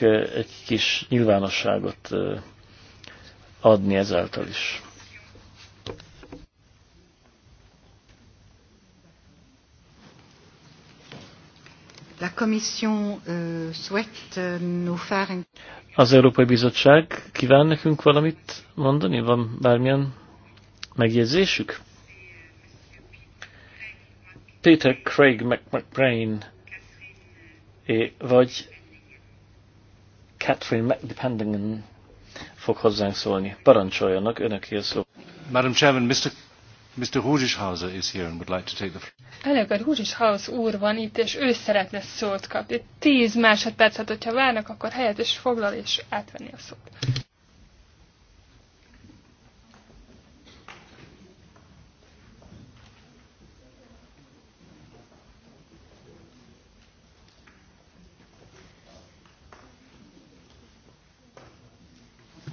egy kis nyilvánosságot adni ezáltal is. La commission, euh, souhaite euh, nous faire... Az Európai Bizottság kíván nekünk valamit mondani? Van bármilyen megjegyzésük? Peter Craig McBrain vagy Catherine McDependingen fog hozzánk szólni. Parancsoljanak, önök a szó. Madam Chairman, Mr. Mr. Húzishauser is here and would like to take the floor. Elnök úr, Húzishaus úr van itt, és ő szeretne szót kapni. Tíz másodpercet, hogyha várnak, akkor helyet is foglal, és átvenni a szót.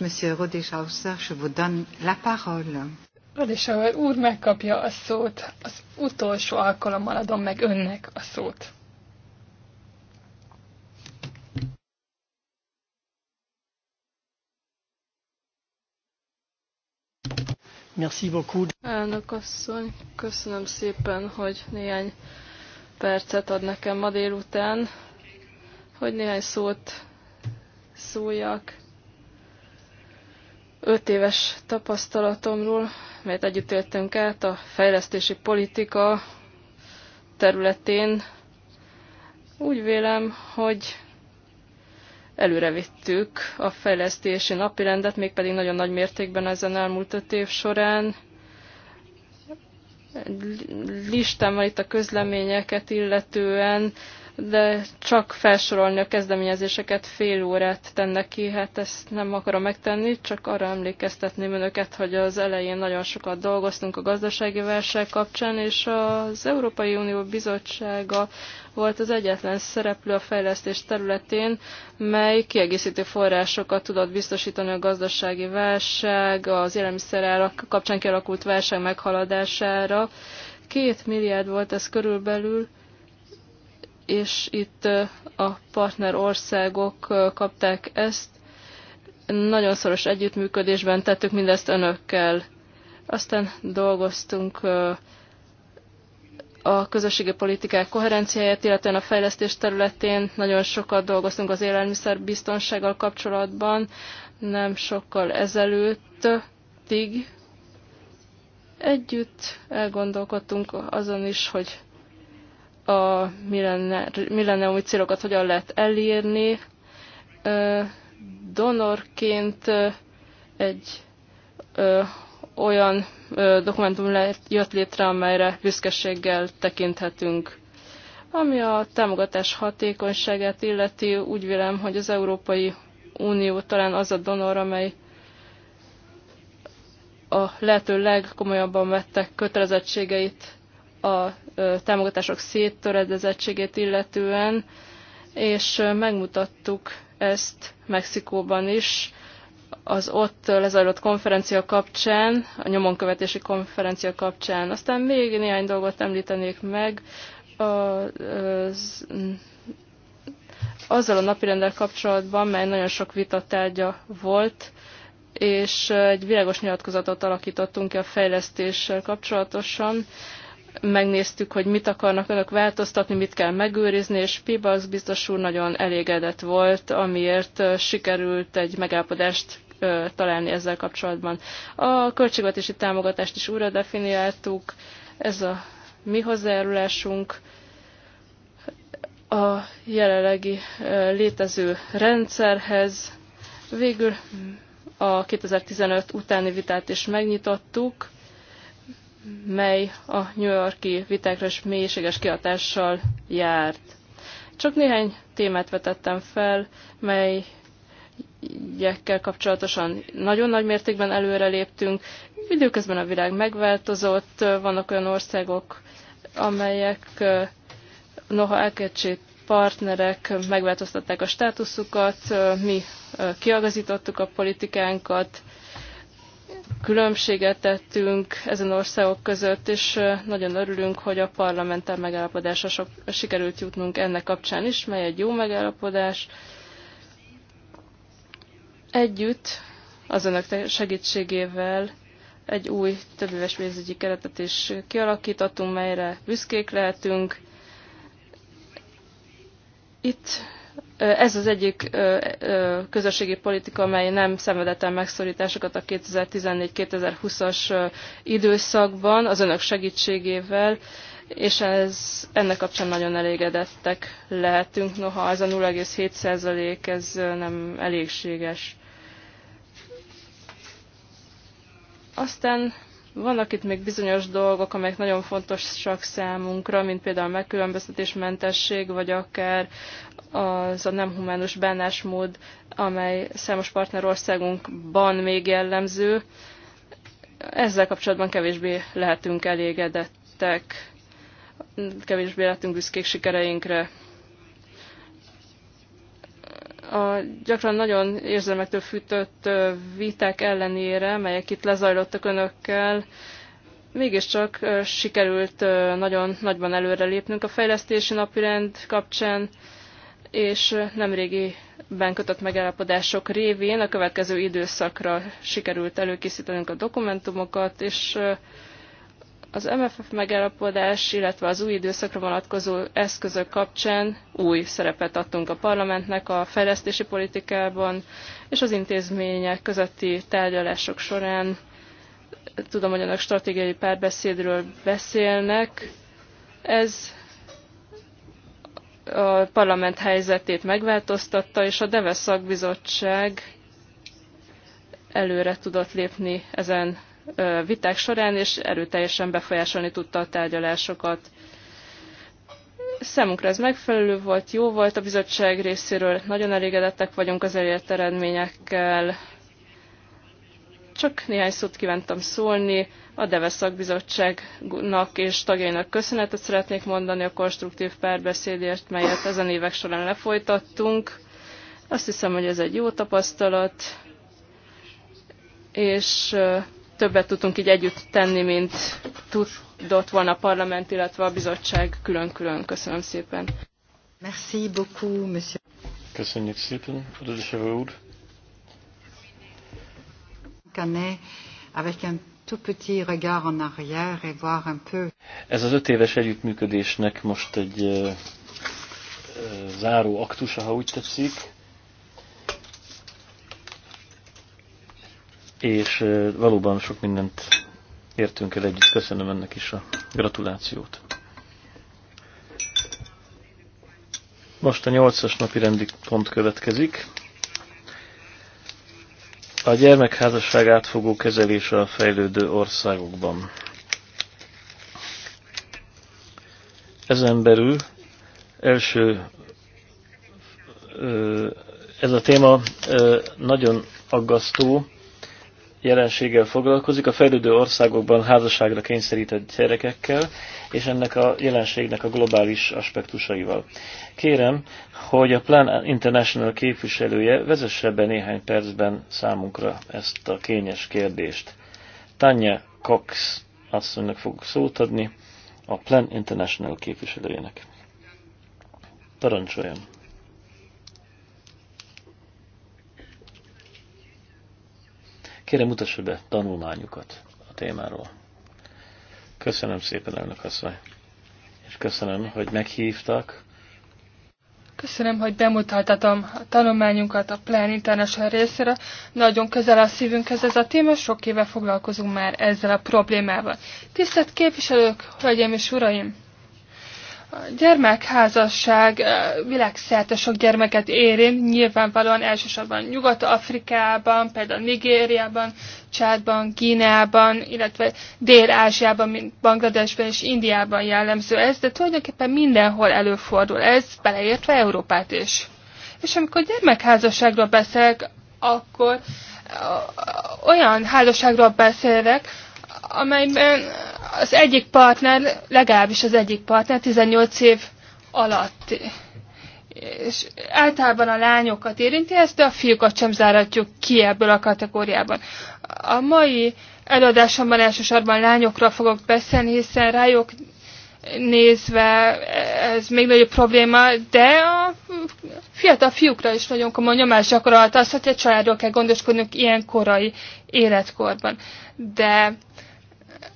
Monsieur Rodeshauser, je vous donne la parole. Rodeshauer úr megkapja a szót. Az utolsó alkalommal adom meg önnek a szót. Merci beaucoup. Elnök asszony, köszönöm szépen, hogy néhány percet ad nekem ma délután, hogy néhány szót szóljak öt éves tapasztalatomról, melyet együtt éltünk át a fejlesztési politika területén, úgy vélem, hogy előrevittük a fejlesztési napirendet, mégpedig nagyon nagy mértékben ezen elmúlt öt év során. Listán van itt a közleményeket illetően, de csak felsorolni a kezdeményezéseket fél órát tenne ki, hát ezt nem akarom megtenni, csak arra emlékeztetném önöket, hogy az elején nagyon sokat dolgoztunk a gazdasági válság kapcsán, és az Európai Unió Bizottsága volt az egyetlen szereplő a fejlesztés területén, mely kiegészítő forrásokat tudott biztosítani a gazdasági válság, az élelmiszerárak kapcsán kialakult válság meghaladására. Két milliárd volt ez körülbelül, és itt a partner országok kapták ezt. Nagyon szoros együttműködésben tettük mindezt önökkel. Aztán dolgoztunk a közösségi politikák koherenciáját, illetően a fejlesztés területén nagyon sokat dolgoztunk az élelmiszerbiztonsággal kapcsolatban, nem sokkal ezelőttig. Együtt elgondolkodtunk azon is, hogy a milleniumi célokat hogyan lehet elérni. Donorként egy olyan dokumentum jött létre, amelyre büszkeséggel tekinthetünk. Ami a támogatás hatékonyságát illeti, úgy vélem, hogy az Európai Unió talán az a donor, amely a lehető legkomolyabban vettek kötelezettségeit a támogatások széttöredezettségét illetően, és megmutattuk ezt Mexikóban is, az ott lezajlott konferencia kapcsán, a nyomonkövetési konferencia kapcsán. Aztán még néhány dolgot említenék meg a, az, azzal a napirendel kapcsolatban, mely nagyon sok vita tárgya volt, és egy világos nyilatkozatot alakítottunk ki a fejlesztéssel kapcsolatosan megnéztük, hogy mit akarnak önök változtatni, mit kell megőrizni, és Pibax biztos úr nagyon elégedett volt, amiért sikerült egy megállapodást találni ezzel kapcsolatban. A költségvetési támogatást is újra definiáltuk, ez a mi hozzájárulásunk a jelenlegi létező rendszerhez. Végül a 2015 utáni vitát is megnyitottuk, mely a New Yorki vitákra és mélységes kiadással járt. Csak néhány témát vetettem fel, mely ügyekkel kapcsolatosan nagyon nagy mértékben előreléptünk. Időközben a világ megváltozott, vannak olyan országok, amelyek noha elkecsét partnerek megváltoztatták a státuszukat, mi kiagazítottuk a politikánkat, különbséget tettünk ezen országok között, és nagyon örülünk, hogy a parlamenten megállapodásra sok, sikerült jutnunk ennek kapcsán is, mely egy jó megállapodás. Együtt az önök segítségével egy új többéves pénzügyi keretet is kialakítottunk, melyre büszkék lehetünk. Itt ez az egyik közösségi politika, amely nem szenvedett el megszorításokat a 2014-2020-as időszakban az önök segítségével, és ez, ennek kapcsán nagyon elégedettek lehetünk, noha ez a 0,7% ez nem elégséges. Aztán vannak itt még bizonyos dolgok, amelyek nagyon fontosak számunkra, mint például a megkülönböztetésmentesség, vagy akár az a nem humánus bánásmód, amely számos partnerországunkban még jellemző. Ezzel kapcsolatban kevésbé lehetünk elégedettek, kevésbé lehetünk büszkék sikereinkre a gyakran nagyon érzelmektől fűtött viták ellenére, melyek itt lezajlottak önökkel, mégiscsak sikerült nagyon nagyban előrelépnünk a fejlesztési napirend kapcsán, és nemrégiben kötött megállapodások révén a következő időszakra sikerült előkészítenünk a dokumentumokat, és az MFF megállapodás, illetve az új időszakra vonatkozó eszközök kapcsán új szerepet adtunk a parlamentnek a fejlesztési politikában és az intézmények közötti tárgyalások során. Tudom, hogy önök stratégiai párbeszédről beszélnek. Ez a parlament helyzetét megváltoztatta, és a Deve szakbizottság előre tudott lépni ezen viták során, és erőteljesen befolyásolni tudta a tárgyalásokat. Számunkra ez megfelelő volt, jó volt a bizottság részéről, nagyon elégedettek vagyunk az elért eredményekkel. Csak néhány szót kívántam szólni. A DEVE szakbizottságnak és tagjainak köszönetet szeretnék mondani a konstruktív párbeszédért, melyet ezen évek során lefolytattunk. Azt hiszem, hogy ez egy jó tapasztalat, és többet tudtunk így együtt tenni, mint tudott volna a parlament, illetve a bizottság külön-külön. Köszönöm szépen. Merci beaucoup, monsieur. Köszönjük szépen, Rödöseve úr. Ez az öt éves együttműködésnek most egy záró aktusa, ha úgy tetszik és valóban sok mindent értünk el együtt. Köszönöm ennek is a gratulációt. Most a nyolcas napi rendi pont következik. A gyermekházasság átfogó kezelése a fejlődő országokban. Ezen belül első ez a téma nagyon aggasztó, jelenséggel foglalkozik, a fejlődő országokban házasságra kényszerített gyerekekkel, és ennek a jelenségnek a globális aspektusaival. Kérem, hogy a Plan International képviselője vezesse be néhány percben számunkra ezt a kényes kérdést. Tanya Cox asszonynak fog szót adni, a Plan International képviselőjének. Parancsoljon! Kérem, mutassa be tanulmányukat a témáról. Köszönöm szépen, elnök asszony. És köszönöm, hogy meghívtak. Köszönöm, hogy bemutathatom a tanulmányunkat a Plan International részére. Nagyon közel a szívünkhez ez a téma, sok éve foglalkozunk már ezzel a problémával. Tisztelt képviselők, hölgyeim és uraim! A gyermekházasság világszerte sok gyermeket érint, nyilvánvalóan elsősorban Nyugat-Afrikában, például Nigériában, Csádban, Kínában, illetve Dél-Ázsiában, mint Bangladesben és Indiában jellemző ez, de tulajdonképpen mindenhol előfordul ez, beleértve Európát is. És amikor gyermekházasságról beszélek, akkor olyan házasságról beszélek, amelyben az egyik partner, legalábbis az egyik partner 18 év alatt. És általában a lányokat érinti ezt, de a fiúkat sem záratjuk ki ebből a kategóriában. A mai előadásomban elsősorban lányokra fogok beszélni, hiszen rájuk nézve ez még nagyobb probléma, de a fiatal fiúkra is nagyon komoly nyomás gyakorolta az, hogy egy családról kell gondoskodnunk ilyen korai életkorban. De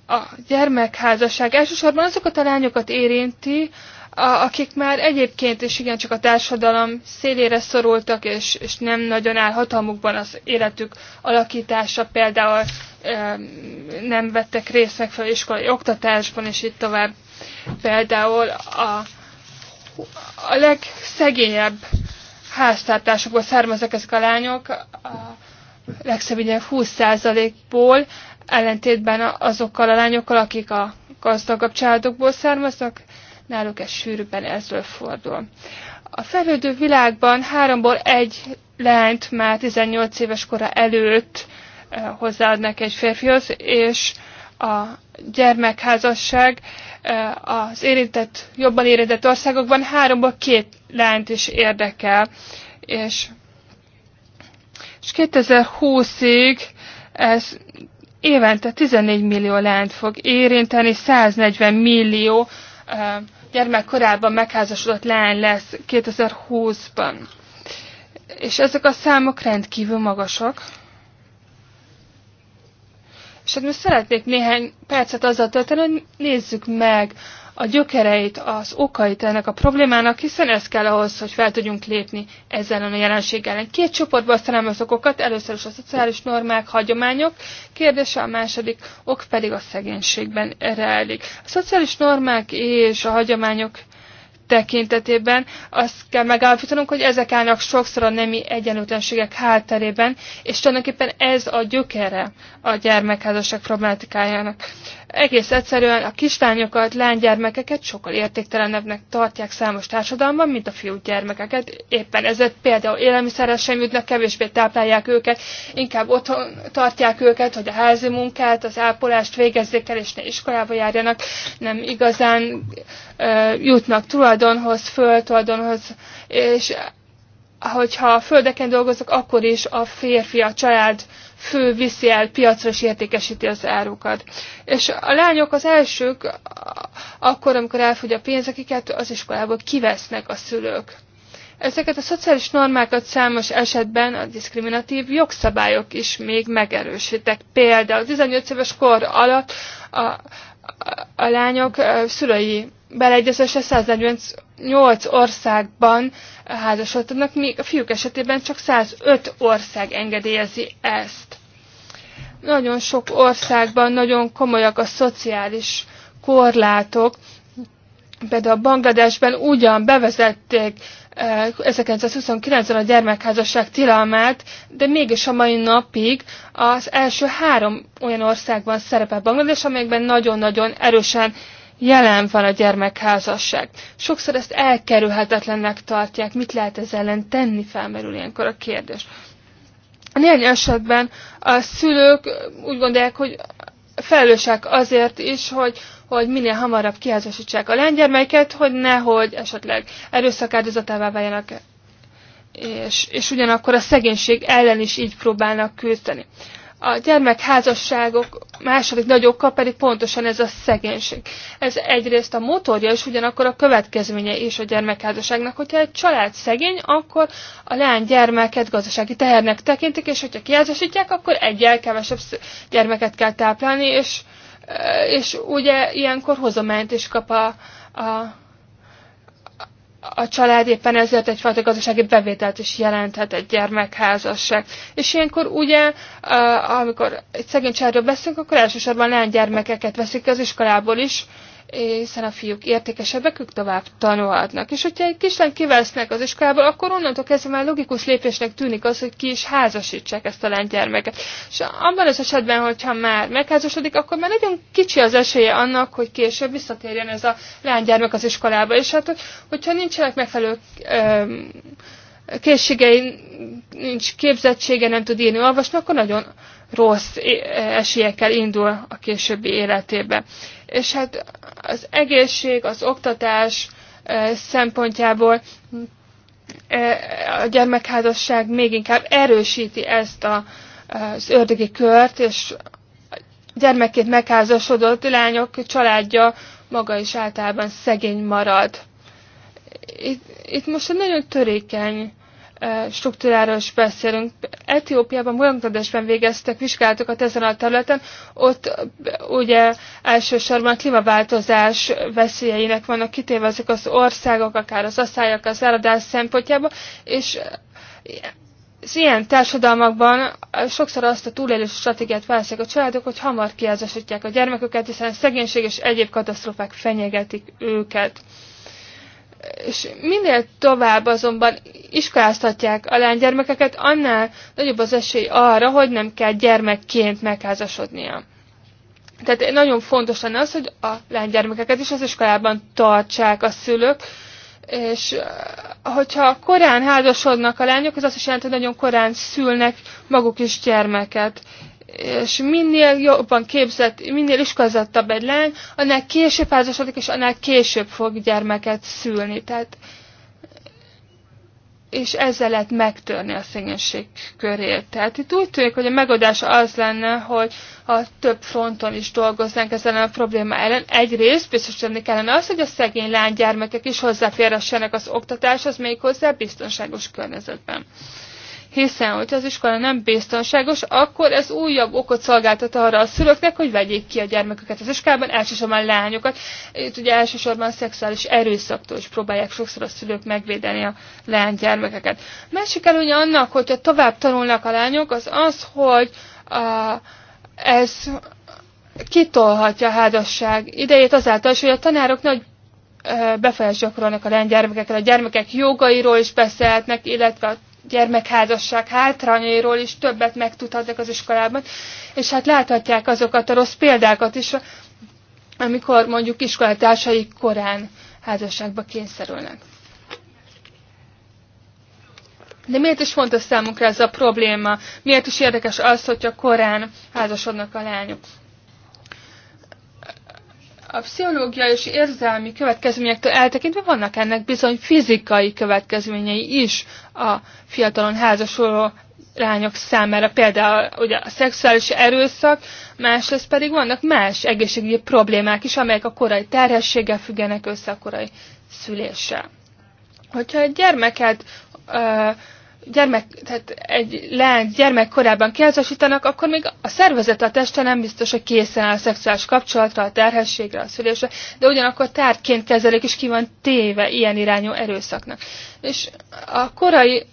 a gyermekházasság elsősorban azokat a lányokat érinti, a, akik már egyébként is igencsak a társadalom szélére szorultak, és, és nem nagyon áll hatalmukban az életük alakítása, például e, nem vettek részt megfelelő iskolai oktatásban, és itt tovább. Például a, a legszegényebb háztartásokból származnak ezek a lányok, a legszegényebb 20%-ból ellentétben azokkal a lányokkal, akik a gazdagabb családokból származnak, náluk ez sűrűbben ezről fordul. A fejlődő világban háromból egy lányt már 18 éves kora előtt eh, hozzáadnak egy férfihoz, és a gyermekházasság eh, az érintett, jobban érintett országokban háromból két lányt is érdekel. És, és 2020-ig ez évente 14 millió lányt fog érinteni, 140 millió gyermekkorában megházasodott lány lesz 2020-ban. És ezek a számok rendkívül magasak. És hát most szeretnék néhány percet azzal tölteni, hogy nézzük meg a gyökereit, az okait ennek a problémának, hiszen ez kell ahhoz, hogy fel tudjunk lépni ezzel a jelenség ellen. Két csoportba osztanám az okokat, először is a szociális normák, hagyományok kérdése, a második ok pedig a szegénységben rejlik. A szociális normák és a hagyományok tekintetében azt kell megállapítanunk, hogy ezek állnak sokszor a nemi egyenlőtlenségek hátterében, és tulajdonképpen ez a gyökere a gyermekházasság problematikájának. Egész egyszerűen a kislányokat, lánygyermekeket sokkal értéktelenebbnek tartják számos társadalomban, mint a fiú gyermekeket. Éppen ezért például élelmiszerrel sem jutnak, kevésbé táplálják őket, inkább otthon tartják őket, hogy a házi munkát, az ápolást végezzék el, és ne iskolába járjanak, nem igazán e, jutnak tulajdonképpen tulajdonhoz, földtulajdonhoz, és hogyha a földeken dolgozok, akkor is a férfi, a család fő viszi el piacra és értékesíti az árukat. És a lányok az elsők, akkor, amikor elfogy a pénz, akiket az iskolából kivesznek a szülők. Ezeket a szociális normákat számos esetben a diszkriminatív jogszabályok is még megerősítek. Például 18 éves kor alatt a, a, a lányok szülői beleegyezésre 148 országban házasodhatnak, míg a fiúk esetében csak 105 ország engedélyezi ezt. Nagyon sok országban nagyon komolyak a szociális korlátok, például a Bangladesben ugyan bevezették 1929-ben eh, a gyermekházasság tilalmát, de mégis a mai napig az első három olyan országban szerepel Banglades, amelyekben nagyon-nagyon erősen jelen van a gyermekházasság. Sokszor ezt elkerülhetetlennek tartják, mit lehet ez ellen tenni, felmerül ilyenkor a kérdés. A néhány esetben a szülők úgy gondolják, hogy felelősek azért is, hogy, hogy minél hamarabb kiházasítsák a lánygyermeket, hogy nehogy esetleg erőszak áldozatává váljanak, és, és ugyanakkor a szegénység ellen is így próbálnak küzdeni a gyermekházasságok második nagy oka pedig pontosan ez a szegénység. Ez egyrészt a motorja, és ugyanakkor a következménye is a gyermekházasságnak. Hogyha egy család szegény, akkor a lány gyermeket gazdasági tehernek tekintik, és hogyha kiházasítják, akkor egyel kevesebb gyermeket kell táplálni, és, és ugye ilyenkor hozományt is kap a, a a család éppen ezért egyfajta gazdasági bevételt is jelenthet egy gyermekházasság. És ilyenkor ugye, amikor egy szegény családról beszélünk, akkor elsősorban gyermekeket veszik az iskolából is, hiszen a fiúk értékesebbek, ők tovább tanulhatnak. És hogyha egy kislány kivesznek az iskolából, akkor onnantól kezdve már logikus lépésnek tűnik az, hogy ki is házasítsák ezt a lánygyermeket. És abban az esetben, hogyha már megházasodik, akkor már nagyon kicsi az esélye annak, hogy később visszatérjen ez a lánygyermek az iskolába. És hát, hogyha nincsenek megfelelő öm, készségei, nincs képzettsége, nem tud írni, olvasni, akkor nagyon rossz esélyekkel indul a későbbi életébe. És hát az egészség, az oktatás szempontjából a gyermekházasság még inkább erősíti ezt a, az ördögi kört, és gyermekét megházasodott lányok családja maga is általában szegény marad. Itt, itt most egy nagyon törékeny struktúráról is beszélünk. Etiópiában, Bangladesben végeztek vizsgálatokat ezen a területen, ott ugye elsősorban a klímaváltozás veszélyeinek vannak kitéve ezek az országok, akár az asszályok, az eladás szempontjából, és az ilyen társadalmakban sokszor azt a túlélési stratégiát választják a családok, hogy hamar kiházasítják a gyermeküket, hiszen a szegénység és egyéb katasztrófák fenyegetik őket és minél tovább azonban iskoláztatják a lánygyermekeket, annál nagyobb az esély arra, hogy nem kell gyermekként megházasodnia. Tehát nagyon fontos lenne az, hogy a lánygyermekeket is az iskolában tartsák a szülők, és eh, hogyha korán házasodnak a lányok, az azt is jelenti, hogy nagyon korán szülnek maguk is gyermeket és minél jobban képzett, minél iskolázottabb egy lány, annál később házasodik, és annál később fog gyermeket szülni. Tehát, és ezzel lehet megtörni a szegénység körét. Tehát itt úgy tűnik, hogy a megoldás az lenne, hogy a több fronton is dolgoznánk ezen a probléma ellen. Egyrészt biztosítani kellene az, hogy a szegény lánygyermekek is hozzáférhessenek az oktatáshoz, méghozzá biztonságos környezetben hiszen hogyha az iskola nem biztonságos, akkor ez újabb okot szolgáltat arra a szülőknek, hogy vegyék ki a gyermeküket az iskolában, elsősorban lányokat. Itt ugye elsősorban szexuális erőszaktól is próbálják sokszor a szülők megvédeni a gyermekeket. Másik előnye annak, hogyha tovább tanulnak a lányok, az az, hogy a, ez kitolhatja a házasság idejét azáltal hogy a tanárok nagy befolyás gyakorolnak a lány gyermekekre, a gyermekek jogairól is beszélhetnek, illetve a gyermekházasság hátrányairól is többet megtudhatnak az iskolában, és hát láthatják azokat a rossz példákat is, amikor mondjuk iskolatársaik korán házasságba kényszerülnek. De miért is fontos számunkra ez a probléma? Miért is érdekes az, hogyha korán házasodnak a lányok? a pszichológiai és érzelmi következményektől eltekintve vannak ennek bizony fizikai következményei is a fiatalon házasoló lányok számára, például ugye a szexuális erőszak, másrészt pedig vannak más egészségügyi problémák is, amelyek a korai terhességgel függenek össze a korai szüléssel. Hogyha egy gyermeket ö, gyermek, tehát egy lány gyermek korában kiházasítanak, akkor még a szervezet, a teste nem biztos, hogy készen áll a szexuális kapcsolatra, a terhességre, a szülésre, de ugyanakkor tárként kezelik, és ki van téve ilyen irányú erőszaknak. És a korai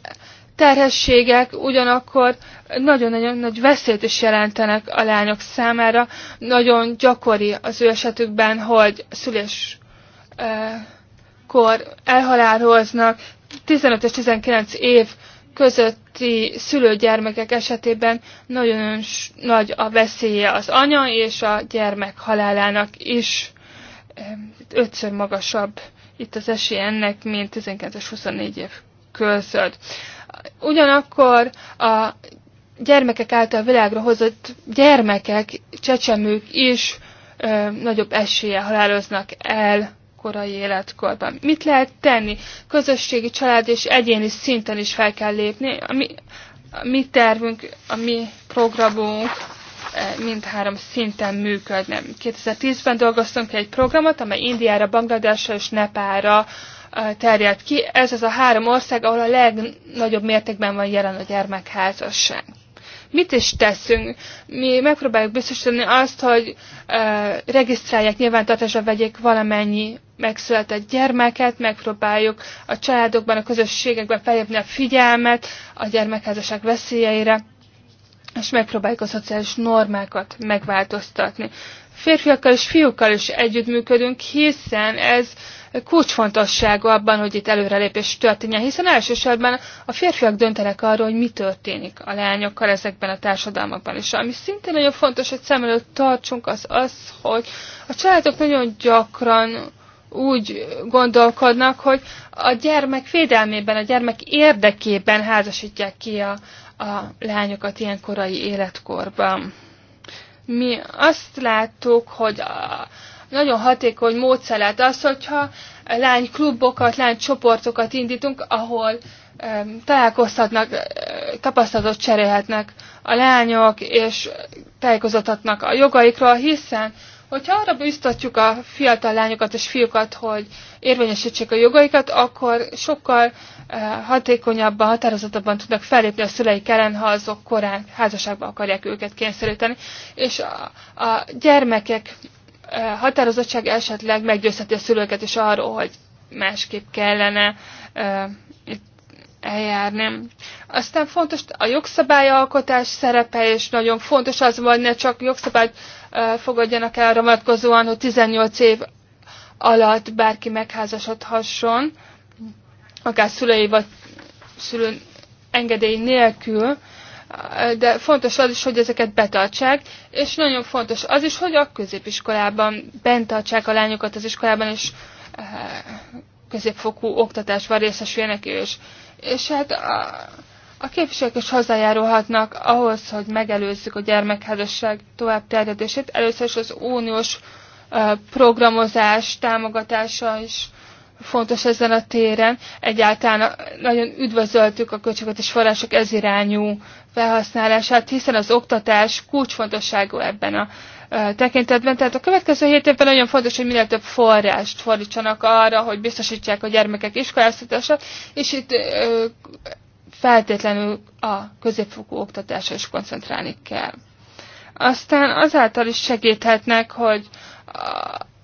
terhességek ugyanakkor nagyon-nagyon nagy veszélyt is jelentenek a lányok számára. Nagyon gyakori az ő esetükben, hogy szüléskor eh, elhaláloznak, 15 és 19 év közötti szülőgyermekek esetében nagyon nagy a veszélye az anya és a gyermek halálának is. Ötször magasabb itt az esély ennek, mint 19-24 év között. Ugyanakkor a gyermekek által világra hozott gyermekek, csecsemők is ö, nagyobb esélye haláloznak el korai életkorban. Mit lehet tenni? Közösségi, család és egyéni szinten is fel kell lépni. A mi, a mi tervünk, a mi programunk eh, mindhárom szinten működne. 2010-ben dolgoztunk egy programot, amely Indiára, Bangladesra és Nepára eh, terjed ki. Ez az a három ország, ahol a legnagyobb mértékben van jelen a gyermekházasság mit is teszünk? Mi megpróbáljuk biztosítani azt, hogy uh, regisztrálják, nyilvántartásra vegyék valamennyi megszületett gyermeket, megpróbáljuk a családokban, a közösségekben felhívni a figyelmet a gyermekházasság veszélyeire, és megpróbáljuk a szociális normákat megváltoztatni. Férfiakkal és fiúkkal is együttműködünk, hiszen ez kulcsfontosságú abban, hogy itt előrelépés történjen, hiszen elsősorban a férfiak döntenek arról, hogy mi történik a lányokkal ezekben a társadalmakban. És ami szintén nagyon fontos, hogy szem előtt tartsunk, az az, hogy a családok nagyon gyakran úgy gondolkodnak, hogy a gyermek védelmében, a gyermek érdekében házasítják ki a, a lányokat ilyen korai életkorban. Mi azt láttuk, hogy a, nagyon hatékony módszer lehet az, hogyha lányklubokat, lánycsoportokat indítunk, ahol találkozhatnak, tapasztalatot cserélhetnek a lányok, és tájékozathatnak a jogaikról, hiszen Hogyha arra biztatjuk a fiatal lányokat és fiúkat, hogy érvényesítsék a jogaikat, akkor sokkal eh, hatékonyabban, határozottabban tudnak fellépni a szüleik ellen, ha azok korán házasságba akarják őket kényszeríteni. És a, a gyermekek eh, határozottság esetleg meggyőzheti a szülőket is arról, hogy másképp kellene eh, eljárni. Aztán fontos a jogszabályalkotás szerepe, és nagyon fontos az, hogy ne csak jogszabályt fogadjanak el arra vonatkozóan, hogy 18 év alatt bárki megházasodhasson, akár szülei vagy szülő engedély nélkül, de fontos az is, hogy ezeket betartsák, és nagyon fontos az is, hogy a középiskolában bent tartsák a lányokat az iskolában, és középfokú oktatásban részesüljenek, és és hát a, a képviselők is hozzájárulhatnak ahhoz, hogy megelőzzük a gyermekházasság tovább terjedését. Először is az uniós programozás támogatása is fontos ezen a téren. Egyáltalán nagyon üdvözöltük a költségvetés források ez irányú felhasználását, hiszen az oktatás kulcsfontosságú ebben a tekintetben. Tehát a következő hét évben nagyon fontos, hogy minél több forrást fordítsanak arra, hogy biztosítsák a gyermekek iskoláztatását, és itt feltétlenül a középfokú oktatásra is koncentrálni kell. Aztán azáltal is segíthetnek, hogy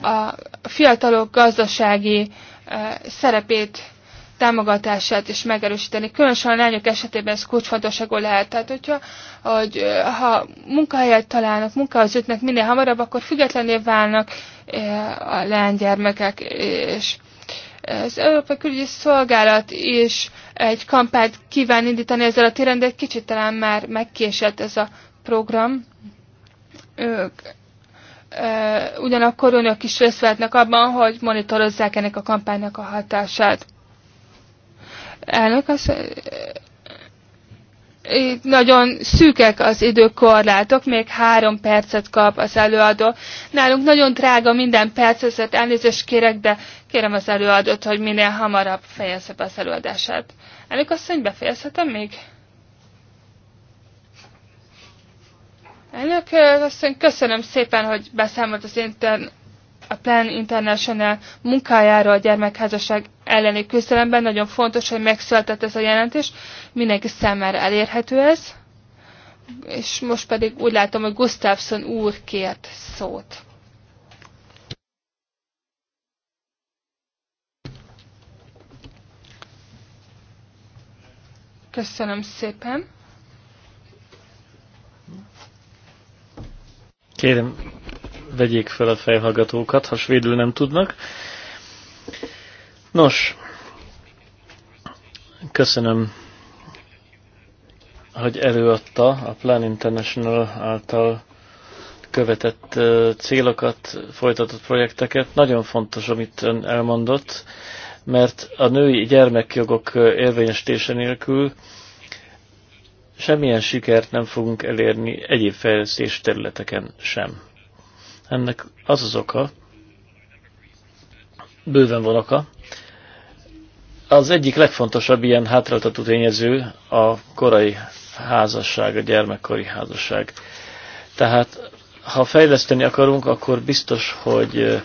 a, a fiatalok gazdasági szerepét támogatását is megerősíteni. Különösen a lányok esetében ez kulcsfontosságú lehet. Tehát, hogyha hogy, ha munkahelyet találnak, munkához jutnak minél hamarabb, akkor függetlenné válnak a lánygyermekek. És az Európai Külügyi Szolgálat is egy kampányt kíván indítani ezzel a téren, de egy kicsit talán már megkésett ez a program. Ők ugyanakkor önök is részt vehetnek abban, hogy monitorozzák ennek a kampánynak a hatását. Elnök, az, itt nagyon szűkek az időkorlátok, még három percet kap az előadó. Nálunk nagyon drága minden perc, ezért elnézést kérek, de kérem az előadót, hogy minél hamarabb fejezze be az előadását. Elnök asszony, befejezhetem még? Elnök asszony, köszönöm szépen, hogy beszámolt az internet a Plan International munkájára a gyermekházasság elleni küzdelemben. Nagyon fontos, hogy megszületett ez a jelentés. Mindenki számára elérhető ez. És most pedig úgy látom, hogy Gustafsson úr kért szót. Köszönöm szépen. Kérem, vegyék fel a fejhallgatókat, ha svédül nem tudnak. Nos, köszönöm, hogy előadta a Plan International által követett célokat, folytatott projekteket. Nagyon fontos, amit ön elmondott, mert a női gyermekjogok érvényesítése nélkül semmilyen sikert nem fogunk elérni egyéb fejlesztés területeken sem. Ennek az az oka, bőven van oka. Az egyik legfontosabb ilyen hátráltató tényező a korai házasság, a gyermekkori házasság. Tehát, ha fejleszteni akarunk, akkor biztos, hogy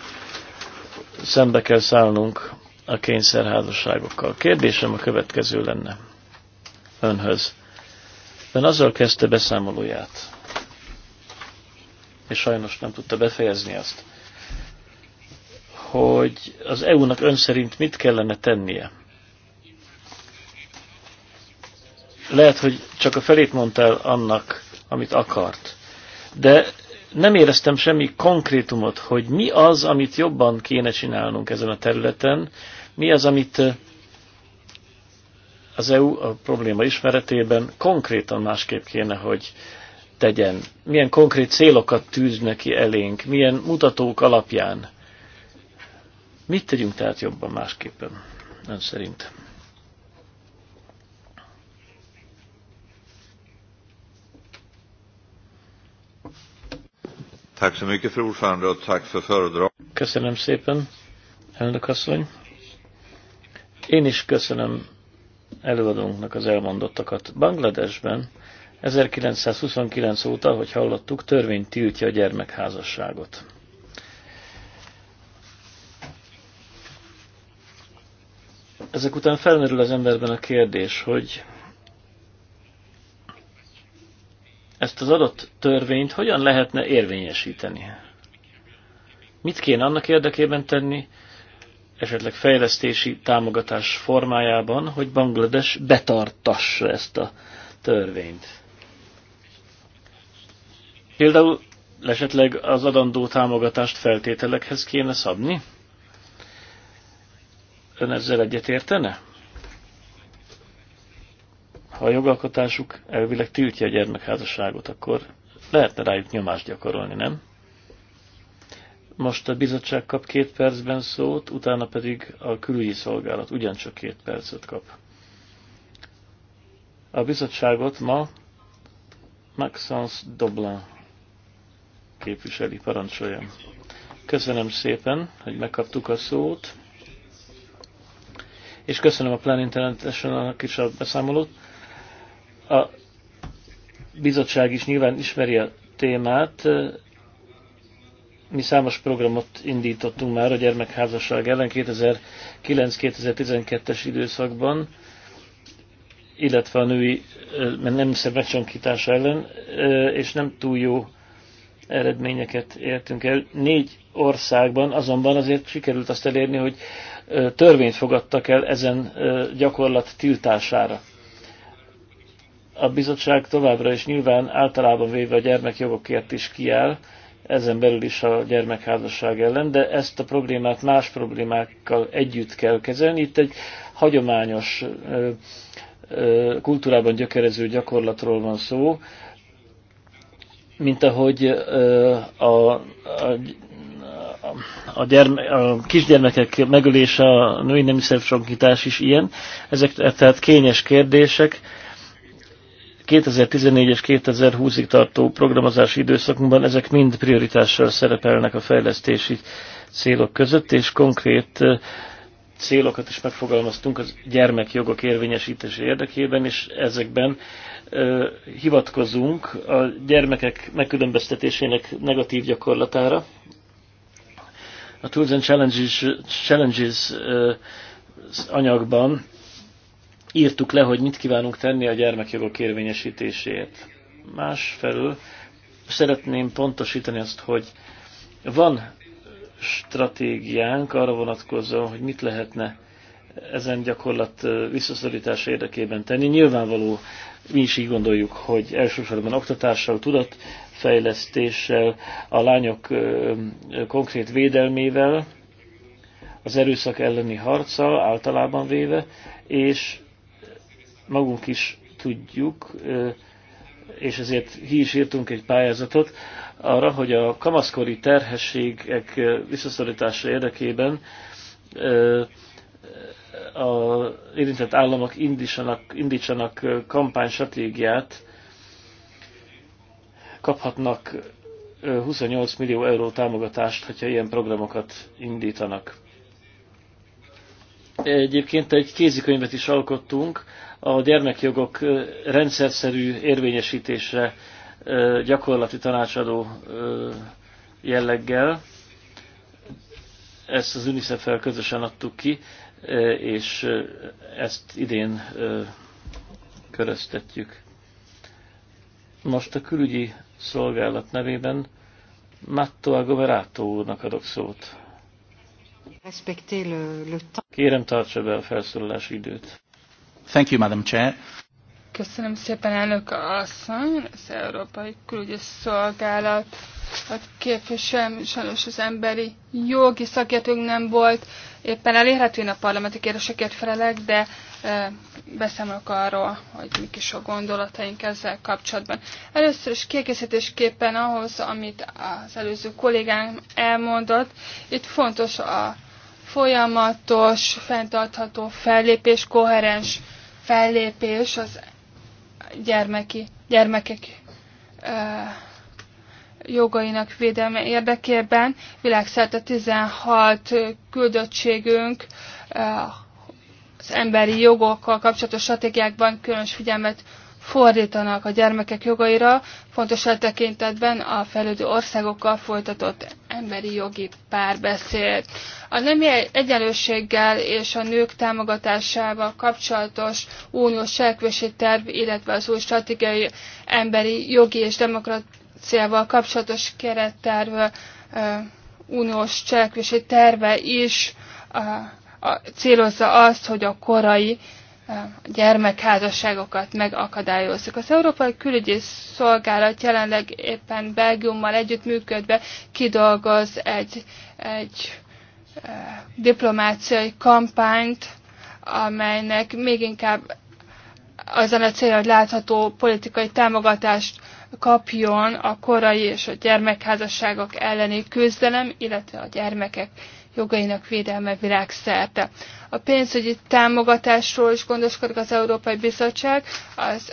szembe kell szállnunk a kényszerházasságokkal. Kérdésem a következő lenne önhöz. Ön azzal kezdte beszámolóját, és sajnos nem tudta befejezni azt, hogy az EU-nak ön szerint mit kellene tennie. Lehet, hogy csak a felét mondtál annak, amit akart, de nem éreztem semmi konkrétumot, hogy mi az, amit jobban kéne csinálnunk ezen a területen, mi az, amit eh, az EU a probléma ismeretében konkrétan másképp kéne, hogy tegyen, milyen konkrét célokat tűz neki elénk, milyen mutatók alapján. Mit tegyünk tehát jobban másképpen, ön szerint? Köszönöm szépen, elnök asszony. Én is köszönöm előadónknak az elmondottakat. Bangladesben 1929 óta, hogy hallottuk, törvény tiltja a gyermekházasságot. Ezek után felmerül az emberben a kérdés, hogy ezt az adott törvényt hogyan lehetne érvényesíteni? Mit kéne annak érdekében tenni, esetleg fejlesztési támogatás formájában, hogy Banglades betartassa ezt a törvényt? Például esetleg az adandó támogatást feltételekhez kéne szabni? Ön ezzel egyetértene? Ha a jogalkotásuk elvileg tiltja a gyermekházasságot, akkor lehetne rájuk nyomást gyakorolni, nem? Most a bizottság kap két percben szót, utána pedig a külügyi szolgálat ugyancsak két percet kap. A bizottságot ma Maxence Doblin képviseli. Parancsoljam. Köszönöm szépen, hogy megkaptuk a szót, és köszönöm a Plan international is a beszámolót. A bizottság is nyilván ismeri a témát. Mi számos programot indítottunk már a gyermekházasság ellen 2009-2012-es időszakban, illetve a női eh, nem szemecsonkítása ellen, eh, és nem túl jó eredményeket értünk el. Négy országban azonban azért sikerült azt elérni, hogy törvényt fogadtak el ezen gyakorlat tiltására. A bizottság továbbra is nyilván általában véve a gyermekjogokért is kiáll, ezen belül is a gyermekházasság ellen, de ezt a problémát más problémákkal együtt kell kezelni. Itt egy hagyományos kultúrában gyökerező gyakorlatról van szó, mint ahogy a, a, a, gyerme, a kisgyermekek megölése, a női nemi szervcsonkítás is ilyen. Ezek tehát kényes kérdések. 2014 és 2020-ig tartó programozási időszakunkban ezek mind prioritással szerepelnek a fejlesztési célok között, és konkrét célokat is megfogalmaztunk az gyermekjogok érvényesítése érdekében, és ezekben ö, hivatkozunk a gyermekek megkülönböztetésének negatív gyakorlatára. A Tools and Challenges, Challenges ö, anyagban írtuk le, hogy mit kívánunk tenni a gyermekjogok érvényesítéséért. Másfelől szeretném pontosítani azt, hogy van stratégiánk arra vonatkozóan, hogy mit lehetne ezen gyakorlat visszaszorítása érdekében tenni. Nyilvánvaló, mi is így gondoljuk, hogy elsősorban oktatással, tudatfejlesztéssel, a lányok konkrét védelmével, az erőszak elleni harccal általában véve, és magunk is tudjuk, és ezért hi is írtunk egy pályázatot, arra, hogy a kamaszkori terhességek visszaszorítása érdekében a érintett államok indítsanak, indítsanak kampánystratégiát, kaphatnak 28 millió euró támogatást, hogyha ilyen programokat indítanak. Egyébként egy kézikönyvet is alkottunk a gyermekjogok rendszerszerű érvényesítése gyakorlati tanácsadó jelleggel. Ezt az UNICEF-fel közösen adtuk ki, és ezt idén köröztetjük. Most a külügyi szolgálat nevében Matto Agoverato úrnak adok szót. Kérem, tartsa be a felszólalási időt. Thank you, Madam Chair. Köszönöm szépen, elnök asszony, az Európai Külügyi Szolgálat képvisel, sajnos az emberi jogi szakértőnk nem volt éppen elérhető, én a parlamenti kérdéseket felelek, de e, beszámolok arról, hogy mik is a gondolataink ezzel kapcsolatban. Először is kiegészítésképpen ahhoz, amit az előző kollégám elmondott, itt fontos a folyamatos, fenntartható fellépés, koherens fellépés az gyermeki, gyermekek jogainak védelme érdekében. Világszerte 16 küldöttségünk az emberi jogokkal kapcsolatos stratégiákban különös figyelmet fordítanak a gyermekek jogaira, fontos tekintetben a fejlődő országokkal folytatott emberi jogi párbeszéd. A nemi egyenlőséggel és a nők támogatásával kapcsolatos uniós cselekvési terv, illetve az új stratégiai emberi jogi és demokráciával kapcsolatos keretterv, uniós cselekvési terve is a, a, célozza azt, hogy a korai gyermekházasságokat megakadályozzuk. Az Európai Külügyi Szolgálat jelenleg éppen Belgiummal együttműködve kidolgoz egy, egy eh, diplomáciai kampányt, amelynek még inkább azon a célja, hogy látható politikai támogatást kapjon a korai és a gyermekházasságok elleni küzdelem, illetve a gyermekek jogainak védelme világszerte. A pénzügyi támogatásról is gondoskodik az Európai Bizottság, az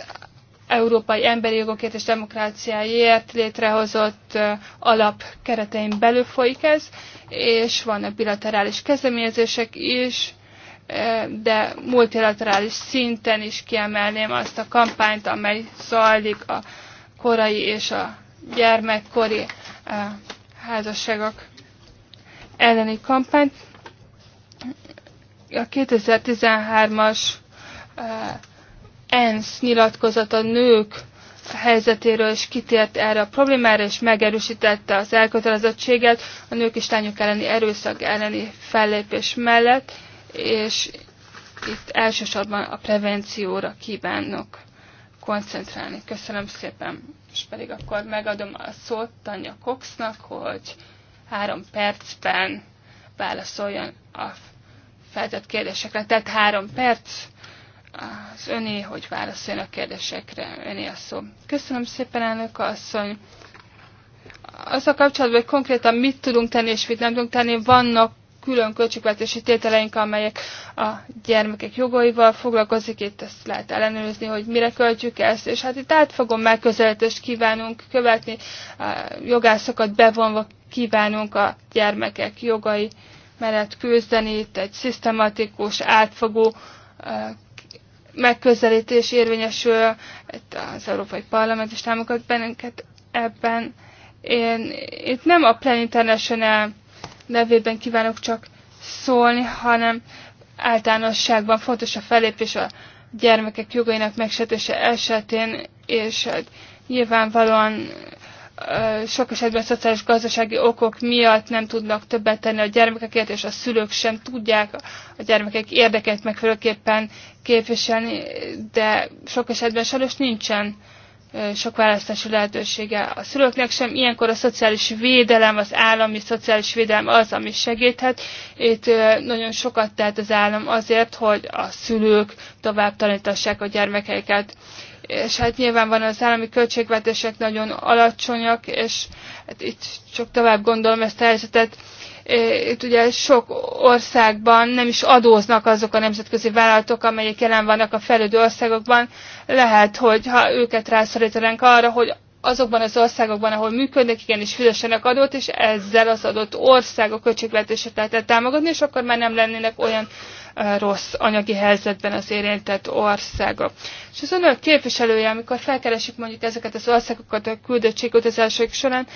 Európai Emberi Jogokért és Demokráciáért létrehozott alap keretein belül folyik ez, és vannak bilaterális kezdeményezések is, de multilaterális szinten is kiemelném azt a kampányt, amely zajlik a korai és a gyermekkori házasságok elleni kampányt. A 2013-as eh, ENSZ nyilatkozat a nők helyzetéről is kitért erre a problémára, és megerősítette az elkötelezettséget a nők és lányok elleni erőszak elleni fellépés mellett, és itt elsősorban a prevencióra kívánok koncentrálni. Köszönöm szépen, és pedig akkor megadom a szót Tanya Coxnak, hogy három percben válaszoljon a feltett kérdésekre. Tehát három perc az öné, hogy válaszoljon a kérdésekre. Öné a szó. Köszönöm szépen, elnök asszony. Az a kapcsolatban, hogy konkrétan mit tudunk tenni és mit nem tudunk tenni, vannak külön költségvetési tételeink, amelyek a gyermekek jogaival foglalkozik, itt ezt lehet ellenőrizni, hogy mire költjük ezt, és hát itt átfogó megközelítést kívánunk követni, a jogászokat bevonva kívánunk a gyermekek jogai mellett küzdeni, itt egy szisztematikus, átfogó megközelítés érvényesül, itt az Európai Parlament is támogat bennünket ebben. Én itt nem a Plan International nevében kívánok csak szólni, hanem általánosságban fontos a felépés a gyermekek jogainak megsértése esetén, és hát nyilvánvalóan sok esetben szociális gazdasági okok miatt nem tudnak többet tenni a gyermekekért, és a szülők sem tudják a gyermekek érdekeit megfelelőképpen képviselni, de sok esetben sajnos nincsen sok választási lehetősége a szülőknek sem. Ilyenkor a szociális védelem, az állami szociális védelem az, ami segíthet. Itt nagyon sokat tehet az állam azért, hogy a szülők tovább tanítassák a gyermekeiket. És hát nyilván van az állami költségvetések nagyon alacsonyak, és hát itt csak tovább gondolom ezt a helyzetet, itt ugye sok országban nem is adóznak azok a nemzetközi vállalatok, amelyek jelen vannak a fejlődő országokban. Lehet, hogy ha őket rászorítanánk arra, hogy azokban az országokban, ahol működnek, igenis fizessenek adót, és ezzel az adott országok költségvetését lehetett támogatni, és akkor már nem lennének olyan rossz anyagi helyzetben az érintett országok. És az önök képviselője, amikor felkeresik mondjuk ezeket az országokat a küldöttségutazások során,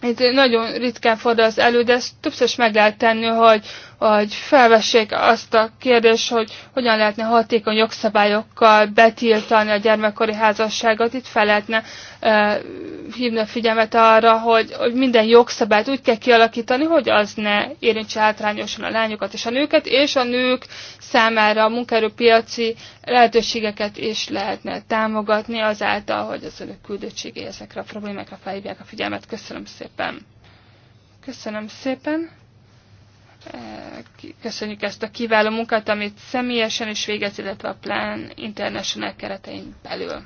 ez nagyon ritkán fordul az elő, de ezt többször is meg lehet tenni, hogy hogy felvessék azt a kérdést, hogy hogyan lehetne hatékony jogszabályokkal betiltani a gyermekkori házasságot. Itt fel lehetne e, hívni a figyelmet arra, hogy, hogy minden jogszabályt úgy kell kialakítani, hogy az ne érintse hátrányosan a lányokat és a nőket, és a nők számára a munkaerőpiaci lehetőségeket is lehetne támogatni azáltal, hogy az önök küldöttségé ezekre a problémákra felhívják a figyelmet. Köszönöm szépen! Köszönöm szépen! Köszönjük ezt a kiváló munkát, amit személyesen is végez, illetve a Plan International keretein belül.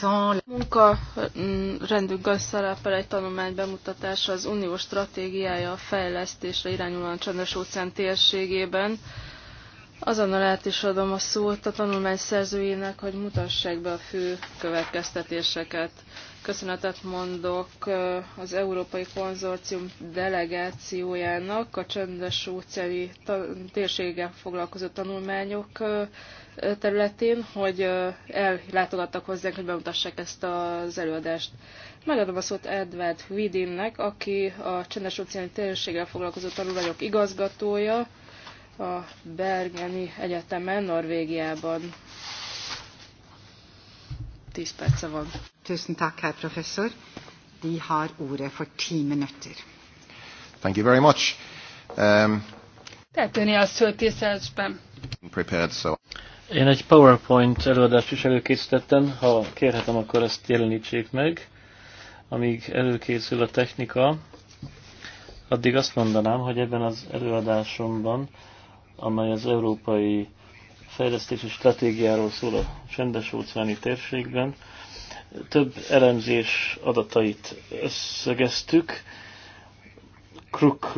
A munka mm, rendünkön szerepel egy tanulmány bemutatása az unió stratégiája a fejlesztésre irányulóan csendes óceán térségében. Azonnal át is adom a szót a tanulmány szerzőjének, hogy mutassák be a fő következtetéseket. Köszönetet mondok az Európai Konzorcium delegációjának a csendes óceáni térséggel foglalkozó tanulmányok területén, hogy ellátogattak hozzánk, hogy bemutassák ezt az előadást. Megadom a szót Edward Widinnek, aki a csendes óceáni térséggel foglalkozó tanulmányok igazgatója a Bergeni Egyetemen, Norvégiában. 10 perce van. Tusen tak, herr professor. De har ordet for 10 minutter. Thank you very much. Um, a szó Prepared, so. Én egy PowerPoint előadást is előkészítettem, ha kérhetem, akkor ezt jelenítsék meg. Amíg előkészül a technika, addig azt mondanám, hogy ebben az előadásomban, amely az európai fejlesztési stratégiáról szól a csendes-óceáni térségben. Több elemzés adatait összegeztük. Kruk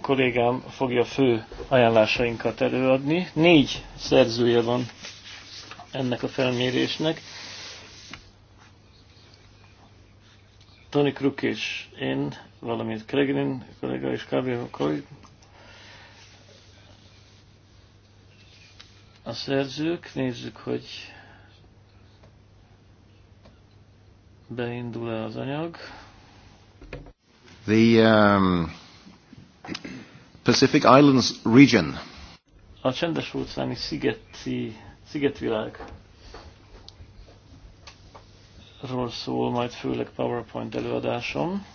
kollégám fogja fő ajánlásainkat előadni. Négy szerzője van ennek a felmérésnek. Tony Kruk és én, valamint Kregrin kollega és Gabriel a szerzők. Nézzük, hogy beindul-e az anyag. The um, Pacific Islands region. A csendes óceáni szigeti, szigetvilág ról szól majd főleg PowerPoint előadásom.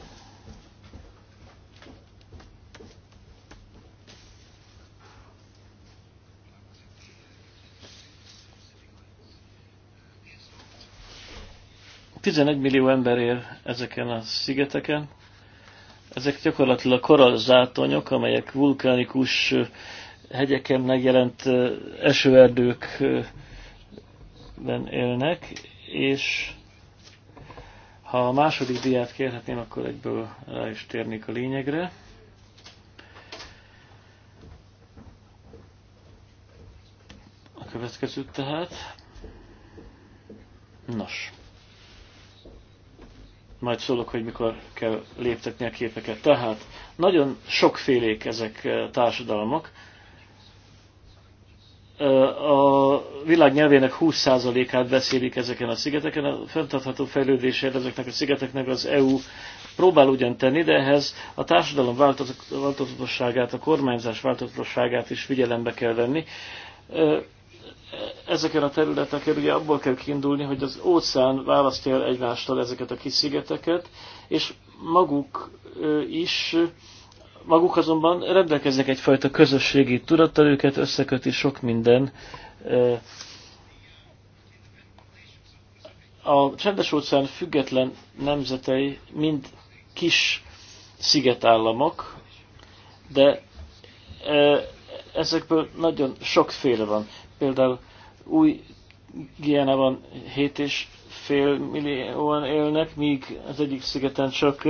11 millió ember él ezeken a szigeteken. Ezek gyakorlatilag korallzátonyok, amelyek vulkánikus hegyeken megjelent esőerdőkben élnek, és ha a második diát kérhetném, akkor egyből rá is térnék a lényegre. A következő tehát. Nos majd szólok, hogy mikor kell léptetni a képeket. Tehát nagyon sokfélék ezek eh, társadalmak. Eh, a világ nyelvének 20%-át beszélik ezeken a szigeteken, a fenntartható fejlődésért ezeknek a szigeteknek az EU próbál ugyan tenni, de ehhez a társadalom változatosságát, a kormányzás változatosságát is figyelembe kell venni eh, ezeken a területeken ugye abból kell kiindulni, hogy az óceán választja el egymástól ezeket a kis szigeteket, és maguk is, maguk azonban rendelkeznek egyfajta közösségi tudattal, őket összeköti sok minden. A csendes óceán független nemzetei mind kis szigetállamok, de ezekből nagyon sokféle van. Például új van 7,5 millióan élnek, míg az egyik szigeten csak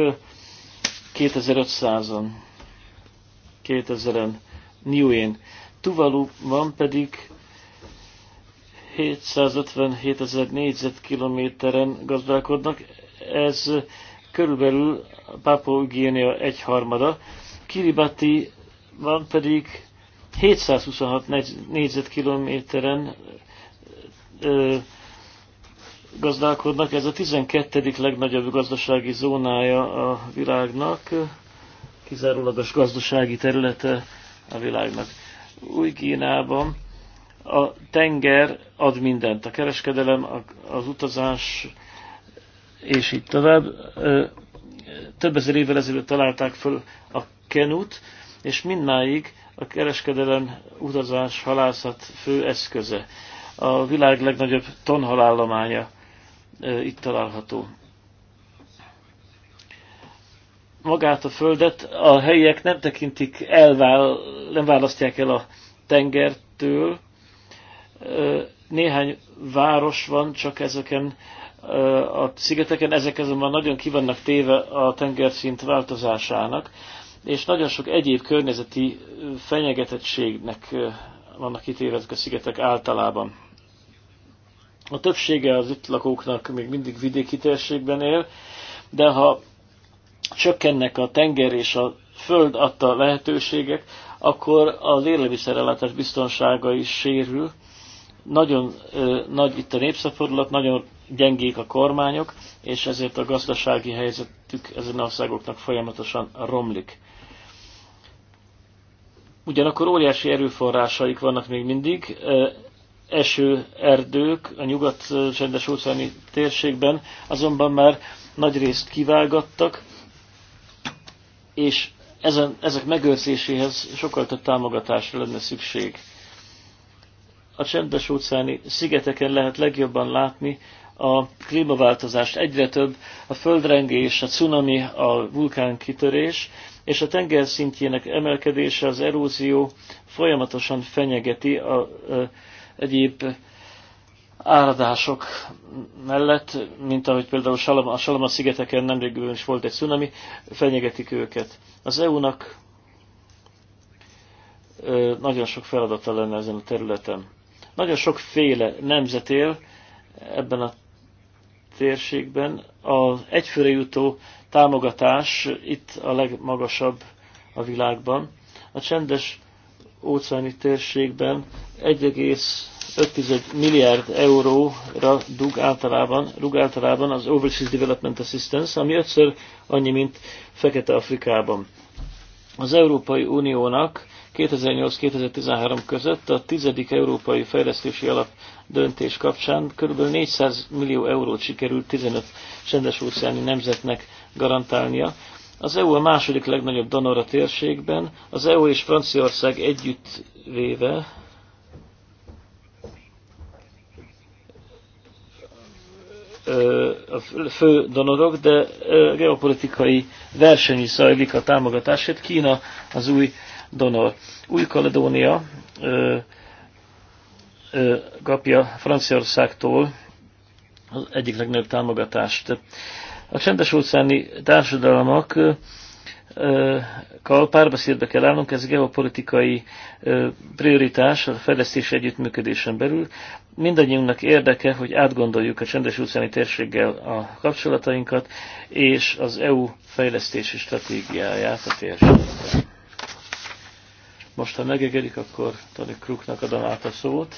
2500-an, 2000-en, Niuén. van pedig 757 ezer négyzetkilométeren gazdálkodnak, ez körülbelül Papua Ugyénia egyharmada, Kiribati van pedig 726 négyzetkilométeren gazdálkodnak, ez a 12. legnagyobb gazdasági zónája a világnak, kizárólagos gazdasági területe a világnak. Új Kínában a tenger ad mindent, a kereskedelem, az utazás, és így tovább. Több ezer évvel ezelőtt találták föl a kenut, és mindáig a kereskedelem, utazás, halászat fő eszköze. A világ legnagyobb tonhalállománya e, itt található. Magát a földet a helyiek nem tekintik, elvál, nem választják el a tengertől. E, néhány város van csak ezeken e, a szigeteken, ezek azonban nagyon kivannak téve a tengerszint változásának és nagyon sok egyéb környezeti fenyegetettségnek vannak kitéve ezek a szigetek általában. A többsége az itt lakóknak még mindig vidéki térségben él, de ha csökkennek a tenger és a föld adta lehetőségek, akkor az élelmiszerellátás biztonsága is sérül. Nagyon ö, nagy itt a népszaporulat, nagyon gyengék a kormányok, és ezért a gazdasági helyzetük ezen országoknak folyamatosan romlik. Ugyanakkor óriási erőforrásaik vannak még mindig, eső erdők a nyugat-csendes óceáni térségben azonban már nagy részt kivágattak, és ezen, ezek megőrzéséhez sokkal több támogatásra lenne szükség. A csendes óceáni szigeteken lehet legjobban látni a klímaváltozást egyre több, a földrengés, a cunami, a vulkánkitörés és a tenger szintjének emelkedése, az erózió folyamatosan fenyegeti a, a egyéb áradások mellett, mint ahogy például Salama, a Salama szigeteken nemrég is volt egy cunami, fenyegetik őket. Az EU-nak nagyon sok feladata lenne ezen a területen. Nagyon sokféle nemzet él ebben a térségben. Az egyfőre jutó támogatás itt a legmagasabb a világban. A csendes óceáni térségben 1,5 milliárd euróra dug általában, rug általában az Overseas Development Assistance, ami ötször annyi, mint Fekete Afrikában. Az Európai Uniónak 2008-2013 között a 10. Európai Fejlesztési Alap döntés kapcsán kb. 400 millió eurót sikerült 15 csendes óceáni nemzetnek garantálnia. Az EU a második legnagyobb donor a térségben, az EU és Franciaország együttvéve a fő donorok, de geopolitikai verseny is zajlik a támogatásért. Kína az új donor. Új-Kaledónia kapja Franciaországtól az egyik legnagyobb támogatást. A csendes óceáni társadalmak kal párbeszédbe kell állnunk, ez geopolitikai prioritás a fejlesztés együttműködésen belül. Mindannyiunknak érdeke, hogy átgondoljuk a csendes óceáni térséggel a kapcsolatainkat, és az EU fejlesztési stratégiáját a térségben. Most, ha megegedik, akkor Tony Kruknak adom át a szót.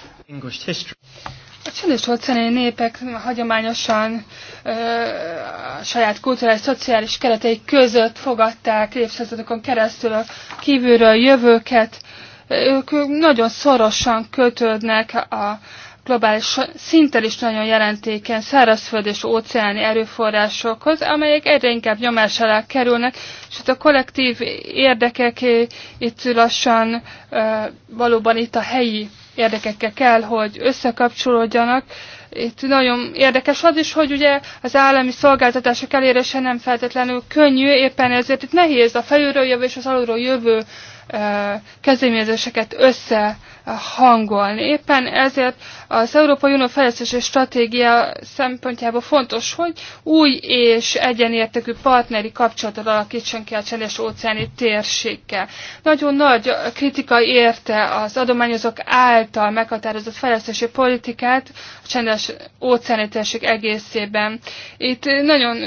A óceáni népek hagyományosan ö, a saját kulturális, szociális keretei között fogadták évszázadokon keresztül a kívülről jövőket. Ők nagyon szorosan kötődnek a, globális szinten is nagyon jelentékeny szárazföld és óceáni erőforrásokhoz, amelyek egyre inkább nyomás alá kerülnek, és itt hát a kollektív érdekek eh, itt lassan eh, valóban itt a helyi érdekekkel kell, hogy összekapcsolódjanak. Itt nagyon érdekes az is, hogy ugye az állami szolgáltatások elérése nem feltétlenül könnyű, éppen ezért itt nehéz a felülről jövő és az alulról jövő eh, kezdeményezéseket össze hangolni. Éppen ezért az Európai Unió fejlesztési stratégia szempontjából fontos, hogy új és egyenértekű partneri kapcsolatot alakítson ki a csendes óceáni térséggel. Nagyon nagy kritika érte az adományozók által meghatározott fejlesztési politikát a csendes óceáni térség egészében. Itt nagyon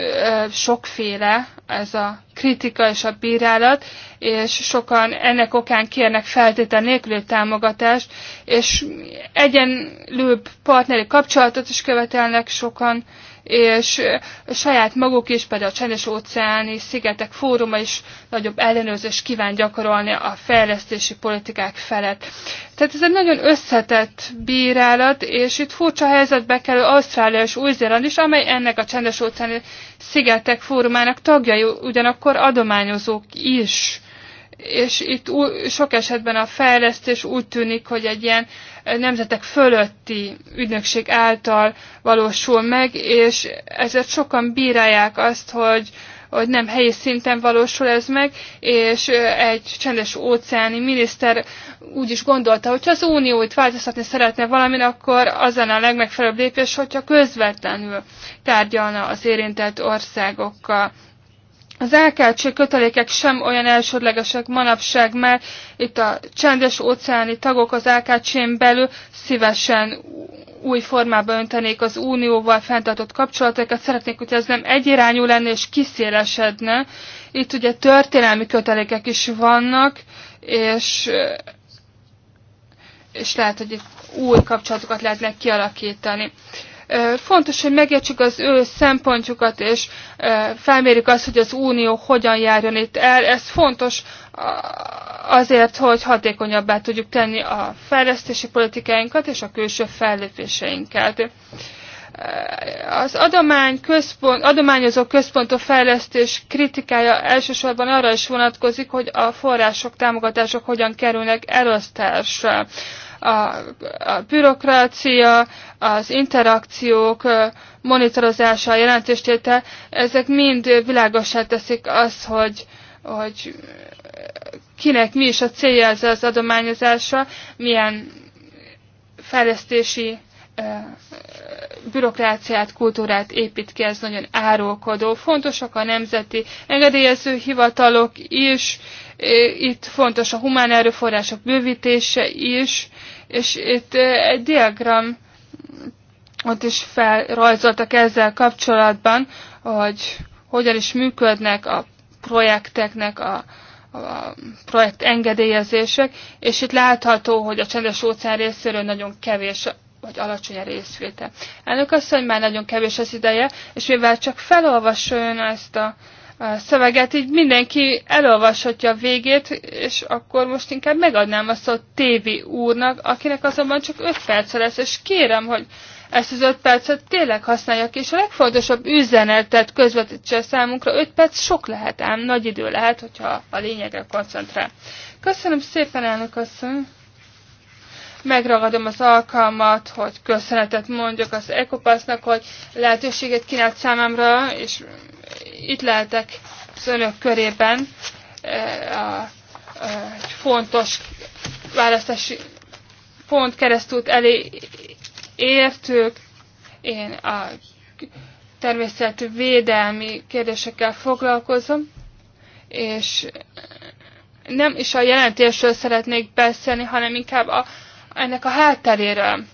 sokféle ez a kritika és a bírálat, és sokan ennek okán kérnek feltétel nélkül támogatást, támogatást, és egyenlőbb partneri kapcsolatot is követelnek sokan, és saját maguk is, például a csendes óceáni szigetek fóruma is nagyobb ellenőrzés kíván gyakorolni a fejlesztési politikák felett. Tehát ez egy nagyon összetett bírálat, és itt furcsa helyzetbe kerül Ausztrália és Új-Zéland is, amely ennek a csendes óceáni szigetek fórumának tagjai, ugyanakkor adományozók is és itt sok esetben a fejlesztés úgy tűnik, hogy egy ilyen nemzetek fölötti ügynökség által valósul meg, és ezért sokan bírálják azt, hogy, hogy nem helyi szinten valósul ez meg, és egy csendes óceáni miniszter úgy is gondolta, hogy ha az Unió itt változtatni szeretne valamin, akkor az lenne a legmegfelelőbb lépés, hogyha közvetlenül tárgyalna az érintett országokkal. Az elkeltső kötelékek sem olyan elsődlegesek manapság, mert itt a csendes óceáni tagok az elkeltsén belül szívesen új formába öntenék az unióval fenntartott kapcsolatokat. Szeretnék, hogy ez nem egyirányú lenne és kiszélesedne. Itt ugye történelmi kötelékek is vannak, és, és lehet, hogy itt új kapcsolatokat lehetnek kialakítani. Fontos, hogy megértsük az ő szempontjukat, és felmérjük azt, hogy az Unió hogyan járjon itt el. Ez fontos azért, hogy hatékonyabbá tudjuk tenni a fejlesztési politikáinkat és a külső fellépéseinket az adomány központ, adományozó központok fejlesztés kritikája elsősorban arra is vonatkozik, hogy a források, támogatások hogyan kerülnek elosztásra. A, a bürokrácia, az interakciók monitorozása, a jelentéstétel, ezek mind világosá teszik az, hogy, hogy kinek mi is a célja ez az adományozása, milyen fejlesztési bürokráciát, kultúrát épít ki, ez nagyon árulkodó. Fontosak a nemzeti engedélyező hivatalok is, itt fontos a humán erőforrások bővítése is, és itt egy diagram ott is felrajzoltak ezzel kapcsolatban, hogy hogyan is működnek a projekteknek a, a projekt engedélyezések, és itt látható, hogy a csendes óceán részéről nagyon kevés vagy alacsony a részvétel. Elnök asszony, már nagyon kevés az ideje, és mivel csak felolvasoljon ezt a, a szöveget, így mindenki elolvashatja a végét, és akkor most inkább megadnám a szót Tévi úrnak, akinek azonban csak 5 perc lesz, és kérem, hogy ezt az 5 percet tényleg használja ki, és a legfontosabb üzenetet közvetítse számunkra. 5 perc sok lehet ám, nagy idő lehet, hogyha a lényegre koncentrál. Köszönöm szépen, elnök asszony! megragadom az alkalmat, hogy köszönetet mondjak az Ecopasznak, hogy lehetőséget kínált számomra, és itt lehetek az önök körében e, e, egy fontos választási pont keresztút elé értők. Én a természetvédelmi kérdésekkel foglalkozom, és nem is a jelentésről szeretnék beszélni, hanem inkább a, ennek a hátteréről.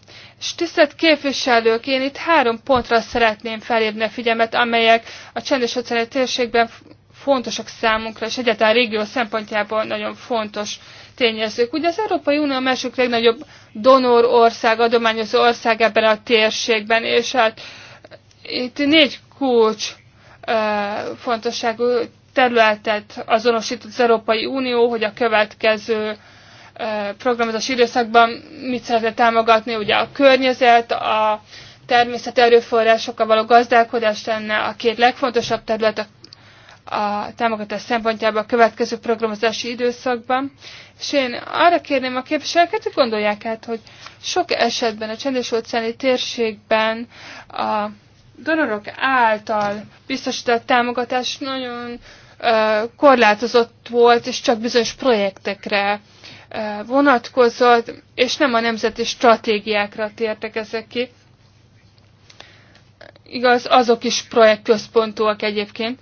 És tisztelt képviselők, én itt három pontra szeretném felhívni a figyelmet, amelyek a csendes oceáni térségben fontosak számunkra, és egyáltalán régió szempontjából nagyon fontos tényezők. Ugye az Európai Unió a másik legnagyobb donor ország, adományozó ország ebben a térségben, és hát itt négy kulcs fontosságú területet azonosít az Európai Unió, hogy a következő Programozási időszakban mit szeretne támogatni, ugye a környezet, a természet erőforrásokkal való gazdálkodás lenne a két legfontosabb terület a, a támogatás szempontjából a következő programozási időszakban. És én arra kérném a képviselőket, hogy gondolják át, hogy sok esetben a csendes óceáni térségben a donorok által biztosított támogatás nagyon korlátozott volt, és csak bizonyos projektekre vonatkozott, és nem a nemzeti stratégiákra tértek ezek ki. Igaz, azok is projektközpontúak egyébként.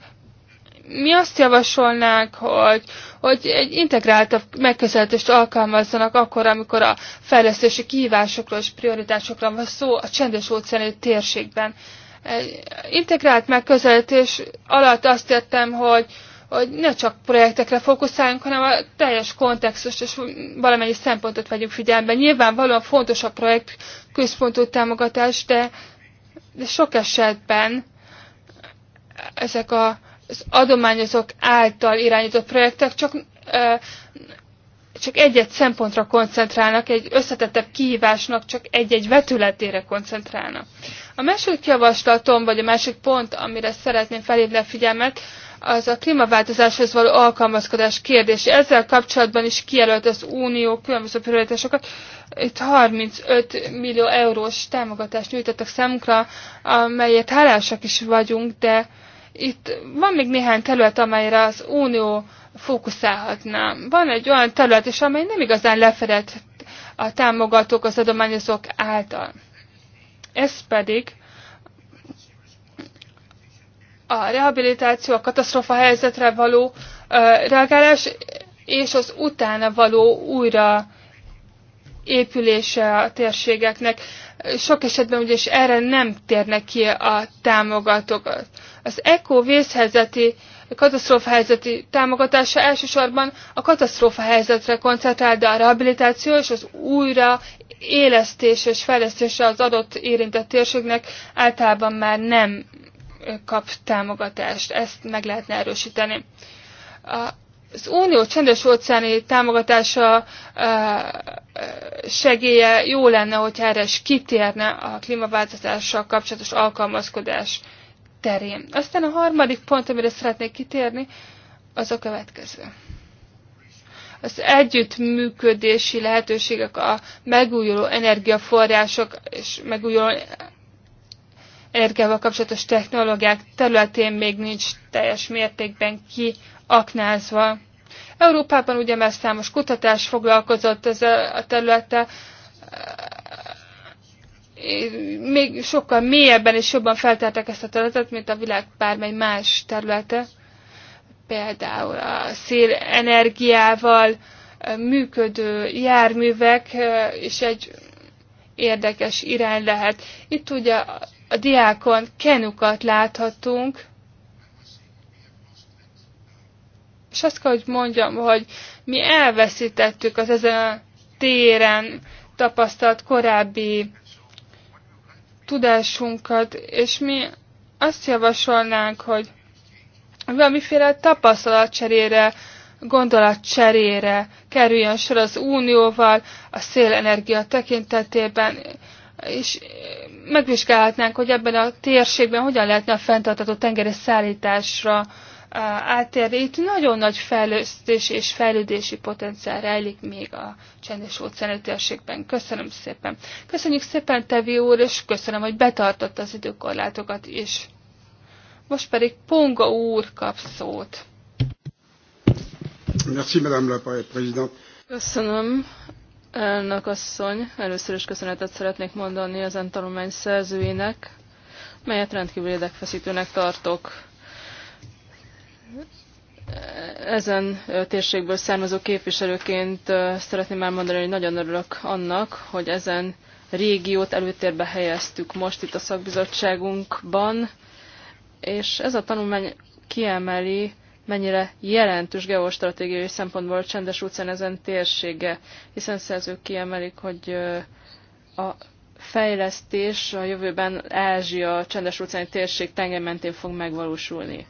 Mi azt javasolnánk, hogy, hogy egy integráltabb megközelítést alkalmazzanak akkor, amikor a fejlesztési kihívásokról és prioritásokról van szó a csendes óceáni térségben. Egy integrált megközelítés alatt azt értem, hogy, hogy ne csak projektekre fókuszáljunk, hanem a teljes kontextust és valamennyi szempontot vegyünk figyelembe. Nyilvánvalóan fontos a projekt központú támogatás, de, de sok esetben ezek a, az adományozók által irányított projektek csak, csak egy-egy szempontra koncentrálnak, egy összetettebb kihívásnak csak egy-egy vetületére koncentrálnak. A második javaslatom, vagy a másik pont, amire szeretném felhívni a figyelmet, az a klímaváltozáshoz való alkalmazkodás kérdése. Ezzel kapcsolatban is kijelölt az Unió különböző prioritásokat. Itt 35 millió eurós támogatást nyújtottak számunkra, amelyet hálásak is vagyunk, de itt van még néhány terület, amelyre az Unió fókuszálhatna. Van egy olyan terület is, amely nem igazán lefedett a támogatók, az adományozók által. Ez pedig a rehabilitáció, a katasztrofa helyzetre való reagálás, és az utána való újra épülése a térségeknek. Sok esetben ugyanis erre nem térnek ki a támogatók. Az ECO vészhelyzeti helyzeti támogatása elsősorban a helyzetre koncentrál, de a rehabilitáció és az újra élesztés és fejlesztése az adott érintett térségnek általában már nem kap támogatást. Ezt meg lehetne erősíteni. Az unió csendes óceáni támogatása segélye jó lenne, hogy erre is kitérne a klímaváltozással kapcsolatos alkalmazkodás terén. Aztán a harmadik pont, amire szeretnék kitérni, az a következő az együttműködési lehetőségek, a megújuló energiaforrások és megújuló energiával kapcsolatos technológiák területén még nincs teljes mértékben kiaknázva. Európában ugye már számos kutatás foglalkozott ezzel a területtel, még sokkal mélyebben és jobban feltárták ezt a területet, mint a világ bármely más területe. Például a szélenergiával működő járművek és egy érdekes irány lehet. Itt ugye a diákon kenukat láthatunk, és azt kell, hogy mondjam, hogy mi elveszítettük az ezen a téren tapasztalt korábbi tudásunkat, és mi azt javasolnánk, hogy valamiféle tapasztalatcserére, gondolatcserére kerüljön sor az Unióval a szélenergia tekintetében, és eh, megvizsgálhatnánk, hogy ebben a térségben hogyan lehetne a fenntartató tengeri szállításra eh, átérni. Itt nagyon nagy fejlesztés és fejlődési potenciál rejlik még a csendes óceáni térségben. Köszönöm szépen. Köszönjük szépen, Tevi úr, és köszönöm, hogy betartott az időkorlátokat is. Most pedig Ponga úr kap szót. Merci, Madame la Présidente. Köszönöm, Elnök asszony, először is köszönetet szeretnék mondani az tanulmány szerzőinek, melyet rendkívül érdekfeszítőnek tartok. Ezen térségből származó képviselőként szeretném elmondani, hogy nagyon örülök annak, hogy ezen régiót előtérbe helyeztük most itt a szakbizottságunkban, és ez a tanulmány kiemeli mennyire jelentős geostratégiai szempontból a csendes óceán ezen térsége, hiszen szerzők kiemelik, hogy a fejlesztés a jövőben Ázsia csendes óceáni térség tenger mentén fog megvalósulni.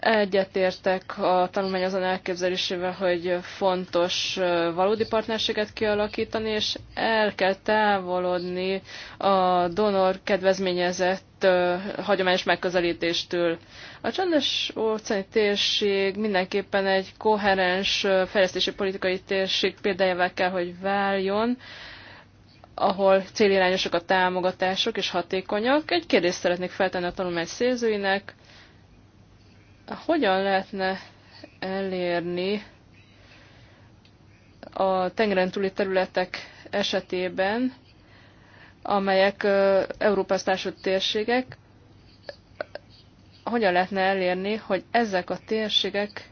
Egyetértek a tanulmány azon elképzelésével, hogy fontos valódi partnerséget kialakítani, és el kell távolodni a donor kedvezményezett hagyományos megközelítéstől. A csendes óceáni térség mindenképpen egy koherens fejlesztési politikai térség példájával kell, hogy váljon, ahol célirányosak a támogatások és hatékonyak. Egy kérdést szeretnék feltenni a tanulmány szélzőinek. Hogyan lehetne elérni a tengeren túli területek esetében, amelyek európai társult térségek, hogyan lehetne elérni, hogy ezek a térségek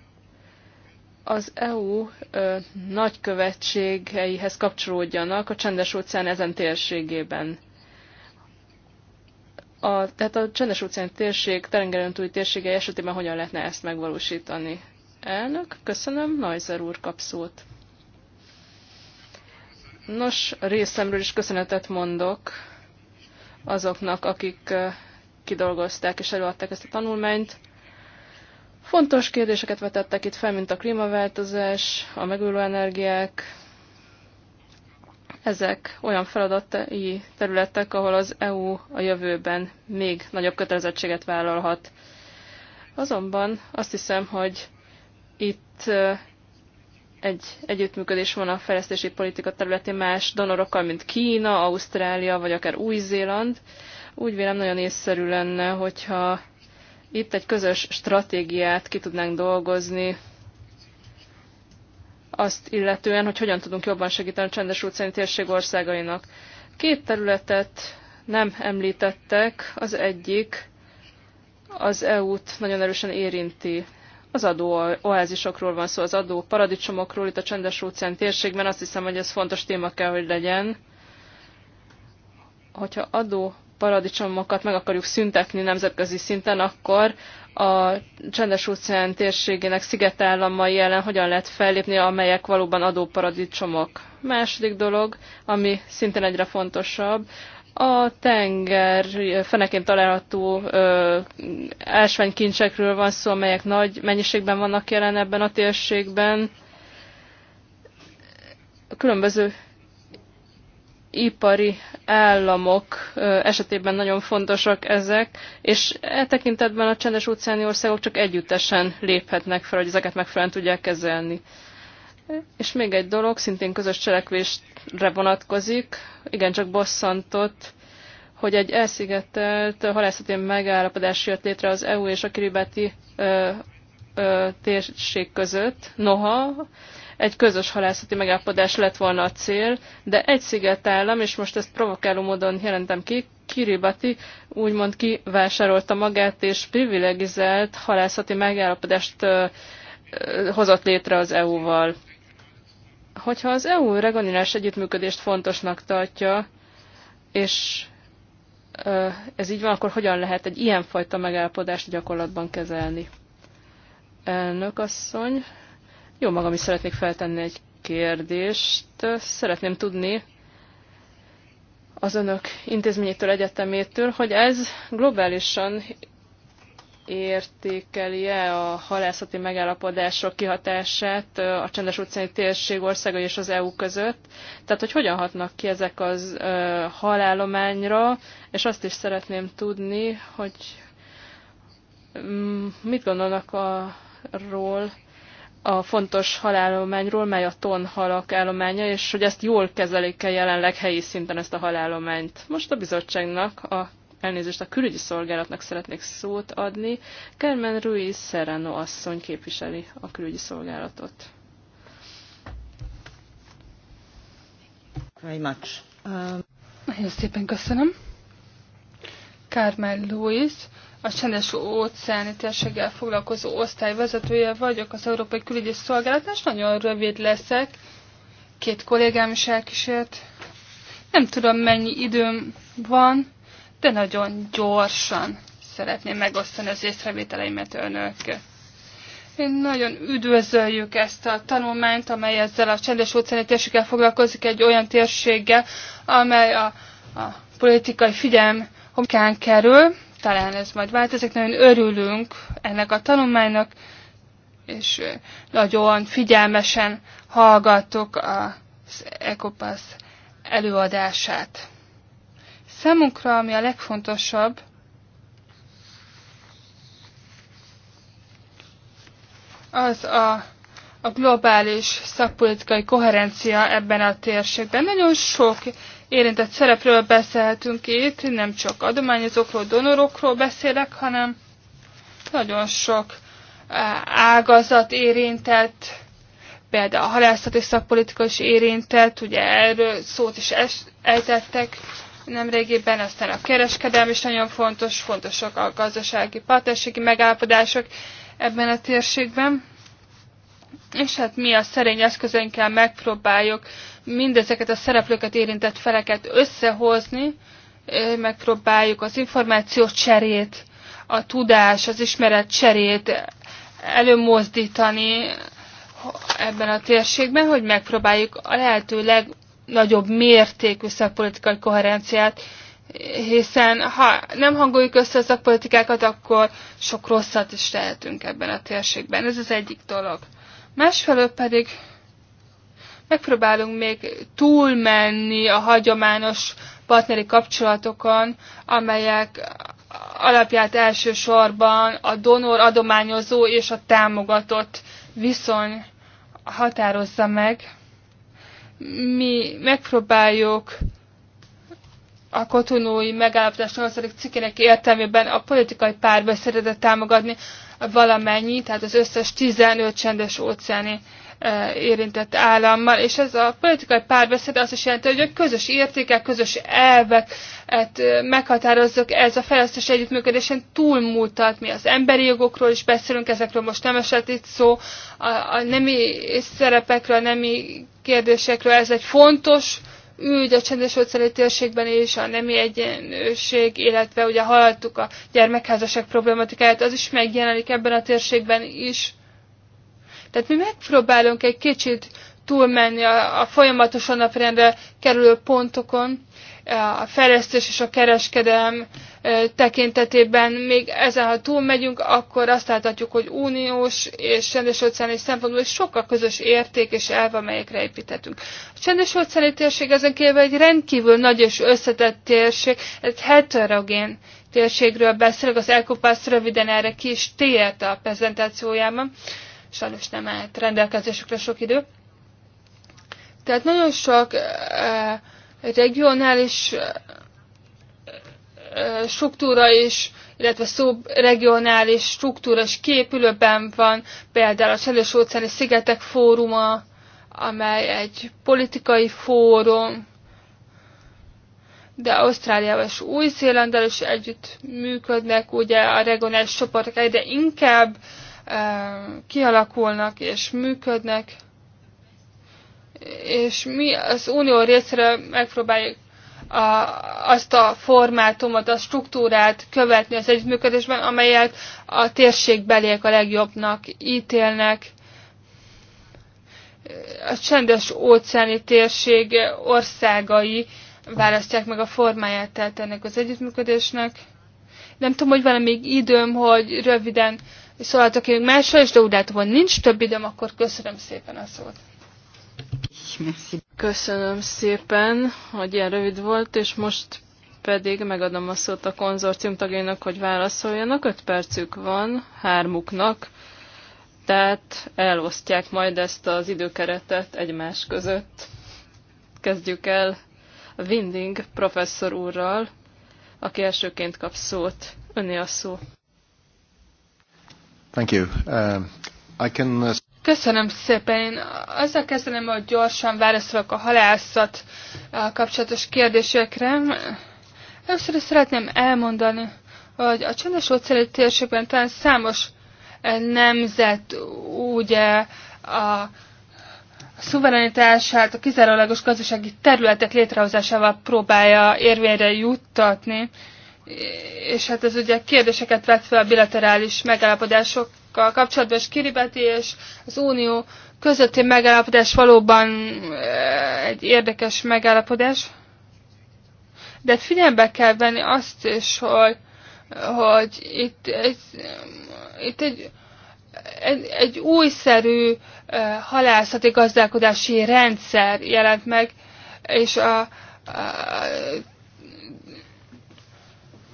az EU nagykövetségeihez kapcsolódjanak a csendes óceán ezen térségében a, tehát a csendes óceán térség, terengeren túli térsége esetében hogyan lehetne ezt megvalósítani? Elnök, köszönöm, Najzer úr kap szót. Nos, részemről is köszönetet mondok azoknak, akik kidolgozták és előadták ezt a tanulmányt. Fontos kérdéseket vetettek itt fel, mint a klímaváltozás, a megújuló energiák, ezek olyan feladatai területek, ahol az EU a jövőben még nagyobb kötelezettséget vállalhat. Azonban azt hiszem, hogy itt egy együttműködés van a fejlesztési politika területén más donorokkal, mint Kína, Ausztrália vagy akár Új-Zéland. Úgy vélem nagyon észszerű lenne, hogyha itt egy közös stratégiát ki tudnánk dolgozni azt illetően, hogy hogyan tudunk jobban segíteni a csendes óceáni térség országainak. Két területet nem említettek, az egyik az EU-t nagyon erősen érinti. Az adó oázisokról van szó, az adó paradicsomokról itt a csendes óceán térségben. Azt hiszem, hogy ez fontos téma kell, hogy legyen. Hogyha adó paradicsomokat meg akarjuk szüntetni nemzetközi szinten, akkor a csendes óceán térségének szigetállamai ellen hogyan lehet fellépni, amelyek valóban adóparadicsomok. Második dolog, ami szintén egyre fontosabb, a tenger fenekén található ö, ásványkincsekről van szó, amelyek nagy mennyiségben vannak jelen ebben a térségben. Különböző ipari államok esetében nagyon fontosak ezek, és e tekintetben a csendes óceáni országok csak együttesen léphetnek fel, hogy ezeket megfelelően tudják kezelni. És még egy dolog, szintén közös cselekvésre vonatkozik, igencsak bosszantott, hogy egy elszigetelt halászati megállapodás jött létre az EU és a kiribeti térség között. Noha egy közös halászati megállapodás lett volna a cél, de egy szigetállam, és most ezt provokáló módon jelentem ki, Kiribati úgymond kivásárolta magát, és privilegizált halászati megállapodást ö, ö, hozott létre az EU-val. Hogyha az EU regionális együttműködést fontosnak tartja, és ö, ez így van, akkor hogyan lehet egy ilyenfajta megállapodást gyakorlatban kezelni? Elnök asszony, jó magam is szeretnék feltenni egy kérdést. Szeretném tudni az önök intézményétől, egyetemétől, hogy ez globálisan értékeli a halászati megállapodások kihatását a csendes utcai térség országai és az EU között. Tehát, hogy hogyan hatnak ki ezek az halállományra, és azt is szeretném tudni, hogy mm, mit gondolnak arról, a fontos halállományról, mely a tonhalak állománya, és hogy ezt jól kezelik-e jelenleg helyi szinten ezt a halállományt. Most a bizottságnak, a, elnézést a külügyi szolgálatnak szeretnék szót adni. Carmen Ruiz Serrano asszony képviseli a külügyi szolgálatot. Very much. Um... Nagyon szépen köszönöm. Carmel Lewis, a csendes óceáni térséggel foglalkozó osztályvezetője vagyok az Európai Külügyi Szolgálatnál, és nagyon rövid leszek. Két kollégám is elkísért. Nem tudom, mennyi időm van, de nagyon gyorsan szeretném megosztani az észrevételeimet önökkel. Én nagyon üdvözöljük ezt a tanulmányt, amely ezzel a csendes óceáni térséggel foglalkozik, egy olyan térséggel, amely a, a politikai figyelm homkán kerül, talán ez majd változik, nagyon örülünk ennek a tanulmánynak, és nagyon figyelmesen hallgattuk az Ecopass előadását. Számunkra, ami a legfontosabb, az a, a globális szakpolitikai koherencia ebben a térségben. Nagyon sok érintett szerepről beszélhetünk itt, nem csak adományozókról, donorokról beszélek, hanem nagyon sok ágazat érintett, például a halászati szakpolitika is érintett, ugye erről szót is ejtettek nemrégében, aztán a kereskedelm is nagyon fontos, fontosak a gazdasági partnerségi megállapodások ebben a térségben és hát mi a szerény eszközönkkel megpróbáljuk mindezeket a szereplőket érintett feleket összehozni, eh, megpróbáljuk az információ cserét, a tudás, az ismeret cserét előmozdítani ebben a térségben, hogy megpróbáljuk a lehető legnagyobb mértékű szakpolitikai koherenciát, hiszen ha nem hangoljuk össze a szakpolitikákat, akkor sok rosszat is tehetünk ebben a térségben. Ez az egyik dolog. Másfelől pedig megpróbálunk még túlmenni a hagyományos partneri kapcsolatokon, amelyek alapját elsősorban a donor, adományozó és a támogatott viszony határozza meg. Mi megpróbáljuk a kotonói megállapodás 8. cikkének értelmében a politikai párbeszédet támogatni valamennyi, tehát az összes 15 csendes óceáni e, érintett állammal, és ez a politikai párbeszéd azt is jelenti, hogy a közös értékek, közös elveket e, meghatározzuk, ez a fejlesztés együttműködésen túlmutat, mi az emberi jogokról is beszélünk, ezekről most nem esett itt szó, a, a nemi szerepekről, a nemi kérdésekről, ez egy fontos ügy a csendes óceáni térségben és a nemi egyenlőség, illetve ugye hallottuk a gyermekházasság problématikáját, az is megjelenik ebben a térségben is. Tehát mi megpróbálunk egy kicsit túlmenni a, a folyamatosan napirendre kerülő pontokon, a fejlesztés és a kereskedelem tekintetében még ezen, ha túlmegyünk, akkor azt láthatjuk, hogy uniós és csendes óceáni szempontból is sokkal közös érték és elv, amelyekre építettünk. A csendes óceáni térség ezen kívül egy rendkívül nagy és összetett térség, egy heterogén térségről beszélek, az Elkopász röviden erre ki is tért a prezentációjában, sajnos nem állt rendelkezésükre sok idő. Tehát nagyon sok regionális struktúra is, illetve szubregionális struktúra is képülőben van, például a Csendes óceáni szigetek fóruma, amely egy politikai fórum, de Ausztráliával és Új-Zélandal is együtt működnek, ugye a regionális csoportok egyre inkább e, kialakulnak és működnek, és mi az unió részéről megpróbáljuk a, azt a formátumot, a struktúrát követni az együttműködésben, amelyet a térség beliek a legjobbnak ítélnek. A csendes óceáni térség országai választják meg a formáját tehát ennek az együttműködésnek. Nem tudom, hogy van még időm, hogy röviden szólhatok még másra, és de úgy látom, hogy nincs több időm, akkor köszönöm szépen a szót. Köszönöm szépen, hogy ilyen rövid volt, és most pedig megadom a szót a konzorcium tagjainak, hogy válaszoljanak. Öt percük van hármuknak, tehát elosztják majd ezt az időkeretet egymás között. Kezdjük el Winding professzor úrral, aki elsőként kap szót. Önné a szó. Thank you. Uh, I can uh, Köszönöm szépen. Én azzal kezdenem, hogy gyorsan válaszolok a halászat kapcsolatos kérdésekre. Először is szeretném elmondani, hogy a csendes óceáni térségben talán számos eh, nemzet ugye a szuverenitását a kizárólagos gazdasági területek létrehozásával próbálja érvényre juttatni, és hát ez ugye kérdéseket vet fel a bilaterális megállapodások kutatásokkal kapcsolatban, és Kiribati és az Unió közötti megállapodás valóban eh, egy érdekes megállapodás. De figyelembe kell venni azt is, hogy, hogy itt, egy, itt egy, egy, egy újszerű eh, halászati gazdálkodási rendszer jelent meg, és a, a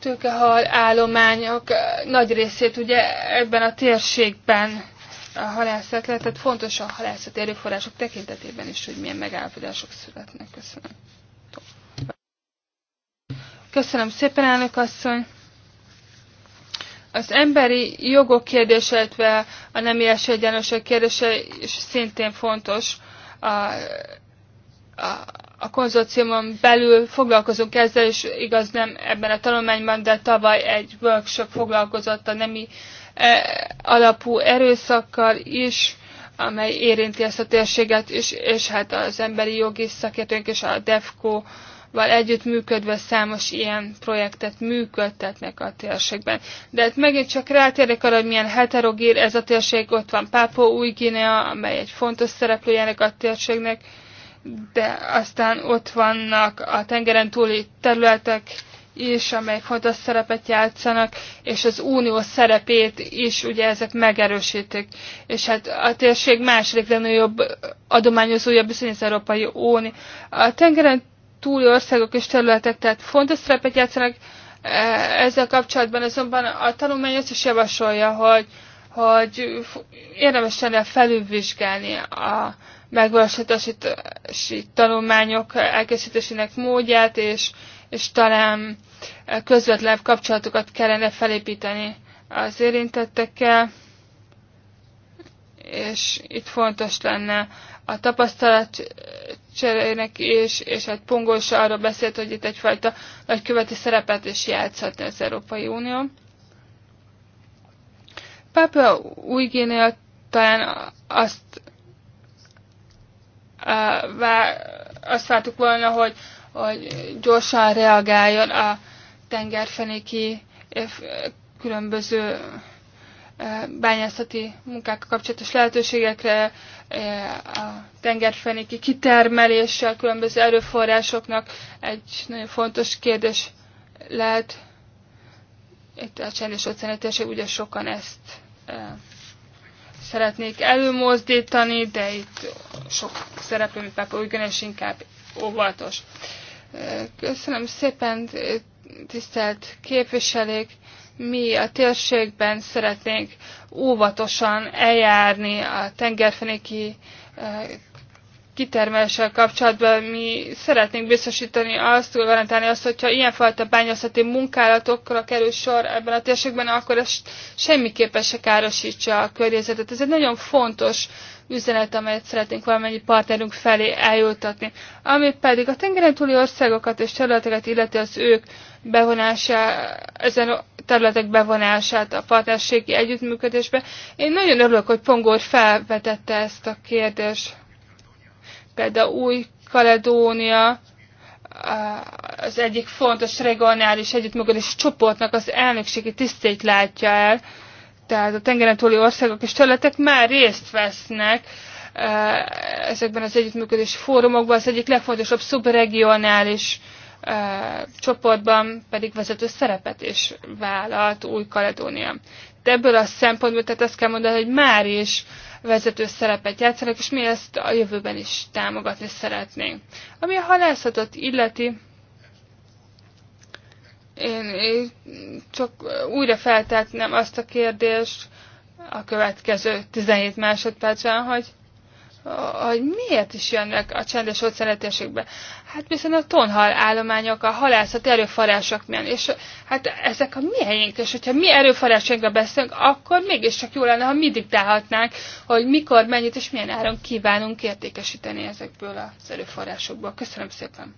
tőkehal állományok eh, nagy részét ugye ebben a térségben a halászat lehet, tehát fontos a halászat erőforrások tekintetében is, hogy milyen megállapodások születnek. Köszönöm. Köszönöm szépen, elnök asszony! Az emberi jogok kérdése, illetve a nemies egyenlőség kérdése is szintén fontos a, a, a konzorciumon belül foglalkozunk ezzel, és igaz nem ebben a tanulmányban, de tavaly egy workshop foglalkozott a nemi e, alapú erőszakkal is, amely érinti ezt a térséget, és, és hát az emberi jogi szakértőnk és a DEFCO val együttműködve számos ilyen projektet működtetnek a térségben. De hát megint csak rátérnek arra, hogy milyen heterogír ez a térség, ott van Pápó Új Guinea, amely egy fontos szereplőjének a térségnek, de aztán ott vannak a tengeren túli területek is, amelyek fontos szerepet játszanak, és az unió szerepét is ugye ezek megerősítik. És hát a térség második legnagyobb adományozója bizony az Európai Unió. A tengeren túli országok és területek tehát fontos szerepet játszanak, e, ezzel kapcsolatban azonban a tanulmány azt is javasolja, hogy, hogy érdemes lenne felülvizsgálni a, megvalósítási tanulmányok elkészítésének módját, és, és talán közvetlen kapcsolatokat kellene felépíteni az érintettekkel, és itt fontos lenne a tapasztalat cserének is, és hát Pongolsa arról beszélt, hogy itt egyfajta nagyköveti szerepet is játszhatna az Európai Unió. Pápa új talán azt azt vártuk volna, hogy, hogy gyorsan reagáljon a tengerfenéki eh, különböző eh, bányászati munkák kapcsolatos lehetőségekre, eh, a tengerfenéki kitermeléssel, különböző erőforrásoknak egy nagyon fontos kérdés lehet. Itt a csendes óceáni ugye sokan ezt szeretnék előmozdítani, de itt sok szereplő, mint Pápa Ugyanis inkább óvatos. Köszönöm szépen, tisztelt képviselők! Mi a térségben szeretnénk óvatosan eljárni a tengerfenéki kitermeléssel kapcsolatban mi szeretnénk biztosítani azt, garantálni azt, hogyha ilyenfajta bányászati munkálatokra kerül sor ebben a térségben, akkor ez semmiképpen se károsítsa a környezetet. Ez egy nagyon fontos üzenet, amelyet szeretnénk valamennyi partnerünk felé eljutatni. Ami pedig a tengeren túli országokat és területeket illeti az ők bevonása, ezen a területek bevonását a partnerségi együttműködésbe. Én nagyon örülök, hogy Pongor felvetette ezt a kérdést. Például Új-Kaledónia az egyik fontos regionális együttműködési csoportnak az elnökségi tisztét látja el, tehát a tengeren túli országok és területek már részt vesznek ezekben az együttműködési fórumokban, az egyik legfontosabb szubregionális csoportban pedig vezető szerepet is vállalt Új-Kaledónia. De ebből a szempontból, tehát azt kell mondani, hogy már is uh, vezető szerepet játszanak, és mi ezt a jövőben is támogatni szeretnénk. Ami a halászatot illeti, én, én csak újra feltetném azt a kérdést a következő 17 másodpercben, hogy hogy miért is jönnek a csendes óceán Hát viszont a tonhal állományok, a halászati erőforrások milyen, és hát ezek a mi helyénk, és hogyha mi erőforrásainkra beszélünk, akkor mégiscsak jó lenne, ha mi diktálhatnánk, hogy mikor, mennyit és milyen áron kívánunk értékesíteni ezekből az erőforrásokból. Köszönöm szépen!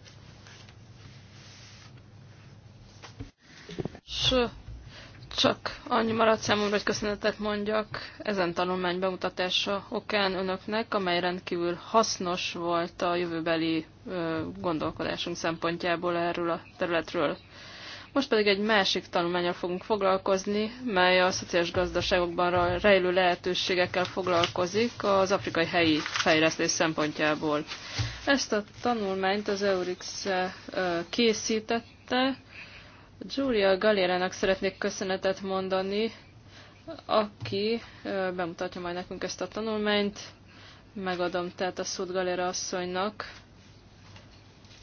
Sure. Csak annyi maradt számomra, hogy köszönetet mondjak ezen tanulmány bemutatása okán önöknek, amely rendkívül hasznos volt a jövőbeli gondolkodásunk szempontjából erről a területről. Most pedig egy másik tanulmányal fogunk foglalkozni, mely a szociális gazdaságokban rejlő lehetőségekkel foglalkozik az afrikai helyi fejlesztés szempontjából. Ezt a tanulmányt az Eurix készítette, Julia Galérának szeretnék köszönetet mondani, aki bemutatja majd nekünk ezt a tanulmányt. Megadom tehát a szót Galéra asszonynak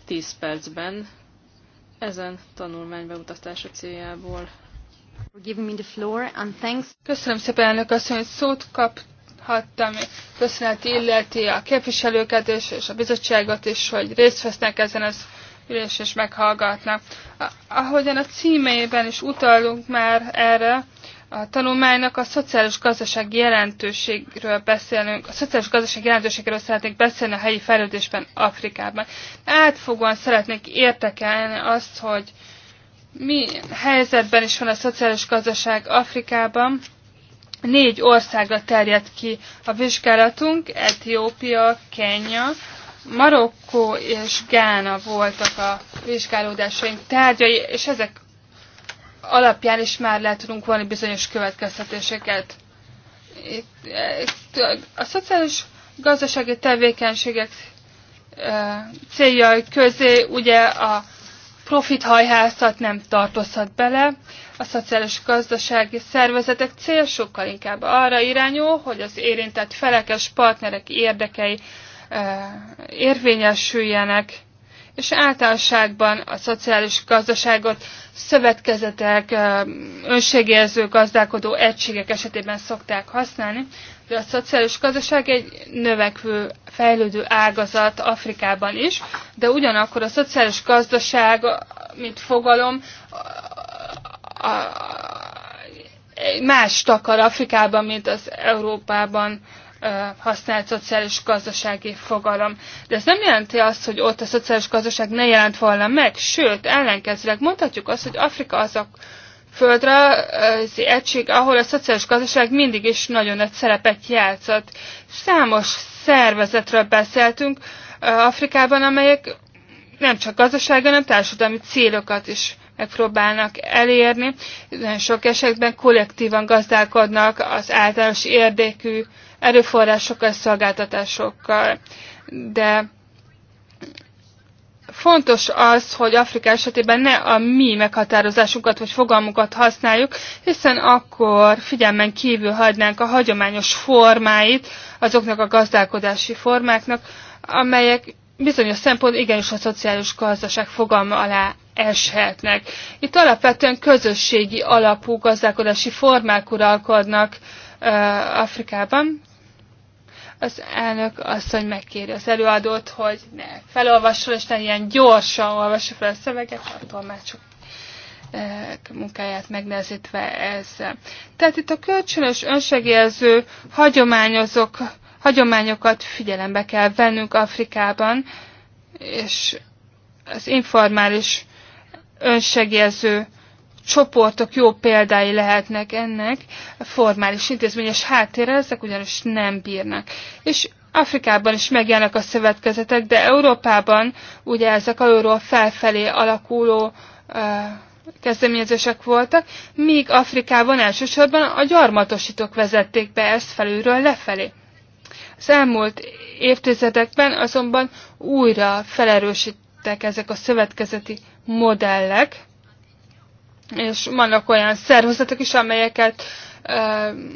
10 percben ezen tanulmány bemutatása céljából. Köszönöm szépen, elnök asszony, hogy szót kaphattam. Köszönet illeti a képviselőket és, és a bizottságot is, hogy részt vesznek ezen az ülés és meghallgatnak. Ahogyan a címében is utalunk már erre, a tanulmánynak a szociális gazdaság jelentőségről beszélünk, a szociális gazdaság jelentőségről szeretnék beszélni a helyi fejlődésben Afrikában. Átfogóan szeretnék értekelni azt, hogy mi helyzetben is van a szociális gazdaság Afrikában. Négy országra terjed ki a vizsgálatunk, Etiópia, Kenya, Marokkó és Gána voltak a vizsgálódásaink tárgyai, és ezek alapján is már le tudunk volni bizonyos következtetéseket. Itt, itt a szociális gazdasági tevékenységek céljai közé ugye a profithajházat nem tartozhat bele. A szociális gazdasági szervezetek cél sokkal inkább arra irányul, hogy az érintett felekes partnerek érdekei érvényesüljenek, és általánosságban a szociális gazdaságot szövetkezetek, önségérző gazdálkodó egységek esetében szokták használni, de a szociális gazdaság egy növekvő, fejlődő ágazat Afrikában is, de ugyanakkor a szociális gazdaság, mint fogalom, a, a, más takar Afrikában, mint az Európában használt szociális gazdasági fogalom. De ez nem jelenti azt, hogy ott a szociális gazdaság ne jelent volna meg, sőt, ellenkezőleg mondhatjuk azt, hogy Afrika azok az egység, ahol a szociális gazdaság mindig is nagyon nagy szerepet játszott. Számos szervezetről beszéltünk Afrikában, amelyek nem csak gazdasági, hanem társadalmi célokat is megpróbálnak elérni. Nagyon sok esetben kollektívan gazdálkodnak az általános érdekű erőforrásokkal, szolgáltatásokkal. De fontos az, hogy Afrika esetében ne a mi meghatározásunkat vagy fogalmukat használjuk, hiszen akkor figyelmen kívül hagynánk a hagyományos formáit azoknak a gazdálkodási formáknak, amelyek bizonyos szempont igenis a szociális gazdaság fogalma alá eshetnek. Itt alapvetően közösségi alapú gazdálkodási formák uralkodnak Afrikában, az elnök asszony megkéri az előadót, hogy ne felolvasson, és ne ilyen gyorsan olvassa fel a szöveget, már csak eh, munkáját megnehezítve ez. Tehát itt a kölcsönös önsegélyező hagyományozók, hagyományokat figyelembe kell vennünk Afrikában, és az informális önsegélyező csoportok jó példái lehetnek ennek, formális intézményes háttérrel ezek ugyanis nem bírnak. És Afrikában is megjelennek a szövetkezetek, de Európában ugye ezek alulról felfelé alakuló uh, kezdeményezések voltak, míg Afrikában elsősorban a gyarmatosítók vezették be ezt felülről lefelé. Az elmúlt évtizedekben azonban újra felerősítettek ezek a szövetkezeti modellek, és vannak olyan szervezetek is, amelyeket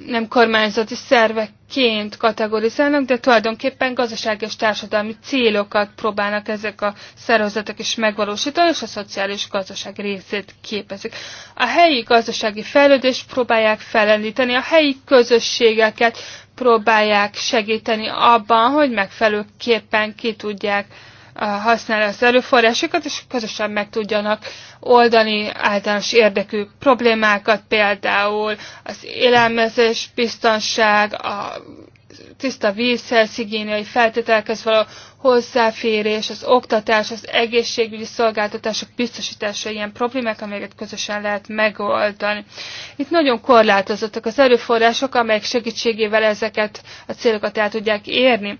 nem kormányzati szervekként kategorizálnak, de tulajdonképpen gazdasági és társadalmi célokat próbálnak ezek a szervezetek is megvalósítani, és a szociális gazdaság részét képezik. A helyi gazdasági fejlődést próbálják felelíteni, a helyi közösségeket próbálják segíteni abban, hogy megfelelőképpen ki tudják uh, használni az erőforrásokat, és közösen meg tudjanak oldani általános érdekű problémákat, például az élelmezés, biztonság, a tiszta vízhez, higiéniai feltételekhez való hozzáférés, az oktatás, az egészségügyi szolgáltatások biztosítása ilyen problémák, amelyeket közösen lehet megoldani. Itt nagyon korlátozottak az erőforrások, amelyek segítségével ezeket a célokat el tudják érni.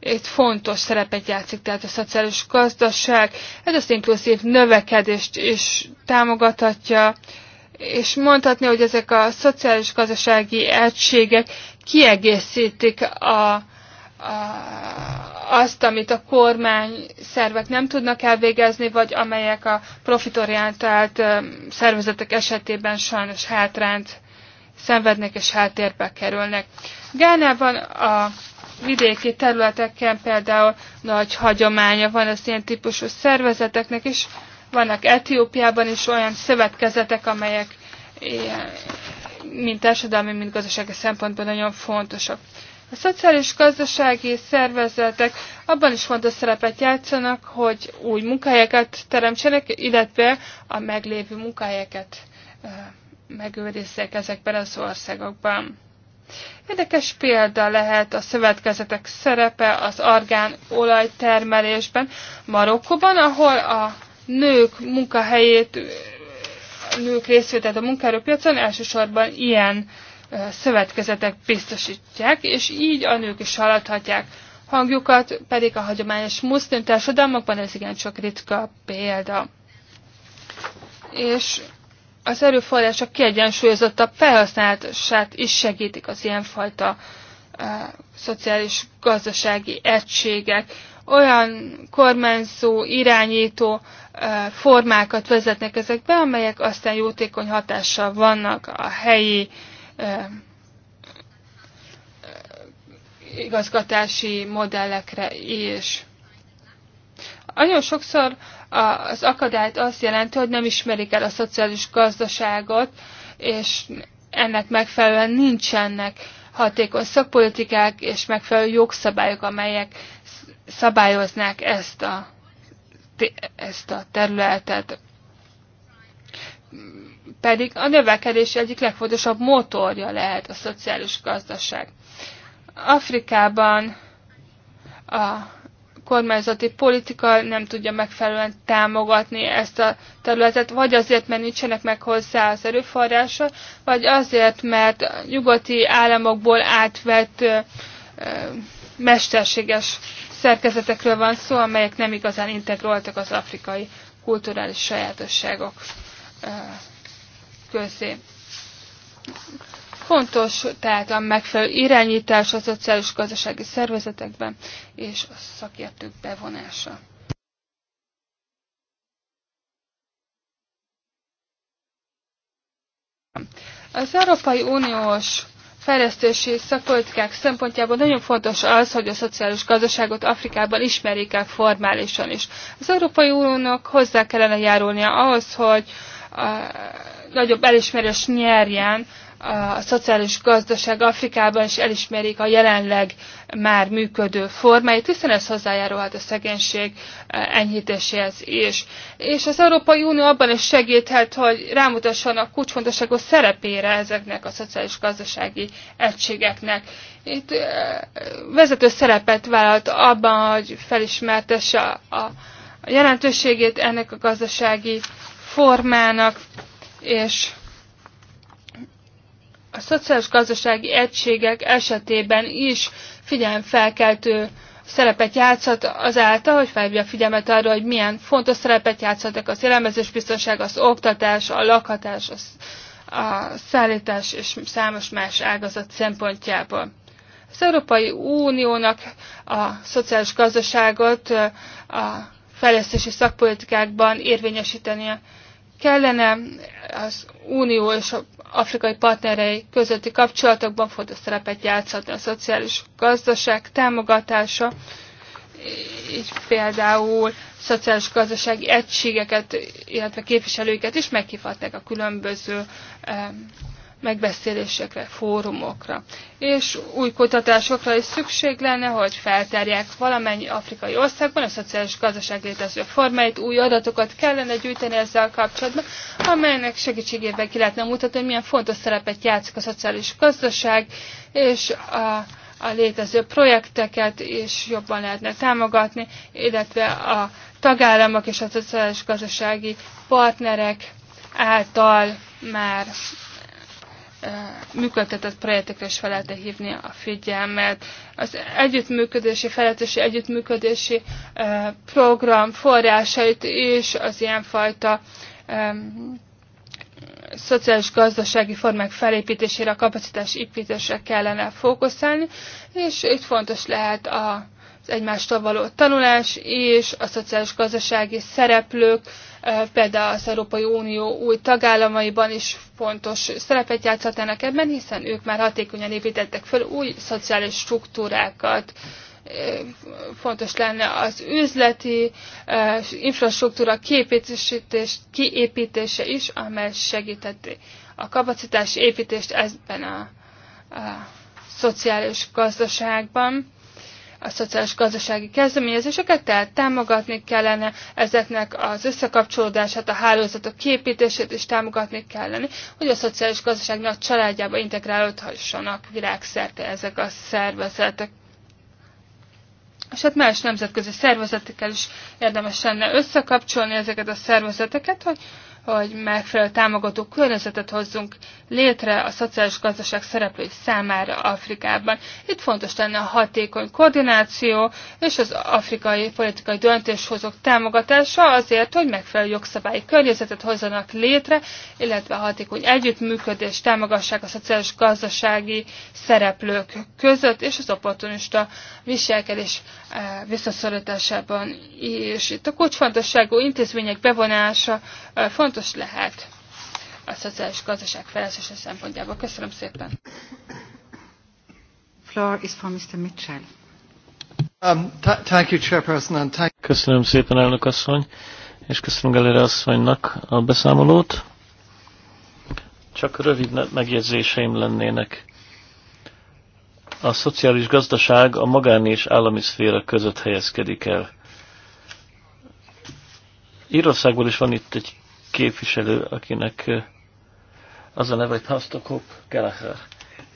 Itt fontos szerepet játszik tehát a szociális gazdaság, ez az inkluzív növekedést is támogathatja, és mondhatni, hogy ezek a szociális gazdasági egységek kiegészítik a azt, amit a kormány szervek nem tudnak elvégezni, vagy amelyek a profitorientált szervezetek esetében sajnos hátrányt szenvednek és háttérbe kerülnek. Gánában a vidéki területeken például nagy hagyománya van az ilyen típusú szervezeteknek, és vannak Etiópiában is olyan szövetkezetek, amelyek ilyen, mint társadalmi, mint gazdasági szempontból nagyon fontosak. A szociális gazdasági szervezetek abban is fontos szerepet játszanak, hogy új munkahelyeket teremtsenek, illetve a meglévő munkahelyeket megőrizzék ezekben az országokban. Érdekes példa lehet a szövetkezetek szerepe az argán olajtermelésben Marokkóban, ahol a nők munkahelyét, a nők részvételt a munkaerőpiacon elsősorban ilyen szövetkezetek biztosítják, és így a nők is hallhatják hangjukat, pedig a hagyományos muszlim társadalmakban ez igencsak ritka példa. És az erőforrások kiegyensúlyozottabb felhasználását is segítik az ilyenfajta szociális gazdasági egységek. Olyan kormányzó, irányító formákat vezetnek ezekbe, amelyek aztán jótékony hatással vannak a helyi uh, igazgatási modellekre is. Nagyon sokszor az akadályt azt jelenti, hogy nem ismerik el a szociális gazdaságot, és ennek megfelelően nincsenek hatékony szakpolitikák és megfelelő jogszabályok, amelyek szabályoznák ezt a, ezt a területet pedig a növekedés egyik legfontosabb motorja lehet a szociális gazdaság. Afrikában a kormányzati politika nem tudja megfelelően támogatni ezt a területet, vagy azért, mert nincsenek meg hozzá az erőforrása, vagy azért, mert nyugati államokból átvett ö, ö, mesterséges szerkezetekről van szó, amelyek nem igazán integroltak az afrikai kulturális sajátosságok közé. Fontos tehát a megfelelő irányítás a szociális gazdasági szervezetekben és a szakértők bevonása. Az Európai Uniós fejlesztési szakpolitikák szempontjából nagyon fontos az, hogy a szociális gazdaságot Afrikában ismerik el formálisan is. Az Európai Uniónak hozzá kellene járulnia ahhoz, hogy nagyobb elismerés nyerjen a szociális gazdaság Afrikában is elismerik a jelenleg már működő formáit, hiszen ez hozzájárulhat a szegénység eh, enyhítéséhez is. És az Európai Unió abban is segíthet, hogy rámutasson a kulcsfontosságú szerepére ezeknek a szociális gazdasági egységeknek. Itt eh, vezető szerepet vállalt abban, hogy felismertesse a, a jelentőségét ennek a gazdasági formának, és a szociális gazdasági egységek esetében is figyelemfelkeltő szerepet játszhat azáltal, hogy felhívja a figyelmet arra, hogy milyen fontos szerepet játszhatnak az biztonság, az oktatás, a lakhatás, az, a szállítás és számos más ágazat szempontjából. Az Európai Uniónak a szociális gazdaságot a fejlesztési szakpolitikákban érvényesítenie Kellene az Unió és az afrikai partnerei közötti kapcsolatokban fontos szerepet játszhatni a szociális gazdaság támogatása, így például szociális gazdasági egységeket, illetve képviselőiket is meghívhatnak a különböző megbeszélésekre, fórumokra. És új kutatásokra is szükség lenne, hogy feltárják valamennyi afrikai országban a szociális gazdaság létező formáit, új adatokat kellene gyűjteni ezzel kapcsolatban, amelynek segítségével ki lehetne mutatni, hogy milyen fontos szerepet játszik a szociális gazdaság, és a, a létező projekteket is jobban lehetne támogatni, illetve a tagállamok és a szociális gazdasági partnerek által már működtetett projektekre is fel lehet hívni a figyelmet. Az együttműködési, felelősségi együttműködési program forrásait is az ilyenfajta szociális gazdasági formák felépítésére, a kapacitás építésre kellene fókuszálni, és itt fontos lehet a egymástól való tanulás és a szociális gazdasági szereplők, eh, például az Európai Unió új tagállamaiban is fontos szerepet játszhatnának ebben, hiszen ők már hatékonyan építettek fel új szociális struktúrákat. Eh, fontos lenne az üzleti eh, infrastruktúra kiépítése is, amely segítheti a kapacitás építést ebben a, a szociális gazdaságban a szociális gazdasági kezdeményezéseket, tehát támogatni kellene ezeknek az összekapcsolódását, a hálózatok képítését is támogatni kellene, hogy a szociális gazdaság nagy családjába integrálódhassanak világszerte ezek a szervezetek és hát más nemzetközi szervezetekkel is érdemes lenne összekapcsolni ezeket a szervezeteket, hogy hogy megfelelő támogató környezetet hozzunk létre a szociális gazdaság szereplői számára Afrikában. Itt fontos lenne a hatékony koordináció és az afrikai politikai döntéshozók támogatása azért, hogy megfelelő jogszabályi környezetet hozzanak létre, illetve a hatékony együttműködés támogassák a szociális gazdasági szereplők között és az opportunista viselkedés visszaszorításában. És itt a kocsfontosságú intézmények bevonása fontos lehet a szociális gazdaság fejlesztése szempontjából. Köszönöm szépen. Floor is for Mr. Mitchell. Um, thank you, Chairperson, and thank köszönöm szépen, elnök asszony, és köszönöm Galera asszonynak a beszámolót. Csak rövid megjegyzéseim lennének a szociális gazdaság a magán és állami szféra között helyezkedik el. Írországból is van itt egy képviselő, akinek az a neve, hogy Pastor Hope Gallagher.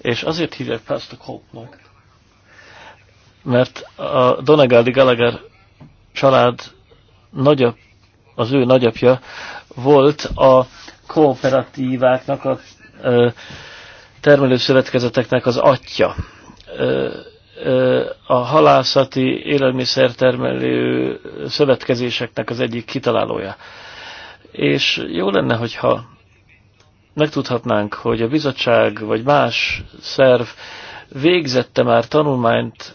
És azért hívják Pastor Hope-nak, mert a Donegaldi Gallagher család nagyap, az ő nagyapja volt a kooperatíváknak, a termelőszövetkezeteknek az atya a halászati élelmiszertermelő szövetkezéseknek az egyik kitalálója. És jó lenne, hogyha megtudhatnánk, hogy a bizottság vagy más szerv végzette már tanulmányt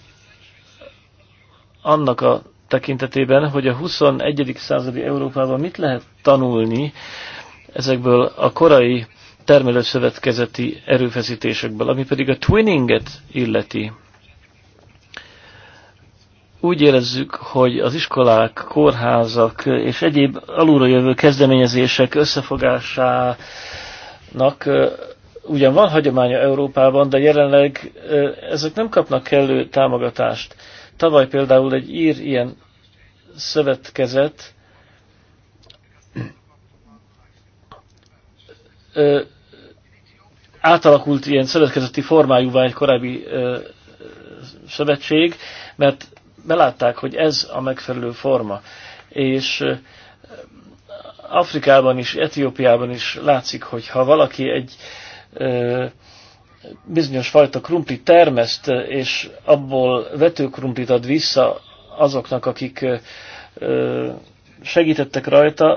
annak a tekintetében, hogy a 21. századi Európában mit lehet tanulni ezekből a korai termelőszövetkezeti erőfeszítésekből, ami pedig a twinninget illeti. Úgy érezzük, hogy az iskolák, kórházak és egyéb alulra jövő kezdeményezések összefogásának ugyan van hagyománya Európában, de jelenleg ezek nem kapnak kellő támogatást. Tavaly például egy ír ilyen szövetkezet, átalakult ilyen szövetkezeti formájúvá egy korábbi ö, szövetség, mert belátták, hogy ez a megfelelő forma. És ö, Afrikában is, Etiópiában is látszik, hogy ha valaki egy ö, bizonyos fajta krumpli termeszt, és abból vetőkrumplit ad vissza azoknak, akik ö, segítettek rajta,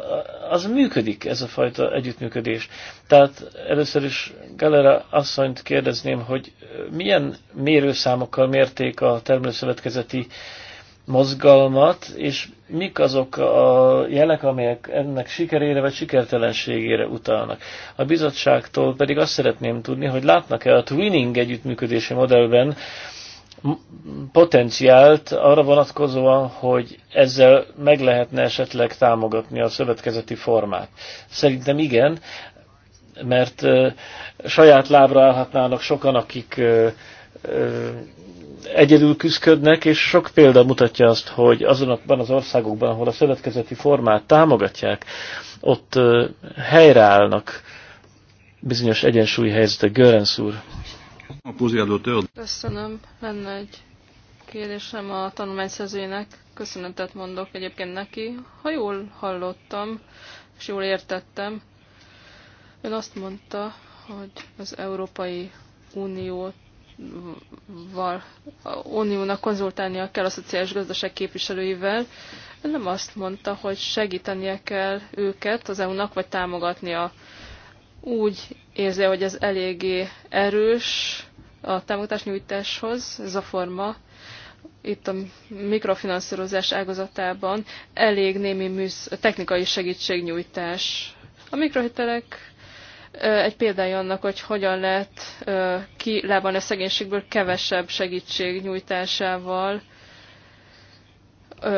az működik ez a fajta együttműködés. Tehát először is Galera asszonyt kérdezném, hogy milyen mérőszámokkal mérték a termelőszövetkezeti mozgalmat, és mik azok a jelek, amelyek ennek sikerére vagy sikertelenségére utalnak. A bizottságtól pedig azt szeretném tudni, hogy látnak-e a twinning együttműködési modellben potenciált arra vonatkozóan, hogy ezzel meg lehetne esetleg támogatni a szövetkezeti formát. Szerintem igen, mert saját lábra állhatnának sokan, akik egyedül küzdködnek, és sok példa mutatja azt, hogy azonban az országokban, ahol a szövetkezeti formát támogatják, ott helyreállnak bizonyos egyensúlyhelyzetek. Görensz úr. Köszönöm. Lenne egy kérésem a tanulmányszerzőjének. Köszönetet mondok egyébként neki. Ha jól hallottam, és jól értettem, ön azt mondta, hogy az Európai Unió val, uniónak konzultálnia kell a szociális gazdaság képviselőivel. Nem azt mondta, hogy segítenie kell őket az EU-nak, vagy támogatnia úgy érzi, hogy ez eléggé erős a támogatás nyújtáshoz, ez a forma itt a mikrofinanszírozás ágazatában elég némi műsz, technikai segítségnyújtás. A mikrohitelek egy példája annak, hogy hogyan lehet kilábalni a szegénységből kevesebb segítség nyújtásával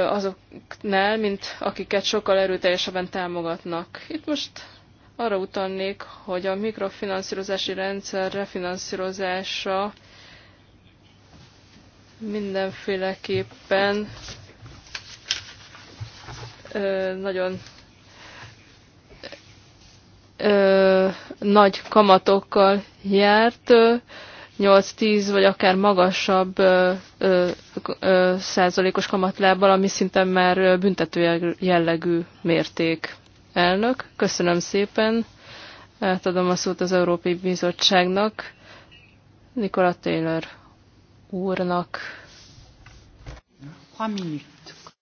azoknál, mint akiket sokkal erőteljesebben támogatnak. Itt most arra utalnék, hogy a mikrofinanszírozási rendszer refinanszírozása mindenféleképpen nagyon ö, nagy kamatokkal járt, 8-10 vagy akár magasabb ö, ö, százalékos kamatlábbal, ami szinte már büntető jellegű mérték. Elnök, köszönöm szépen. Átadom a szót az Európai Bizottságnak, Nikola Taylor úrnak.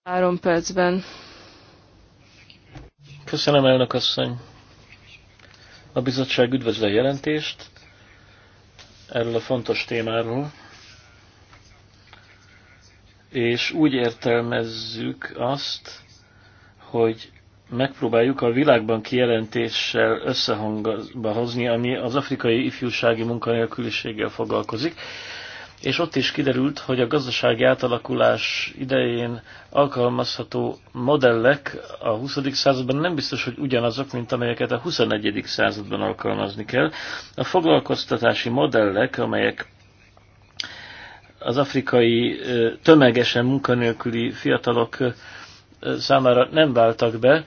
Három percben. Köszönöm, elnök asszony. A bizottság üdvözli a jelentést erről a fontos témáról, és úgy értelmezzük azt, hogy megpróbáljuk a világban kijelentéssel összehangba hozni, ami az afrikai ifjúsági munkanélküliséggel foglalkozik, és ott is kiderült, hogy a gazdasági átalakulás idején alkalmazható modellek a 20. században nem biztos, hogy ugyanazok, mint amelyeket a 21. században alkalmazni kell. A foglalkoztatási modellek, amelyek az afrikai tömegesen munkanélküli fiatalok számára nem váltak be.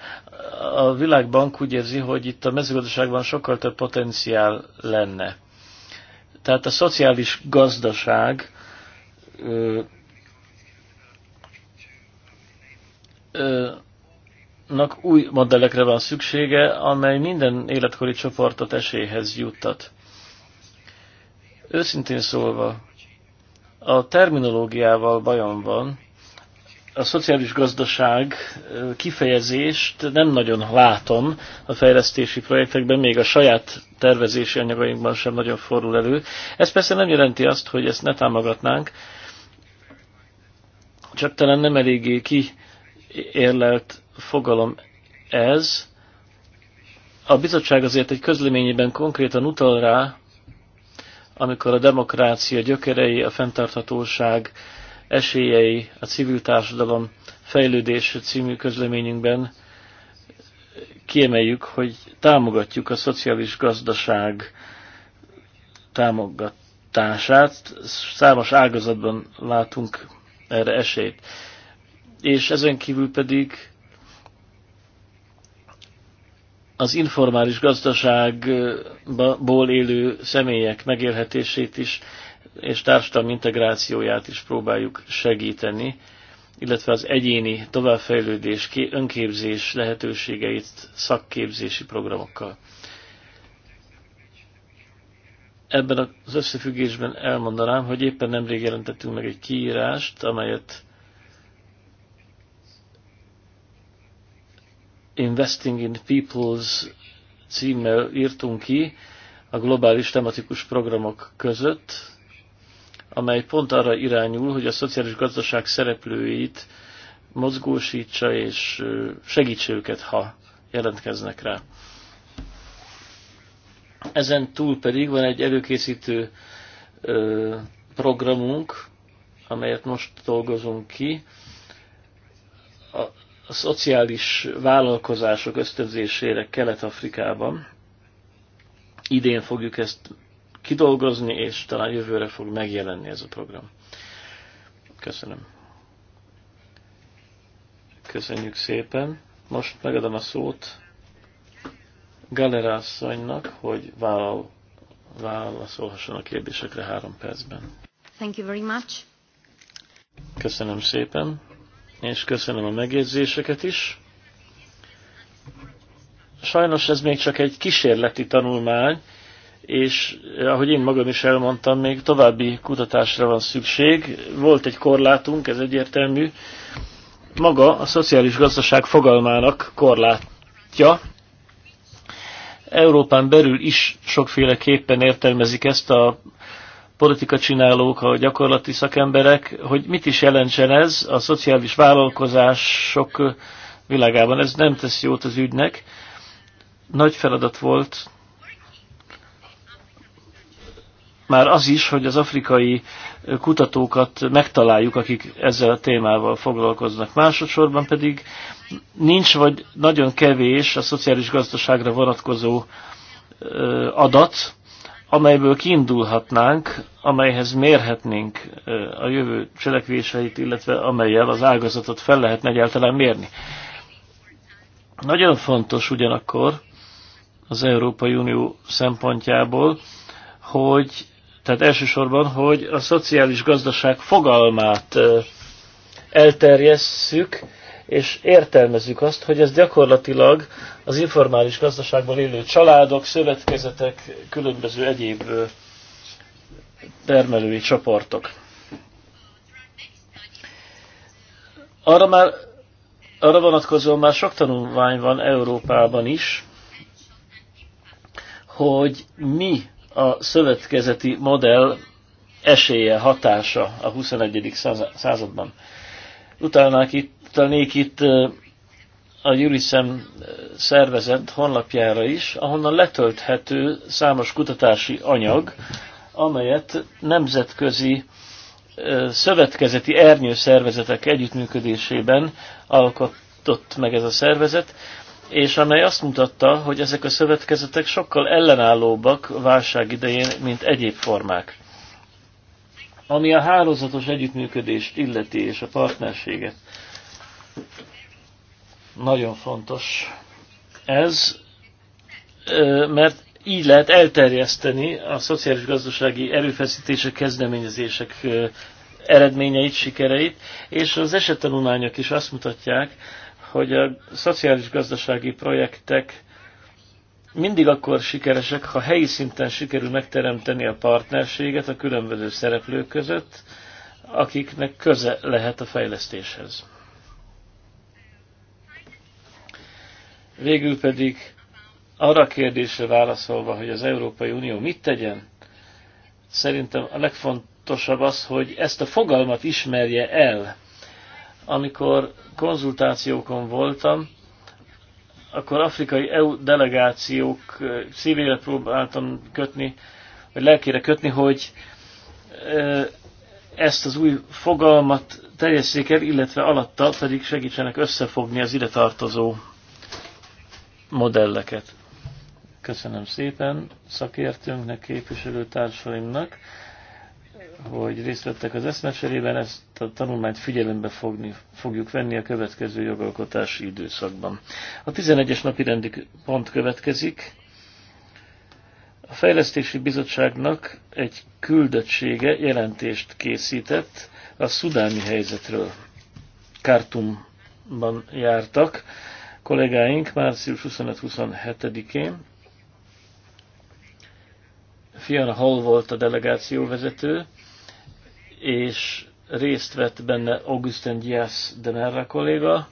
A világbank úgy érzi, hogy itt a mezőgazdaságban sokkal több potenciál lenne. Tehát a szociális gazdaság ö, ö, nak új modellekre van szüksége, amely minden életkori csoportot esélyhez juttat. Őszintén szólva, a terminológiával bajom van, a szociális gazdaság kifejezést nem nagyon látom a fejlesztési projektekben, még a saját tervezési anyagainkban sem nagyon fordul elő. Ez persze nem jelenti azt, hogy ezt ne támogatnánk, csak talán nem eléggé kiérlelt fogalom ez. A bizottság azért egy közleményében konkrétan utal rá, amikor a demokrácia gyökerei, a fenntarthatóság, esélyei a civil társadalom fejlődése című közleményünkben kiemeljük, hogy támogatjuk a szociális gazdaság támogatását. Számos ágazatban látunk erre esélyt. És ezen kívül pedig az informális gazdaságból élő személyek megélhetését is és társadalmi integrációját is próbáljuk segíteni, illetve az egyéni továbbfejlődés, önképzés lehetőségeit szakképzési programokkal. Ebben az összefüggésben elmondanám, hogy éppen nemrég jelentettünk meg egy kiírást, amelyet Investing in Peoples címmel írtunk ki a globális tematikus programok között, amely pont arra irányul, hogy a szociális gazdaság szereplőit mozgósítsa és segítse őket, ha jelentkeznek rá. Ezen túl pedig van egy előkészítő programunk, amelyet most dolgozunk ki, a, szociális vállalkozások ösztönzésére Kelet-Afrikában. Idén fogjuk ezt kidolgozni, és talán jövőre fog megjelenni ez a program. Köszönöm. Köszönjük szépen. Most megadom a szót Galera asszonynak, hogy vállal, válaszolhasson a kérdésekre három percben. Thank you very much. Köszönöm szépen, és köszönöm a megjegyzéseket is. Sajnos ez még csak egy kísérleti tanulmány, és eh, ahogy én magam is elmondtam, még további kutatásra van szükség. Volt egy korlátunk, ez egyértelmű. Maga a szociális gazdaság fogalmának korlátja. Európán belül is sokféleképpen értelmezik ezt a politika csinálók, a gyakorlati szakemberek, hogy mit is jelentsen ez a szociális vállalkozások világában. Ez nem tesz jót az ügynek. Nagy feladat volt már az is, hogy az afrikai kutatókat megtaláljuk, akik ezzel a témával foglalkoznak. Másodszorban pedig nincs vagy nagyon kevés a szociális gazdaságra vonatkozó adat, amelyből kiindulhatnánk, amelyhez mérhetnénk a jövő cselekvéseit, illetve amelyel az ágazatot fel lehetne egyáltalán mérni. Nagyon fontos ugyanakkor az Európai Unió szempontjából, hogy tehát elsősorban, hogy a szociális gazdaság fogalmát elterjesszük, és értelmezzük azt, hogy ez gyakorlatilag az informális gazdaságban élő családok, szövetkezetek, különböző egyéb termelői csoportok. Arra már arra vonatkozóan már sok tanulmány van Európában is, hogy mi a szövetkezeti modell esélye, hatása a 21. században. Utalnák itt, itt a Jurisem szervezet honlapjára is, ahonnan letölthető számos kutatási anyag, amelyet nemzetközi szövetkezeti ernyőszervezetek együttműködésében alkotott meg ez a szervezet, és amely azt mutatta, hogy ezek a szövetkezetek sokkal ellenállóbbak válság idején, mint egyéb formák. Ami a hálózatos együttműködést illeti, és a partnerséget, nagyon fontos ez, mert így lehet elterjeszteni a szociális gazdasági erőfeszítések, kezdeményezések eredményeit, sikereit, és az esettanulmányok is azt mutatják, hogy a szociális gazdasági projektek mindig akkor sikeresek, ha helyi szinten sikerül megteremteni a partnerséget a különböző szereplők között, akiknek köze lehet a fejlesztéshez. Végül pedig arra a kérdésre válaszolva, hogy az Európai Unió mit tegyen, szerintem a legfontosabb az, hogy ezt a fogalmat ismerje el, amikor konzultációkon voltam, akkor afrikai EU delegációk szívére próbáltam kötni, vagy lelkére kötni, hogy ezt az új fogalmat terjesszék el, illetve alatta pedig segítsenek összefogni az ide tartozó modelleket. Köszönöm szépen szakértőnknek, képviselőtársaimnak hogy részt vettek az eszmecserében, ezt a tanulmányt figyelembe fogni, fogjuk venni a következő jogalkotási időszakban. A 11-es napi rendi pont következik. A Fejlesztési Bizottságnak egy küldöttsége jelentést készített a szudáni helyzetről. Kártumban jártak kollégáink március 25-27-én. Fiona Hall volt a delegáció vezető, és részt vett benne Augustin Diaz de Merra kolléga,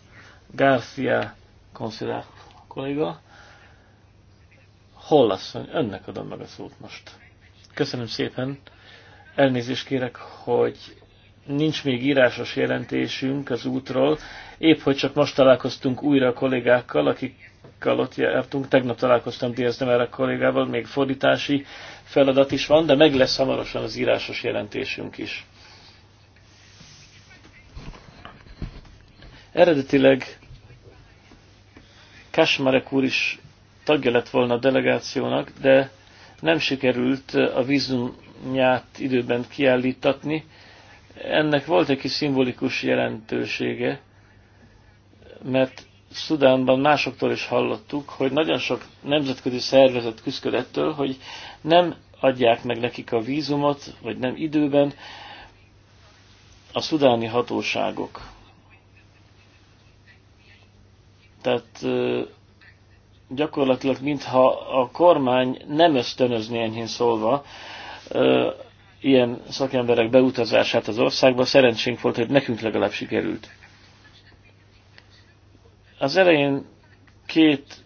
Garcia Consulat kolléga. Hollasszony, önnek adom meg a szót most. Köszönöm szépen. Elnézést kérek, hogy nincs még írásos jelentésünk az útról. Épp, hogy csak most találkoztunk újra a kollégákkal, akikkel ott jártunk. Tegnap találkoztam Diaz de Merra kollégával, még fordítási feladat is van, de meg lesz hamarosan az írásos jelentésünk is. Eredetileg Kasmarek úr is tagja lett volna a delegációnak, de nem sikerült a vízumját időben kiállítatni. Ennek volt egy kis szimbolikus jelentősége, mert Szudánban másoktól is hallottuk, hogy nagyon sok nemzetközi szervezet küzdködettől, hogy nem adják meg nekik a vízumot, vagy nem időben a szudáni hatóságok. Tehát gyakorlatilag mintha a kormány nem ösztönözné enyhén szólva ilyen szakemberek beutazását az országba. Szerencsénk volt, hogy nekünk legalább sikerült. Az elején két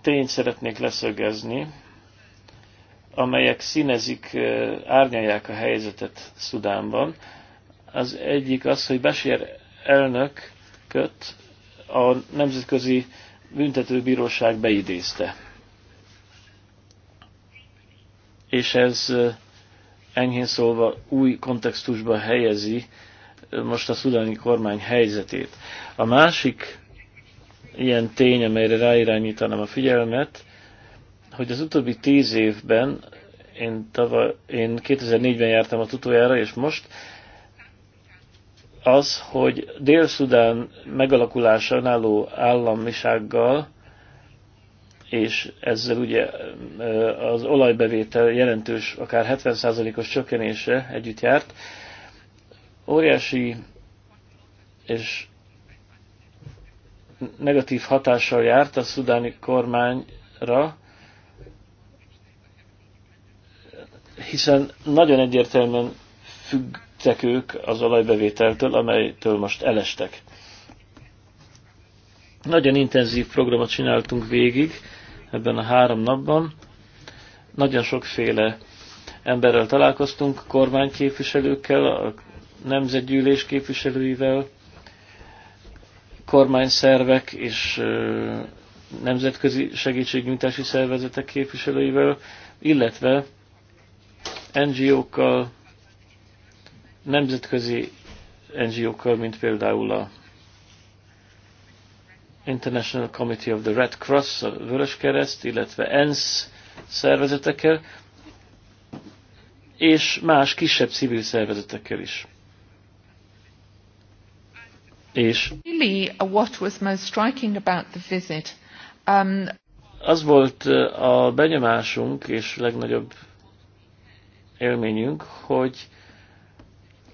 tényt szeretnék leszögezni, amelyek színezik, árnyalják a helyzetet Szudánban. Az egyik az, hogy Bashir köt a Nemzetközi Büntetőbíróság beidézte. És ez enyhén szólva új kontextusba helyezi most a szudáni kormány helyzetét. A másik ilyen tény, amelyre ráirányítanám a figyelmet, hogy az utóbbi tíz évben, én, tavaly, én 2004-ben jártam a utoljára, és most az, hogy Dél-Szudán megalakulása önálló államisággal, és ezzel ugye az olajbevétel jelentős, akár 70%-os csökkenése együtt járt, óriási és negatív hatással járt a szudáni kormányra, hiszen nagyon egyértelműen függ fügtek ők az olajbevételtől, amelytől most elestek. Nagyon intenzív programot csináltunk végig ebben a három napban. Nagyon sokféle emberrel találkoztunk, kormányképviselőkkel, a nemzetgyűlés képviselőivel, kormányszervek és nemzetközi segítségnyújtási szervezetek képviselőivel, illetve NGO-kkal, nemzetközi NGO-kkal, mint például a International Committee of the Red Cross, a Vörös Kereszt, illetve ENSZ szervezetekkel, és más kisebb civil szervezetekkel is. És really uh, what was most striking about the visit, um, az volt uh, a benyomásunk és legnagyobb élményünk, hogy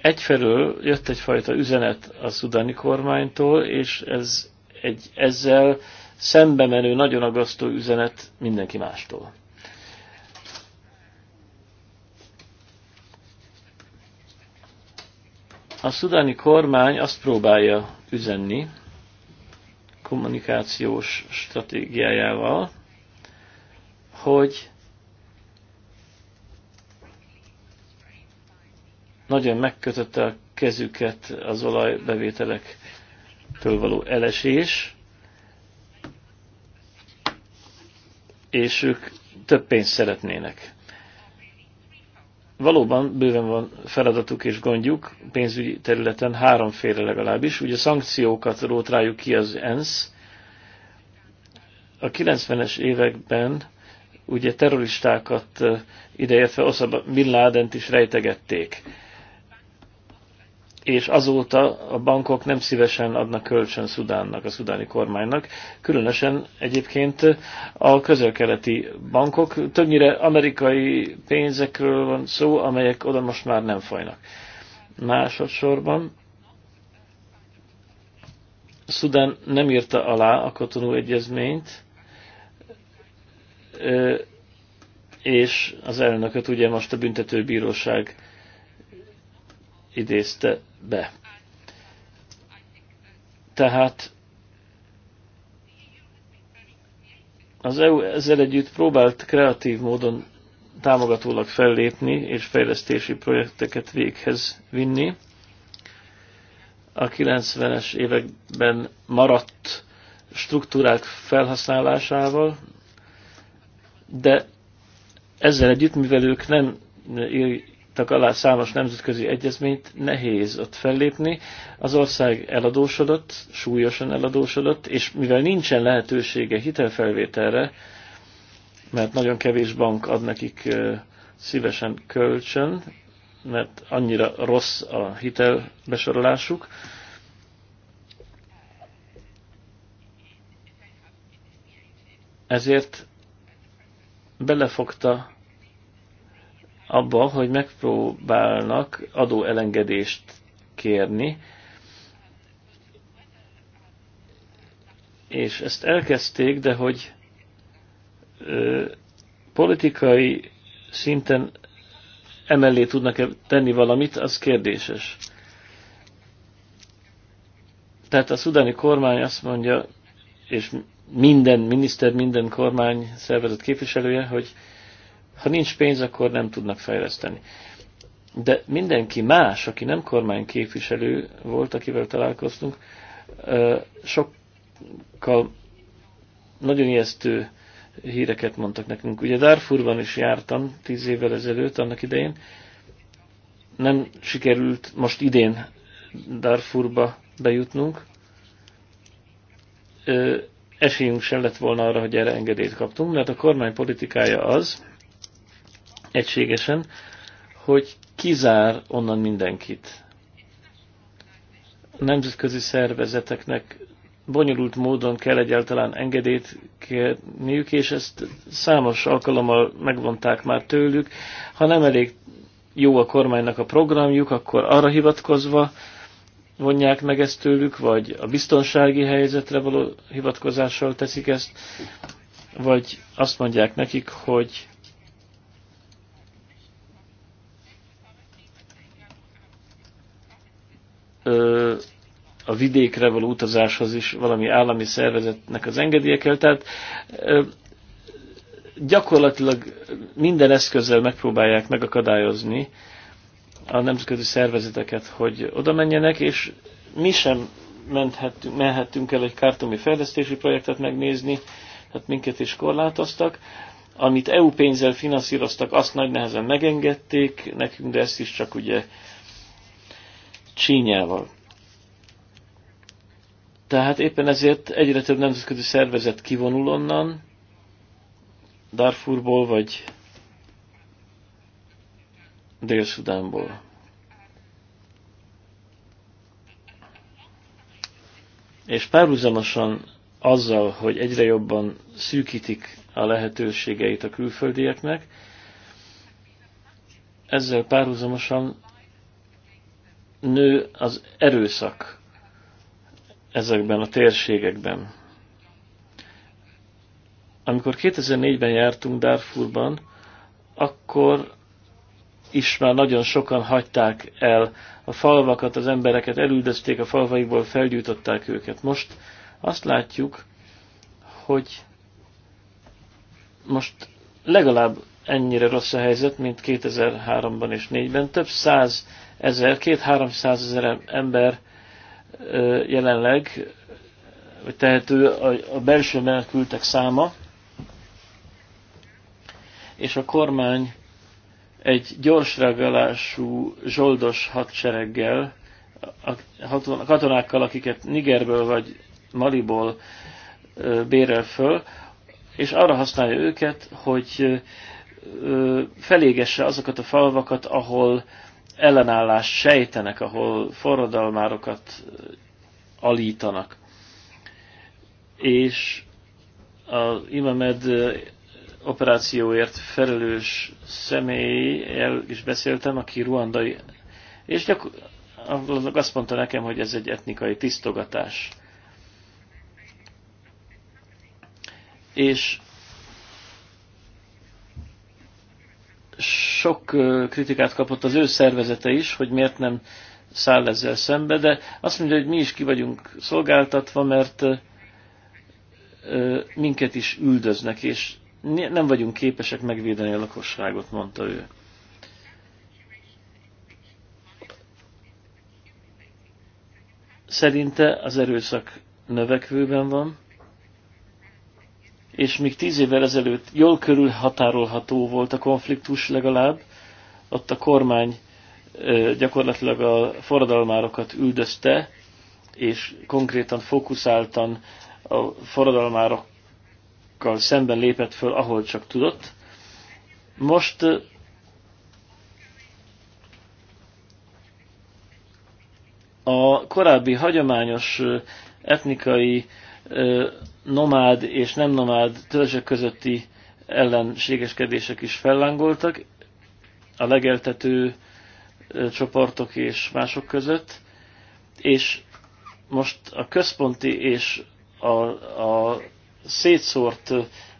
egyfelől jött egyfajta üzenet a szudáni kormánytól, és ez egy ezzel szembe menő, nagyon agasztó üzenet mindenki mástól. A szudáni kormány azt próbálja üzenni kommunikációs stratégiájával, hogy nagyon megkötötte a kezüket az olajbevételektől való elesés, és ők több pénzt szeretnének. Valóban bőven van feladatuk és gondjuk, pénzügyi területen háromféle legalábbis. Ugye szankciókat rót rájuk ki az ENSZ. A 90-es években ugye terroristákat eh, ideértve Osama Bin Laden-t is rejtegették és azóta a bankok nem szívesen adnak kölcsön Szudánnak, a szudáni kormánynak, különösen egyébként a közelkeleti bankok, többnyire amerikai pénzekről van szó, amelyek oda most már nem folynak. Másodszorban Szudán nem írta alá a Kotonú egyezményt, és az elnököt ugye most a büntetőbíróság idézte be. Tehát az EU ezzel együtt próbált kreatív módon támogatólag fellépni és fejlesztési projekteket véghez vinni. A 90-es években maradt struktúrák felhasználásával, de ezzel együtt, mivel ők nem írtak alá számos nemzetközi egyezményt, nehéz ott fellépni. Az ország eladósodott, súlyosan eladósodott, és mivel nincsen lehetősége hitelfelvételre, mert nagyon kevés bank ad nekik szívesen kölcsön, mert annyira rossz a hitelbesorolásuk, ezért belefogta abban, hogy megpróbálnak adóelengedést kérni, és ezt elkezdték, de hogy ö, politikai szinten emellé tudnak-e tenni valamit, az kérdéses. Tehát a szudáni kormány azt mondja, és minden miniszter, minden kormány szervezet képviselője, hogy ha nincs pénz, akkor nem tudnak fejleszteni. De mindenki más, aki nem kormányképviselő volt, akivel találkoztunk, sokkal nagyon ijesztő híreket mondtak nekünk. Ugye Darfurban is jártam tíz évvel ezelőtt, annak idején. Nem sikerült most idén Darfurba bejutnunk. esélyünk sem lett volna arra, hogy erre engedélyt kaptunk, mert a kormány politikája az, egységesen, hogy kizár onnan mindenkit. A nemzetközi szervezeteknek bonyolult módon kell egyáltalán engedélyt kérniük, és ezt számos alkalommal megvonták már tőlük. Ha nem elég jó a kormánynak a programjuk, akkor arra hivatkozva vonják meg ezt tőlük, vagy a biztonsági helyzetre való hivatkozással teszik ezt, vagy azt mondják nekik, hogy a vidékre való utazáshoz is valami állami szervezetnek az engedélye kell. Tehát gyakorlatilag minden eszközzel megpróbálják megakadályozni a nemzetközi szervezeteket, hogy oda menjenek, és mi sem menthetünk, mehettünk el egy kártomi fejlesztési projektet megnézni, tehát minket is korlátoztak. Amit EU pénzzel finanszíroztak, azt nagy nehezen megengedték nekünk, de ezt is csak ugye csínyával. Tehát éppen ezért egyre több nemzetközi szervezet kivonul onnan, Darfurból vagy Dél-Szudánból. És párhuzamosan azzal, hogy egyre jobban szűkítik a lehetőségeit a külföldieknek, ezzel párhuzamosan nő az erőszak ezekben a térségekben. Amikor 2004-ben jártunk Darfurban, akkor is már nagyon sokan hagyták el a falvakat, az embereket elüldözték a falvaikból, felgyújtották őket. Most azt látjuk, hogy most legalább ennyire rossz a helyzet, mint 2003-ban és 2004-ben. Több száz ezer, két ezer ember jelenleg, vagy tehető a belső menekültek száma, és a kormány egy gyors reagálású zsoldos hadsereggel, a katonákkal, akiket Nigerből vagy Maliból bérel föl, és arra használja őket, hogy felégesse azokat a falvakat, ahol ellenállást sejtenek, ahol forradalmárokat alítanak. És az Imamed operációért felelős személyel is beszéltem, aki ruandai, és gyakorlatilag azt mondta nekem, hogy ez egy etnikai tisztogatás. És sok kritikát kapott az ő szervezete is, hogy miért nem száll ezzel szembe, de azt mondja, hogy mi is ki vagyunk szolgáltatva, mert minket is üldöznek, és nem vagyunk képesek megvédeni a lakosságot, mondta ő. Szerinte az erőszak növekvőben van, és még tíz évvel ezelőtt jól körülhatárolható volt a konfliktus legalább, ott a kormány gyakorlatilag a forradalmárokat üldözte, és konkrétan fókuszáltan a forradalmárokkal szemben lépett föl, ahol csak tudott. Most a korábbi hagyományos etnikai nomád és nem nomád törzsek közötti ellenségeskedések is fellángoltak, a legeltető csoportok és mások között, és most a központi és a, a szétszórt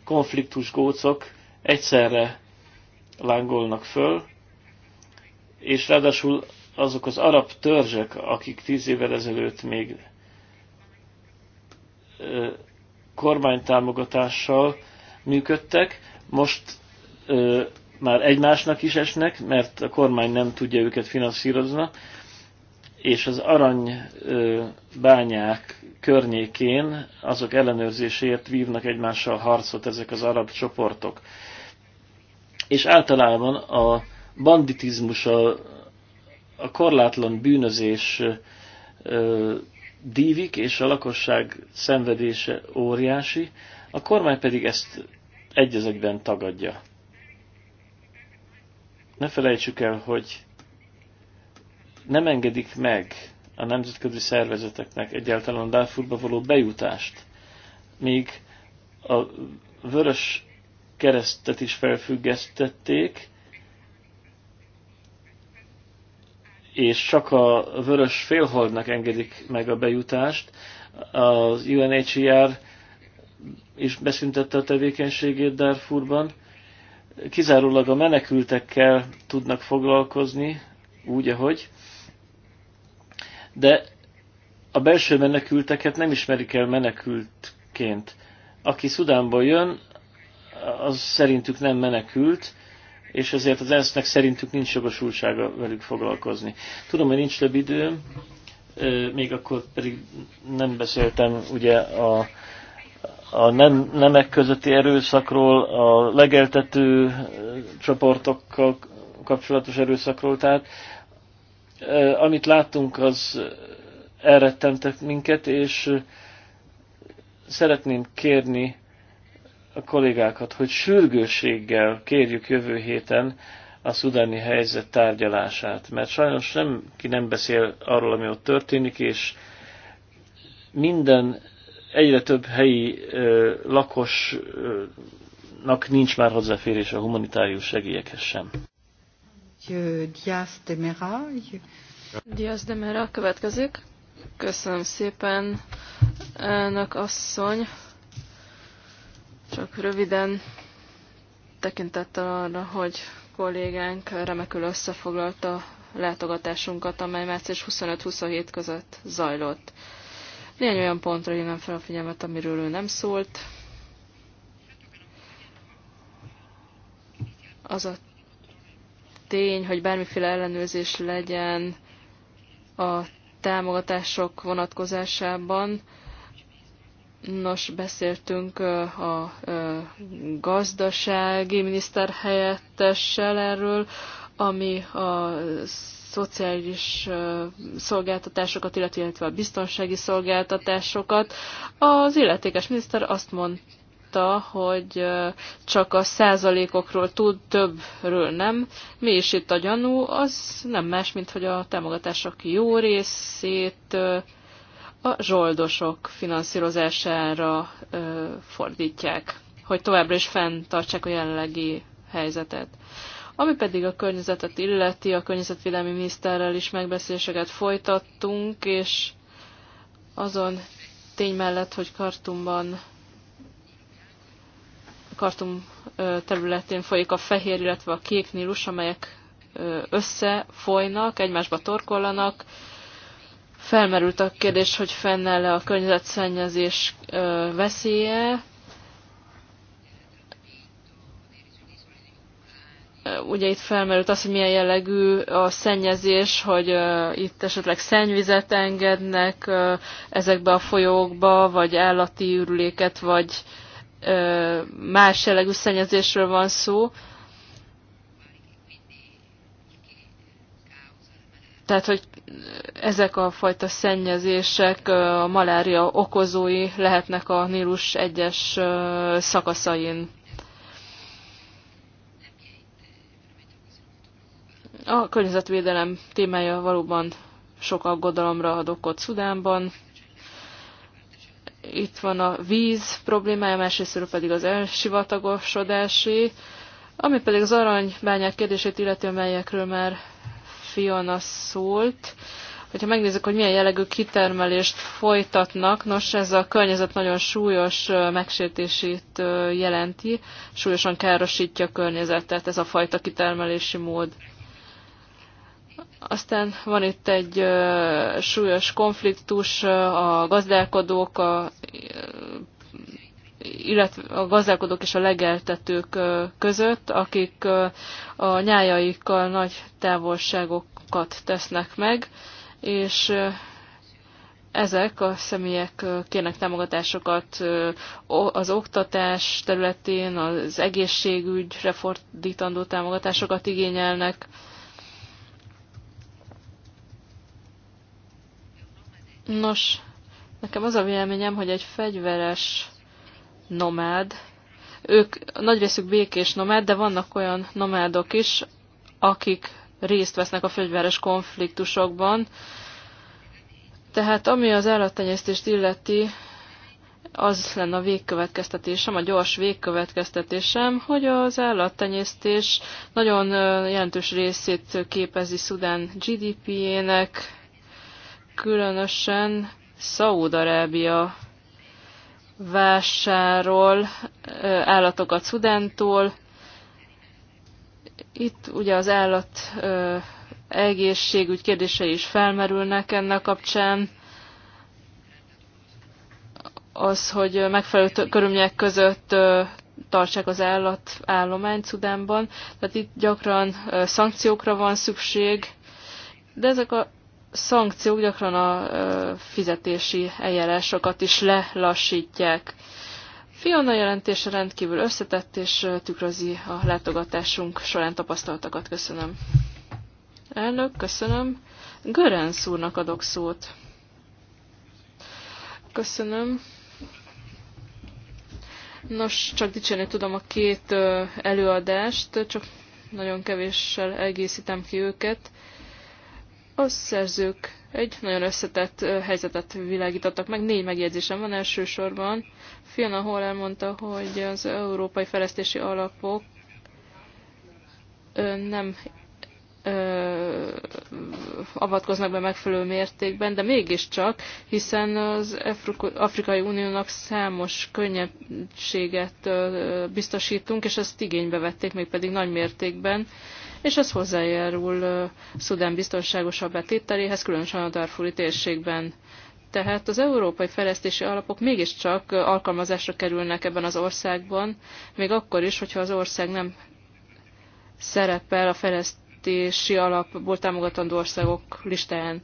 konfliktus gócok egyszerre lángolnak föl, és ráadásul azok az arab törzsek, akik tíz évvel ezelőtt még kormánytámogatással működtek, most ö, már egymásnak is esnek, mert a kormány nem tudja őket finanszírozni, és az aranybányák környékén azok ellenőrzéséért vívnak egymással harcot ezek az arab csoportok. És általában a banditizmus, a, a korlátlan bűnözés ö, dívik, és a lakosság szenvedése óriási, a kormány pedig ezt egyezekben tagadja. Ne felejtsük el, hogy nem engedik meg a nemzetközi szervezeteknek egyáltalán Darfurba való bejutást, míg a vörös keresztet is felfüggesztették, és csak a vörös félholdnak engedik meg a bejutást. Az UNHCR is beszüntette a tevékenységét Darfurban. Kizárólag a menekültekkel tudnak foglalkozni, úgy, ahogy. De a belső menekülteket nem ismerik el menekültként. Aki Szudánból jön, az szerintük nem menekült, és ezért az ENSZ-nek szerintük nincs jogosultsága velük foglalkozni. Tudom, hogy nincs több idő, még akkor pedig nem beszéltem ugye a, a nem, nemek közötti erőszakról, a legeltető csoportokkal kapcsolatos erőszakról, tehát amit láttunk, az elrettentek minket, és szeretném kérni a kollégákat, hogy sürgősséggel kérjük jövő héten a szudáni helyzet tárgyalását, mert sajnos nem, ki nem beszél arról, ami ott történik, és minden egyre több helyi ö, lakosnak nincs már hozzáférés a humanitárius segélyekhez sem. Diaz de Mera. Diaz következik. Köszönöm szépen, elnök asszony. Csak röviden tekintettel arra, hogy kollégánk remekül összefoglalta látogatásunkat, amely március 25-27 között zajlott. Néhány olyan pontra hívnám fel a figyelmet, amiről ő nem szólt. Az a tény, hogy bármiféle ellenőrzés legyen a támogatások vonatkozásában, Nos, beszéltünk a gazdasági miniszter helyettessel erről, ami a szociális szolgáltatásokat, illetve a biztonsági szolgáltatásokat. Az illetékes miniszter azt mondta, hogy csak a százalékokról tud, többről nem. Mi is itt a gyanú, az nem más, mint hogy a támogatások jó részét a zsoldosok finanszírozására ö, fordítják, hogy továbbra is fenntartsák a jelenlegi helyzetet. Ami pedig a környezetet illeti, a környezetvédelmi miniszterrel is megbeszéléseket folytattunk, és azon tény mellett, hogy Kartumban Kartum területén folyik a fehér, illetve a kék nílus, amelyek összefolynak, egymásba torkollanak, Felmerült a kérdés, hogy fennáll-e a környezetszennyezés veszélye. Ugye itt felmerült az, hogy milyen jellegű a szennyezés, hogy uh, itt esetleg szennyvizet engednek uh, ezekbe a folyókba, vagy állati ürüléket, vagy uh, más jellegű szennyezésről van szó. Uh, Tehát, hogy ezek a fajta szennyezések a malária okozói lehetnek a Nílus egyes szakaszain. A környezetvédelem témája valóban sok aggodalomra ad okot Szudánban. Itt van a víz problémája, másrésztről pedig az elsivatagosodási, ami pedig az aranybányák kérdését illeti, amelyekről már Fiona szólt, hogyha megnézzük, hogy milyen jellegű kitermelést folytatnak, nos, ez a környezet nagyon súlyos megsértését jelenti, súlyosan károsítja a környezetet ez a fajta kitermelési mód. Aztán van itt egy súlyos konfliktus a gazdálkodók, a illetve a gazdálkodók és a legeltetők között, akik a nyájaikkal nagy távolságokat tesznek meg, és ezek a személyek kérnek támogatásokat az oktatás területén, az egészségügyre fordítandó támogatásokat igényelnek. Nos, nekem az a véleményem, hogy egy fegyveres nomád. Ők nagy részük békés nomád, de vannak olyan nomádok is, akik részt vesznek a fegyveres konfliktusokban. Tehát ami az állattenyésztést illeti, az lenne a végkövetkeztetésem, a gyors végkövetkeztetésem, hogy az állattenyésztés nagyon jelentős részét képezi Szudán GDP-jének, különösen Szaúd-Arábia vásárol állatokat Szudántól. Itt ugye az állat egészségügy kérdései is felmerülnek ennek kapcsán. Az, hogy megfelelő körülmények között tartsák az állat állományt Szudánban. Tehát itt gyakran szankciókra van szükség, de ezek a szankciók gyakran a fizetési eljárásokat is lelassítják. Fiona jelentése rendkívül összetett és tükrözi a látogatásunk során tapasztaltakat. Köszönöm. Elnök, köszönöm. Görenc úrnak adok szót. Köszönöm. Nos, csak dicsérni tudom a két előadást, csak nagyon kevéssel egészítem ki őket. A szerzők egy nagyon összetett helyzetet világítottak meg. Négy megjegyzésem van elsősorban. Fiona Hall elmondta, hogy az Európai Fejlesztési Alapok nem avatkoznak be megfelelő mértékben, de mégiscsak, hiszen az Afrikai Uniónak számos könnyebbséget biztosítunk, és ezt igénybe vették, mégpedig nagy mértékben és ez hozzájárul Szudán biztonságosabb betételéhez, különösen a Darfuri térségben. Tehát az európai fejlesztési alapok mégiscsak alkalmazásra kerülnek ebben az országban, még akkor is, hogyha az ország nem szerepel a fejlesztési alapból támogatandó országok listáján.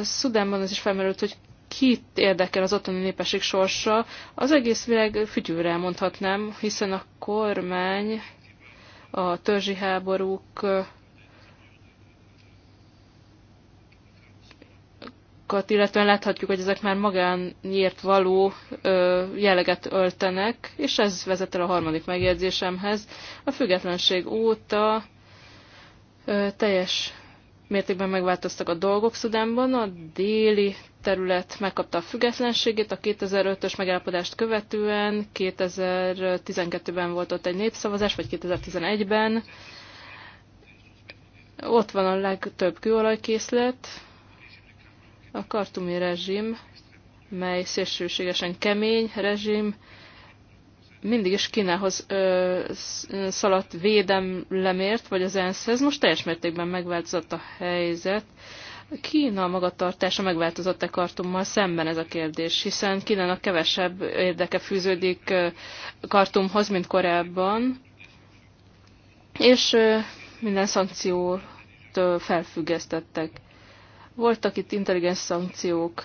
Szudánban az is felmerült, hogy kit érdekel az ottani népesség sorsa, az egész világ fütyűre mondhatnám, hiszen a kormány a törzsi háborúk illetve láthatjuk, hogy ezek már magánért való ö, jelleget öltenek, és ez vezet el a harmadik megjegyzésemhez. A függetlenség óta ö, teljes mértékben megváltoztak a dolgok Szudánban. A déli terület megkapta a függetlenségét, a 2005-ös megállapodást követően 2012-ben volt ott egy népszavazás, vagy 2011-ben. Ott van a legtöbb kőolajkészlet, a kartumi rezsim, mely szélsőségesen kemény rezsim, mindig is Kínához ö, szaladt védelemért, vagy az ENSZ-hez. Most teljes mértékben megváltozott a helyzet. Kína magatartása megváltozott-e Kartummal szemben ez a kérdés, hiszen Kínának kevesebb érdeke fűződik Kartumhoz, mint korábban, és minden szankciót felfüggesztettek. Voltak itt intelligens szankciók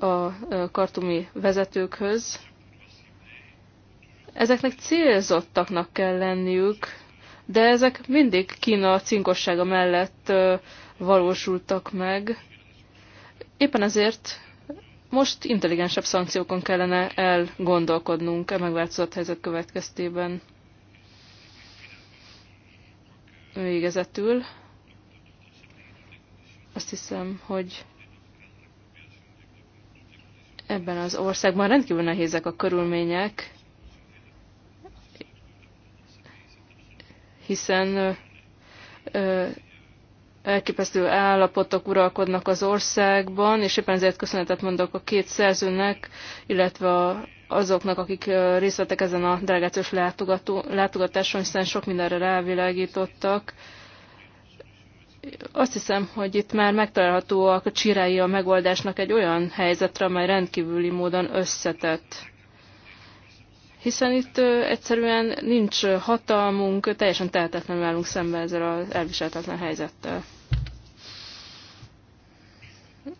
a kartumi vezetőkhöz, Ezeknek célzottaknak kell lenniük, de ezek mindig Kína cinkossága mellett valósultak meg. Éppen ezért most intelligensebb szankciókon kellene elgondolkodnunk e megváltozott helyzet következtében. Végezetül azt hiszem, hogy ebben az országban rendkívül nehézek a körülmények, hiszen elképesztő állapotok uralkodnak az országban, és éppen ezért köszönetet mondok a két szerzőnek, illetve azoknak, akik részt vettek ezen a delegációs látogatáson, hiszen sok mindenre rávilágítottak. Azt hiszem, hogy itt már megtalálhatóak a csirái a megoldásnak egy olyan helyzetre, amely rendkívüli módon összetett hiszen itt egyszerűen nincs hatalmunk, teljesen tehetetlenül állunk szembe ezzel az elviseltetlen helyzettel.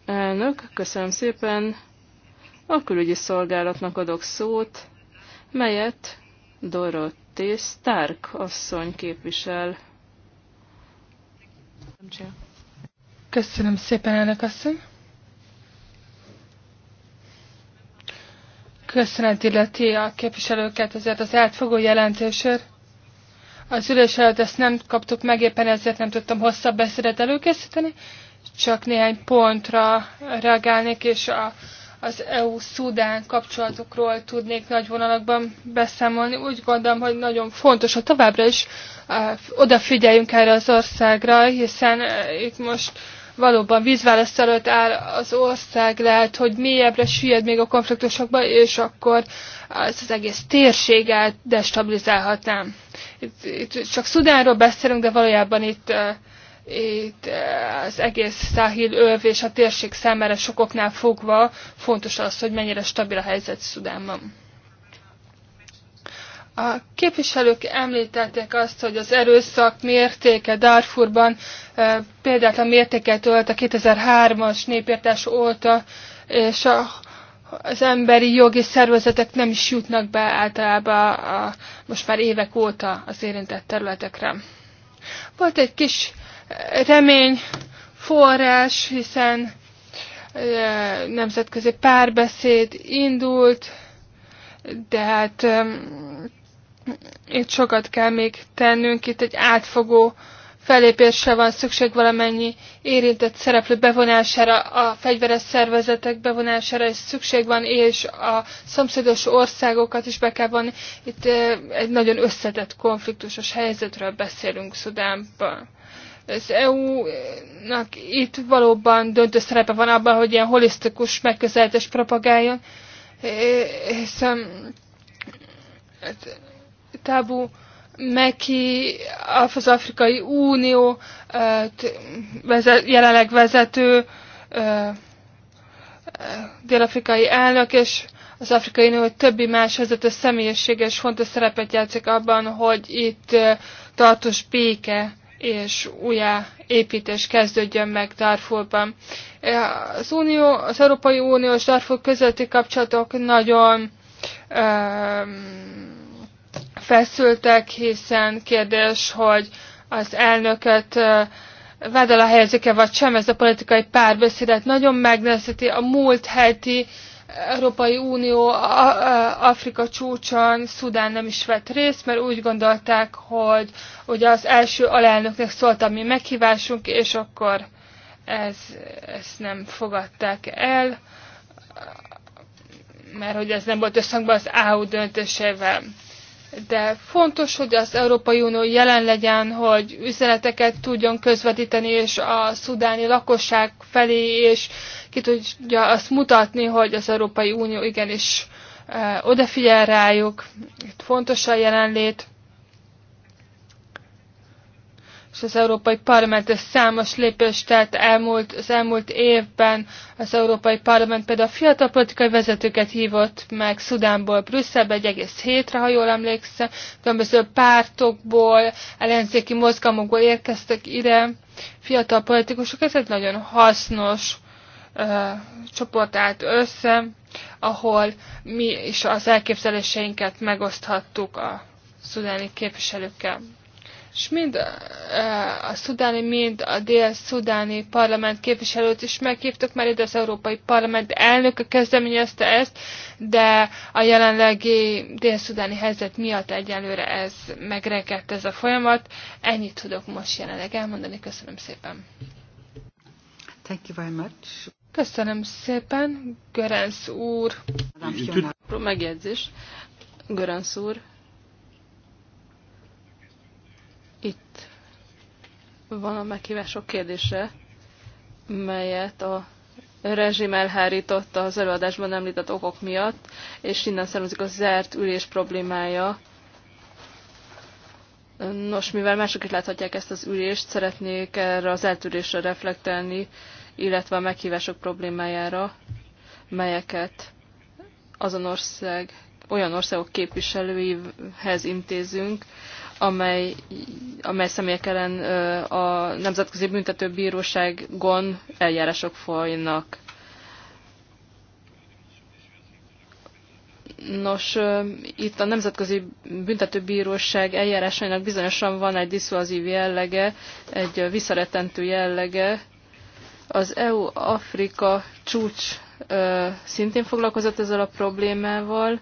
Elnök, köszönöm szépen. A külügyi szolgálatnak adok szót, melyet Dorotté. Stark asszony képvisel. Köszönöm szépen, elnök asszony. köszönet illeti a képviselőket ezért az átfogó jelentésért. Az ülés előtt ezt nem kaptuk meg, éppen ezért nem tudtam hosszabb beszédet előkészíteni, csak néhány pontra reagálnék, és a, az EU-Szudán kapcsolatokról tudnék nagy vonalakban beszámolni. Úgy gondolom, hogy nagyon fontos, hogy továbbra is odafigyeljünk erre az országra, hiszen itt most uh, valóban vízválaszt előtt áll az ország, lehet, hogy mélyebbre süllyed még a konfliktusokba, és akkor az, az egész térséget destabilizálhatnám. Itt, itt csak Szudánról beszélünk, de valójában itt, eh, itt eh, az egész száhil öv és a térség számára sokoknál fogva fontos az, hogy mennyire stabil a helyzet Szudánban. A képviselők említették azt, hogy az erőszak mértéke Darfurban e, a mértéket ölt a 2003-as népértás óta, és a, az emberi jogi szervezetek nem is jutnak be általában a, a, most már évek óta az érintett területekre. Volt egy kis remény forrás, hiszen e, nemzetközi párbeszéd indult, de hát itt sokat kell még tennünk, itt egy átfogó felépésre van szükség valamennyi érintett szereplő bevonására, a fegyveres szervezetek bevonására is szükség van, és a szomszédos országokat is be kell vonni. Itt egy nagyon összetett konfliktusos helyzetről beszélünk Szudánban. Az EU-nak itt valóban döntő szerepe van abban, hogy ilyen holisztikus megközelítés propagáljon, hiszen hát, Tabu Meki az Afrikai Unió jelenleg vezető dél-afrikai elnök, és az Afrikai Unió többi más vezető személyiséges fontos szerepet játszik abban, hogy itt tartós béke és újjáépítés kezdődjön meg Darfurban. Az, Unió, az Európai Unió és Darfur közötti kapcsolatok nagyon um, feszültek, hiszen kérdés, hogy az elnöket vád alá helyezik-e vagy sem, ez a politikai párbeszédet nagyon megnézheti A múlt heti Európai Unió Afrika csúcson Szudán nem is vett részt, mert úgy gondolták, hogy ugye az első alelnöknek szólt a mi meghívásunk, és akkor ez, ezt nem fogadták el, mert hogy ez nem volt összhangban az EU döntésével de fontos, hogy az Európai Unió jelen legyen, hogy üzeneteket tudjon közvetíteni, és a szudáni lakosság felé, és ki tudja azt mutatni, hogy az Európai Unió igenis eh, odafigyel rájuk. Itt fontos a jelenlét és az Európai Parlament számos lépést tett elmúlt, az elmúlt évben. Az Európai Parlament például a fiatal politikai vezetőket hívott meg Szudánból Brüsszelbe egy egész hétre, ha jól emlékszem. Különböző pártokból, ellenzéki mozgalmokból érkeztek ide fiatal politikusok. Ez egy nagyon hasznos ö, csoport állt össze, ahol mi is az elképzeléseinket megoszthattuk a szudáni képviselőkkel és mind a szudáni, mind a dél-szudáni parlament képviselőt is meghívtuk, már ide az Európai Parlament elnöke kezdeményezte ezt, de a jelenlegi dél-szudáni helyzet miatt egyelőre ez megrekedt ez a folyamat. Ennyit tudok most jelenleg elmondani. Köszönöm szépen. Thank you very much. Köszönöm szépen, Görenc úr. Megjegyzés. Görenc úr, itt van a meghívások kérdése, melyet a rezsim elhárított az előadásban említett okok miatt, és innen származik a zárt ülés problémája. Nos, mivel mások is láthatják ezt az ülést, szeretnék erre az eltűrésre reflektálni, illetve a meghívások problémájára, melyeket azon ország, olyan országok képviselőihez intézünk, amely, amely személyek ellen a Nemzetközi Büntetőbíróságon eljárások folynak. Nos, itt a Nemzetközi Büntetőbíróság eljárásainak bizonyosan van egy diszuazív jellege, egy visszaretentő jellege. Az EU-Afrika csúcs szintén foglalkozott ezzel a problémával,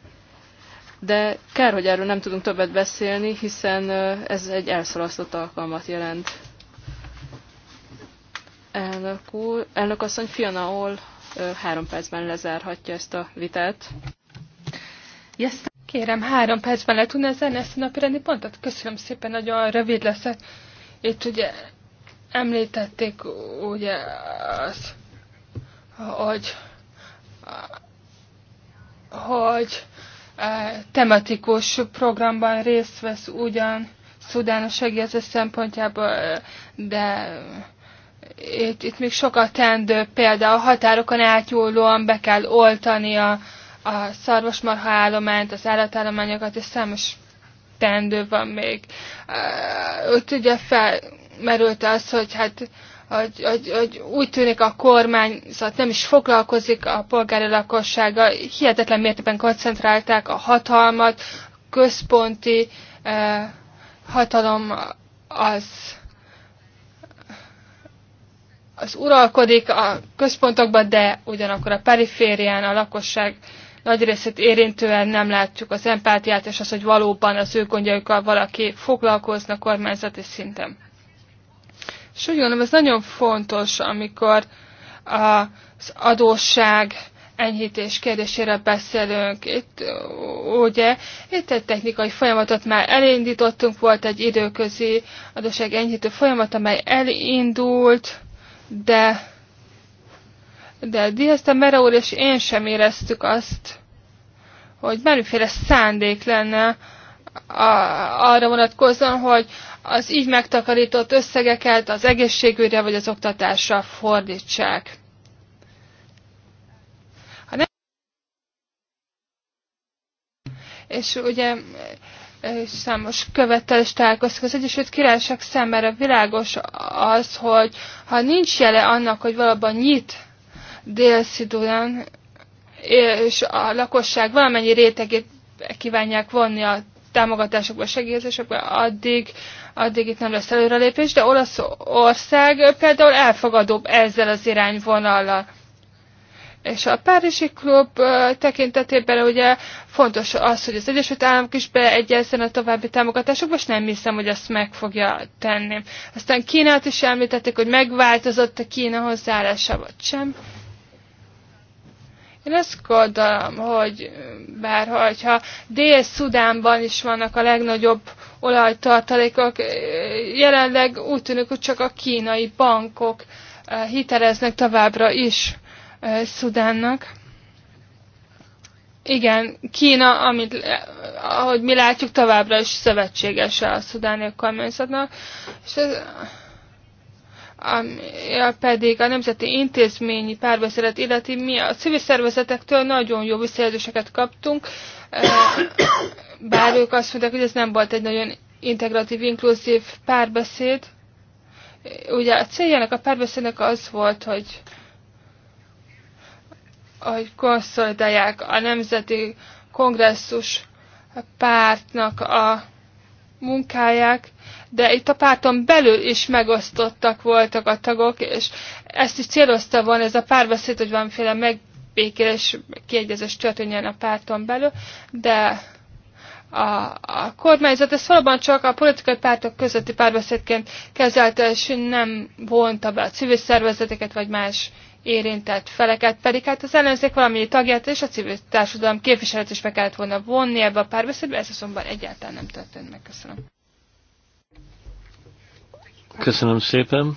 de kár, hogy erről nem tudunk többet beszélni, hiszen ez egy elszalasztott alkalmat jelent. Elnök úr, elnök asszony Fiona Ol három percben lezárhatja ezt a vitát. Yes. Kérem, három percben le tudná zárni ezt a napi rendi pontot? Köszönöm szépen, nagyon rövid leszek. Itt ugye említették ugye az, hogy hogy tematikus programban részt vesz ugyan Szudán a segélyezés szempontjából, de itt, itt még sokat tendő, például határokon átnyúlóan be kell oltani a, a szarvasmarha állományt, az állatállományokat, és számos tendő van még. Ott ugye felmerült az, hogy hát hogy, hogy, hogy úgy tűnik a kormány, szóval nem is foglalkozik a polgári lakossága, hihetetlen mértékben koncentrálták a hatalmat, központi eh, hatalom az, az uralkodik a központokban, de ugyanakkor a periférián a lakosság nagy részét érintően nem látjuk az empátiát, és az, hogy valóban az ő gondjaikkal valaki foglalkozna kormányzati szinten. És úgy gondolom, ez nagyon fontos, amikor az adósság enyhítés kérdésére beszélünk. Itt, ugye, itt egy technikai folyamatot már elindítottunk, volt egy időközi adósság enyhítő folyamat, amely elindult, de de Diaz de Mera úr és én sem éreztük azt, hogy bármiféle szándék lenne arra vonatkozóan, hogy az így megtakarított összegeket az egészségügyre vagy az oktatásra fordítsák. Ha nem... És ugye számos is találkozik az Egyesült Királyság szemére világos az, hogy ha nincs jele annak, hogy valóban nyit dél és a lakosság valamennyi rétegét kívánják vonni a támogatásokba, segítségekbe, addig, addig itt nem lesz előrelépés, de Olaszország például elfogadóbb ezzel az irányvonallal. És a Párizsi Klub tekintetében ugye fontos az, hogy az Egyesült Államok is beegyezzen a további támogatásokba, és nem hiszem, hogy ezt meg fogja tenni. Aztán Kínát is említették, hogy megváltozott a Kína hozzáállása, vagy sem. Én azt gondolom, hogy bárha, hogyha Dél-Szudánban is vannak a legnagyobb olajtartalékok, jelenleg úgy tűnik, hogy csak a kínai bankok eh, hiteleznek továbbra is eh, Szudánnak. Igen, Kína, amit, eh, ahogy mi látjuk, továbbra is szövetséges a szudániak kormányzatnak, és ez, pedig a nemzeti intézményi párbeszédet illeti, mi a civil szervezetektől nagyon jó visszajelzéseket kaptunk, bár ők azt mondták, hogy ez nem volt egy nagyon integratív, inkluzív párbeszéd. Ugye a céljának a párbeszédnek az volt, hogy, hogy konszolidálják a nemzeti kongresszus pártnak a munkáját de itt a párton belül is megosztottak voltak a tagok, és ezt is célozta volna ez a párbeszéd, hogy valamiféle megbékélés, kiegyezés történjen a párton belül, de a, a kormányzat ezt valóban csak a politikai pártok közötti párbeszédként kezelte, és nem vonta be a civil szervezeteket, vagy más érintett feleket, pedig hát az ellenzék valamennyi tagját és a civil társadalom képviselet is be kellett volna vonni ebbe a párbeszédbe, ez azonban egyáltalán nem történt meg. Köszönöm. Köszönöm szépen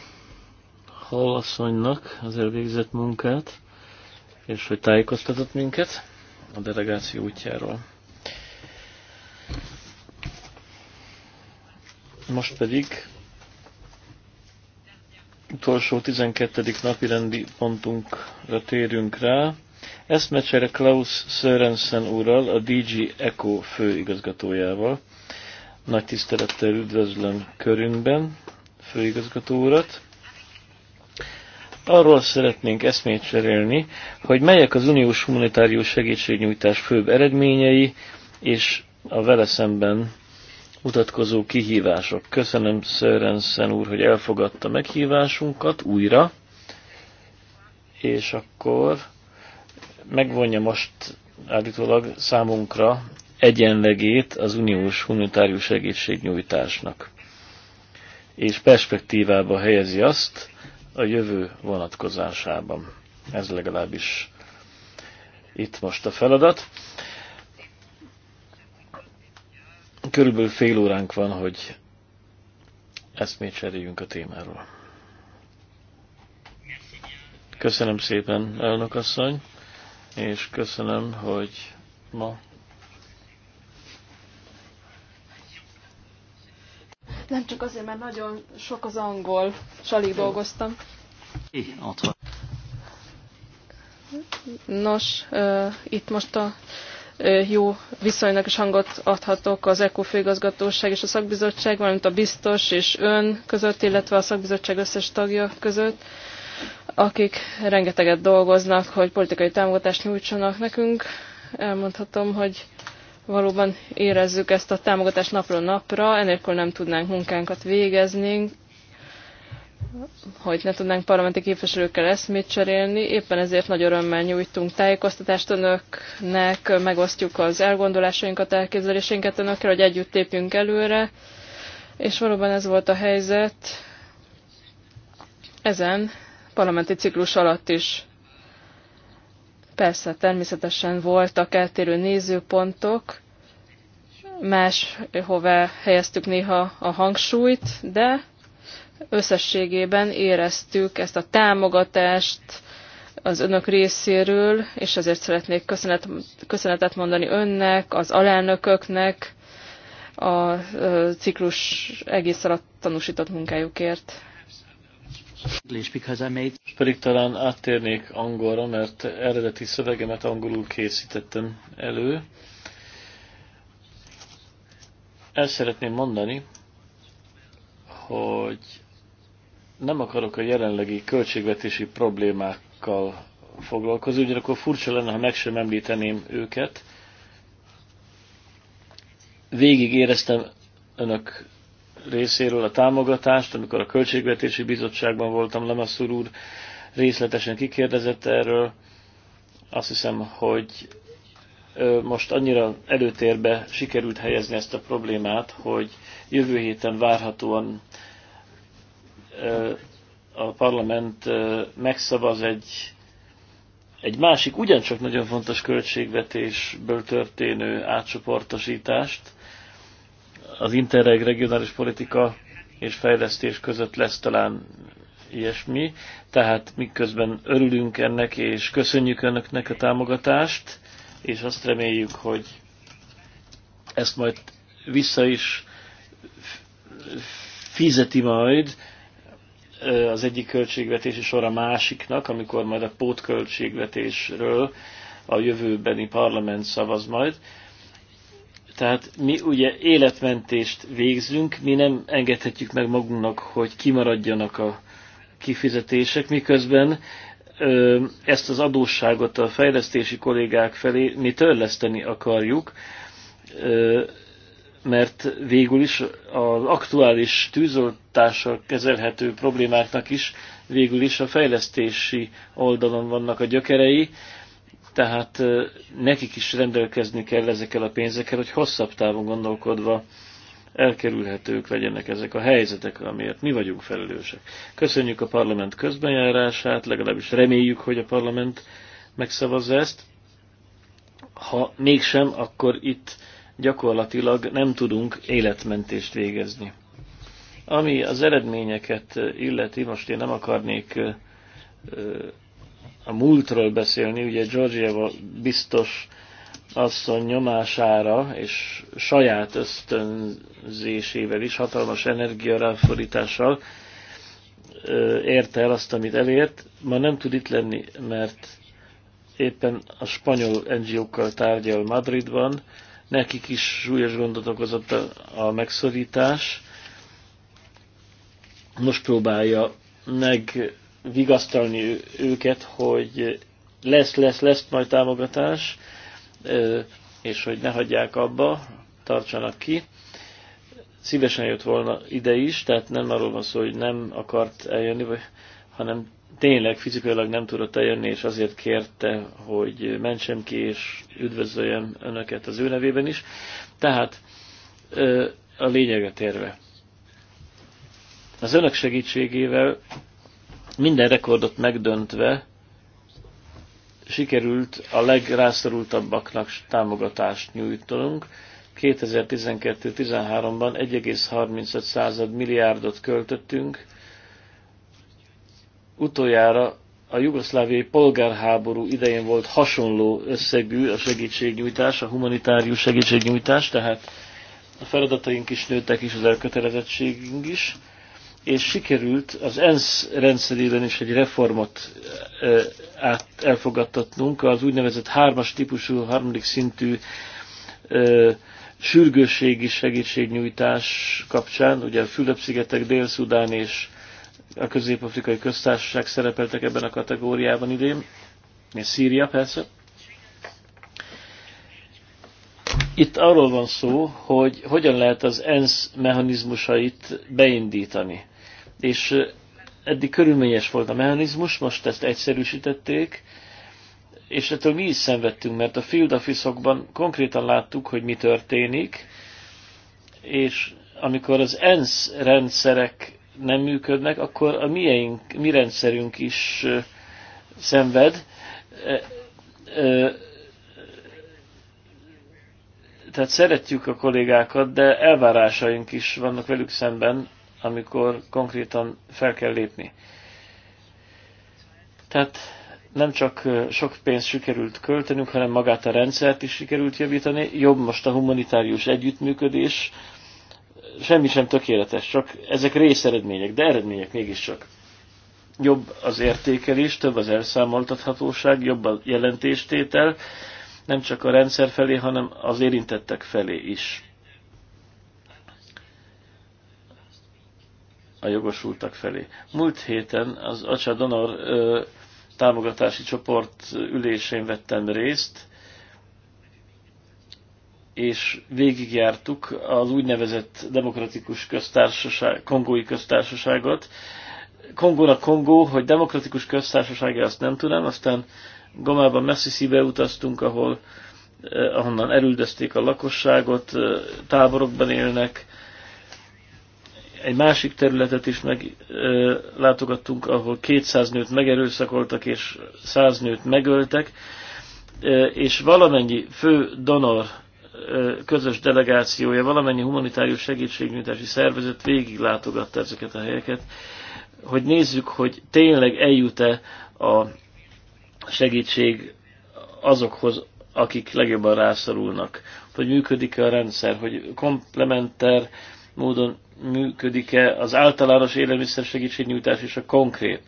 asszonynak az elvégzett munkát, és hogy tájékoztatott minket a delegáció útjáról. Most pedig utolsó 12. napi rendi pontunkra térünk rá. Eszmecsere Klaus Sörensen úrral, a DG Eco főigazgatójával. Nagy tisztelettel üdvözlöm körünkben, főigazgató urat. Arról szeretnénk eszmét cserélni, hogy melyek az uniós humanitárius segítségnyújtás főbb eredményei, és a vele szemben mutatkozó kihívások. Köszönöm Szörenszen úr, hogy elfogadta meghívásunkat újra, és akkor megvonja most állítólag számunkra egyenlegét az uniós humanitárius segítségnyújtásnak és perspektívába helyezi azt a jövő vonatkozásában. Ez legalábbis itt most a feladat. Körülbelül fél óránk van, hogy ezt még cseréljünk a témáról. Köszönöm szépen, elnök asszony, és köszönöm, hogy ma Hát nem csak azért, mert nagyon sok az angol, és alig dolgoztam. É, ott van. Nos, uh, itt most a uh, jó viszonynak is hangot adhatok az ECO főigazgatóság és a szakbizottság, valamint a biztos és ön között, illetve a szakbizottság összes tagja között, akik rengeteget dolgoznak, hogy politikai támogatást nyújtsanak nekünk. Elmondhatom, hogy uh, valóban érezzük ezt a támogatást napról napra, enélkül nem tudnánk munkánkat végezni, hogy ne tudnánk parlamenti képviselőkkel eszmét cserélni. Éppen ezért nagy örömmel nyújtunk tájékoztatást önöknek, megosztjuk az elgondolásainkat, elképzeléseinket önökkel, hogy együtt tépjünk előre. És valóban ez volt a helyzet ezen parlamenti ciklus alatt is. Persze, természetesen voltak eltérő nézőpontok, máshová helyeztük néha a hangsúlyt, de összességében éreztük ezt a támogatást az önök részéről, és ezért szeretnék köszönet, köszönetet mondani önnek, az alelnököknek, a ciklus egész alatt tanúsított munkájukért. Most pedig talán áttérnék angolra, mert eredeti szövegemet angolul készítettem elő. El szeretném mondani, hogy nem akarok a jelenlegi költségvetési problémákkal foglalkozni, ugyanakkor furcsa lenne, ha meg sem említeném őket. Végig éreztem önök részéről a támogatást, amikor a Költségvetési Bizottságban voltam, Lamassur úr részletesen kikérdezett erről. Azt hiszem, hogy most annyira előtérbe sikerült helyezni ezt a problémát, hogy jövő héten várhatóan a parlament megszavaz egy, egy másik, ugyancsak nagyon fontos költségvetésből történő átcsoportosítást, az interreg regionális politika és fejlesztés között lesz talán ilyesmi. Tehát miközben örülünk ennek, és köszönjük önöknek a támogatást, és azt reméljük, hogy ezt majd vissza is fizeti majd az egyik költségvetési sor a másiknak, amikor majd a pótköltségvetésről a jövőbeni parlament szavaz majd. Tehát mi ugye életmentést végzünk, mi nem engedhetjük meg magunknak, hogy kimaradjanak a kifizetések, miközben ö, ezt az adósságot a fejlesztési kollégák felé mi törleszteni akarjuk, ö, mert végül is az aktuális tűzoltással kezelhető problémáknak is végül is a fejlesztési oldalon vannak a gyökerei, tehát nekik is rendelkezni kell ezekkel a pénzekkel, hogy hosszabb távon gondolkodva elkerülhetők legyenek ezek a helyzetek, amiért mi vagyunk felelősek. Köszönjük a parlament közbenjárását, legalábbis reméljük, hogy a parlament megszavazza ezt. Ha mégsem, akkor itt gyakorlatilag nem tudunk életmentést végezni. Ami az eredményeket illeti, most én nem akarnék a múltról beszélni, ugye Georgieva biztos asszony nyomására és saját ösztönzésével is, hatalmas energiaráforítással érte el azt, amit elért. Ma nem tud itt lenni, mert éppen a spanyol NGO-kkal tárgyal Madridban, nekik is súlyos gondot okozott a, a megszorítás. Most próbálja meg vigasztalni őket, hogy lesz, lesz, lesz majd támogatás, és hogy ne hagyják abba, tartsanak ki. Szívesen jött volna ide is, tehát nem arról van szó, hogy nem akart eljönni, vagy, hanem tényleg fizikailag nem tudott eljönni, és azért kérte, hogy mentsem ki, és üdvözöljem önöket az ő nevében is. Tehát a lényeget érve. Az önök segítségével minden rekordot megdöntve sikerült a legrászorultabbaknak támogatást nyújtanunk. 2012-13-ban 1,35 milliárdot költöttünk, utoljára a jugoszláviai polgárháború idején volt hasonló összegű a segítségnyújtás, a humanitárius segítségnyújtás, tehát a feladataink is nőttek, és az elkötelezettségünk is és sikerült az ENSZ rendszerében is egy reformot át elfogadtatnunk, az úgynevezett hármas típusú, harmadik szintű sürgősségi segítségnyújtás kapcsán, ugye a Fülöp-szigetek, Dél-Szudán és a Közép-Afrikai Köztársaság szerepeltek ebben a kategóriában idén, és Szíria persze. Itt arról van szó, hogy hogyan lehet az ENSZ mechanizmusait beindítani és eddig körülményes volt a mechanizmus, most ezt egyszerűsítették, és ettől mi is szenvedtünk, mert a field office konkrétan láttuk, hogy mi történik, és amikor az ENSZ rendszerek nem működnek, akkor a mieink, mi rendszerünk is szenved. Tehát szeretjük a kollégákat, de elvárásaink is vannak velük szemben, amikor konkrétan fel kell lépni. Tehát nem csak sok pénzt sikerült költenünk, hanem magát a rendszert is sikerült javítani. Jobb most a humanitárius együttműködés. Semmi sem tökéletes, csak ezek részeredmények, de eredmények mégiscsak. Jobb az értékelés, több az elszámoltathatóság, jobb a jelentéstétel, nem csak a rendszer felé, hanem az érintettek felé is. a jogosultak felé. Múlt héten az Acsa Donor ö, támogatási csoport ülésén vettem részt, és végigjártuk az úgynevezett demokratikus köztársaság, kongói köztársaságot. Kongónak Kongó, hogy demokratikus köztársaság azt nem tudom, aztán Gomában Messisibe utaztunk, ahol ahonnan erüldözték a lakosságot, táborokban élnek, egy másik területet is meglátogattunk, ahol 200 nőt megerőszakoltak és 100 nőt megöltek, és valamennyi fő donor közös delegációja, valamennyi humanitárius segítségnyújtási szervezet végiglátogatta ezeket a helyeket, hogy nézzük, hogy tényleg eljut-e a segítség azokhoz, akik legjobban rászorulnak, hogy működik-e a rendszer, hogy komplementer módon működik-e az általános élelmiszer segítségnyújtás és a konkrét,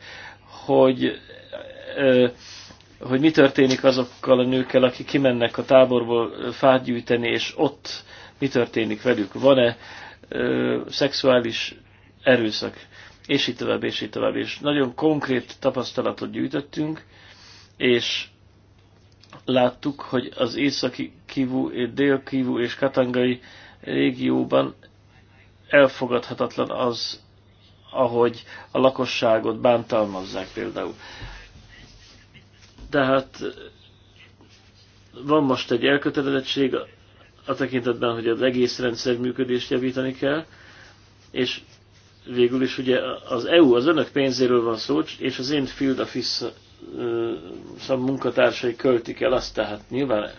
hogy, hogy mi történik azokkal a nőkkel, akik kimennek a táborból fát gyűjteni, és ott mi történik velük, van-e szexuális erőszak, és így tovább, és így tovább. És nagyon konkrét tapasztalatot gyűjtöttünk, és láttuk, hogy az északi kivú, dél kivú és katangai régióban elfogadhatatlan az, ahogy a lakosságot bántalmazzák például. Tehát van most egy elkötelezettség a tekintetben, hogy az egész rendszer működést javítani kell, és végül is ugye az EU, az önök pénzéről van szó, és az én Field Office munkatársai költik el azt, tehát nyilván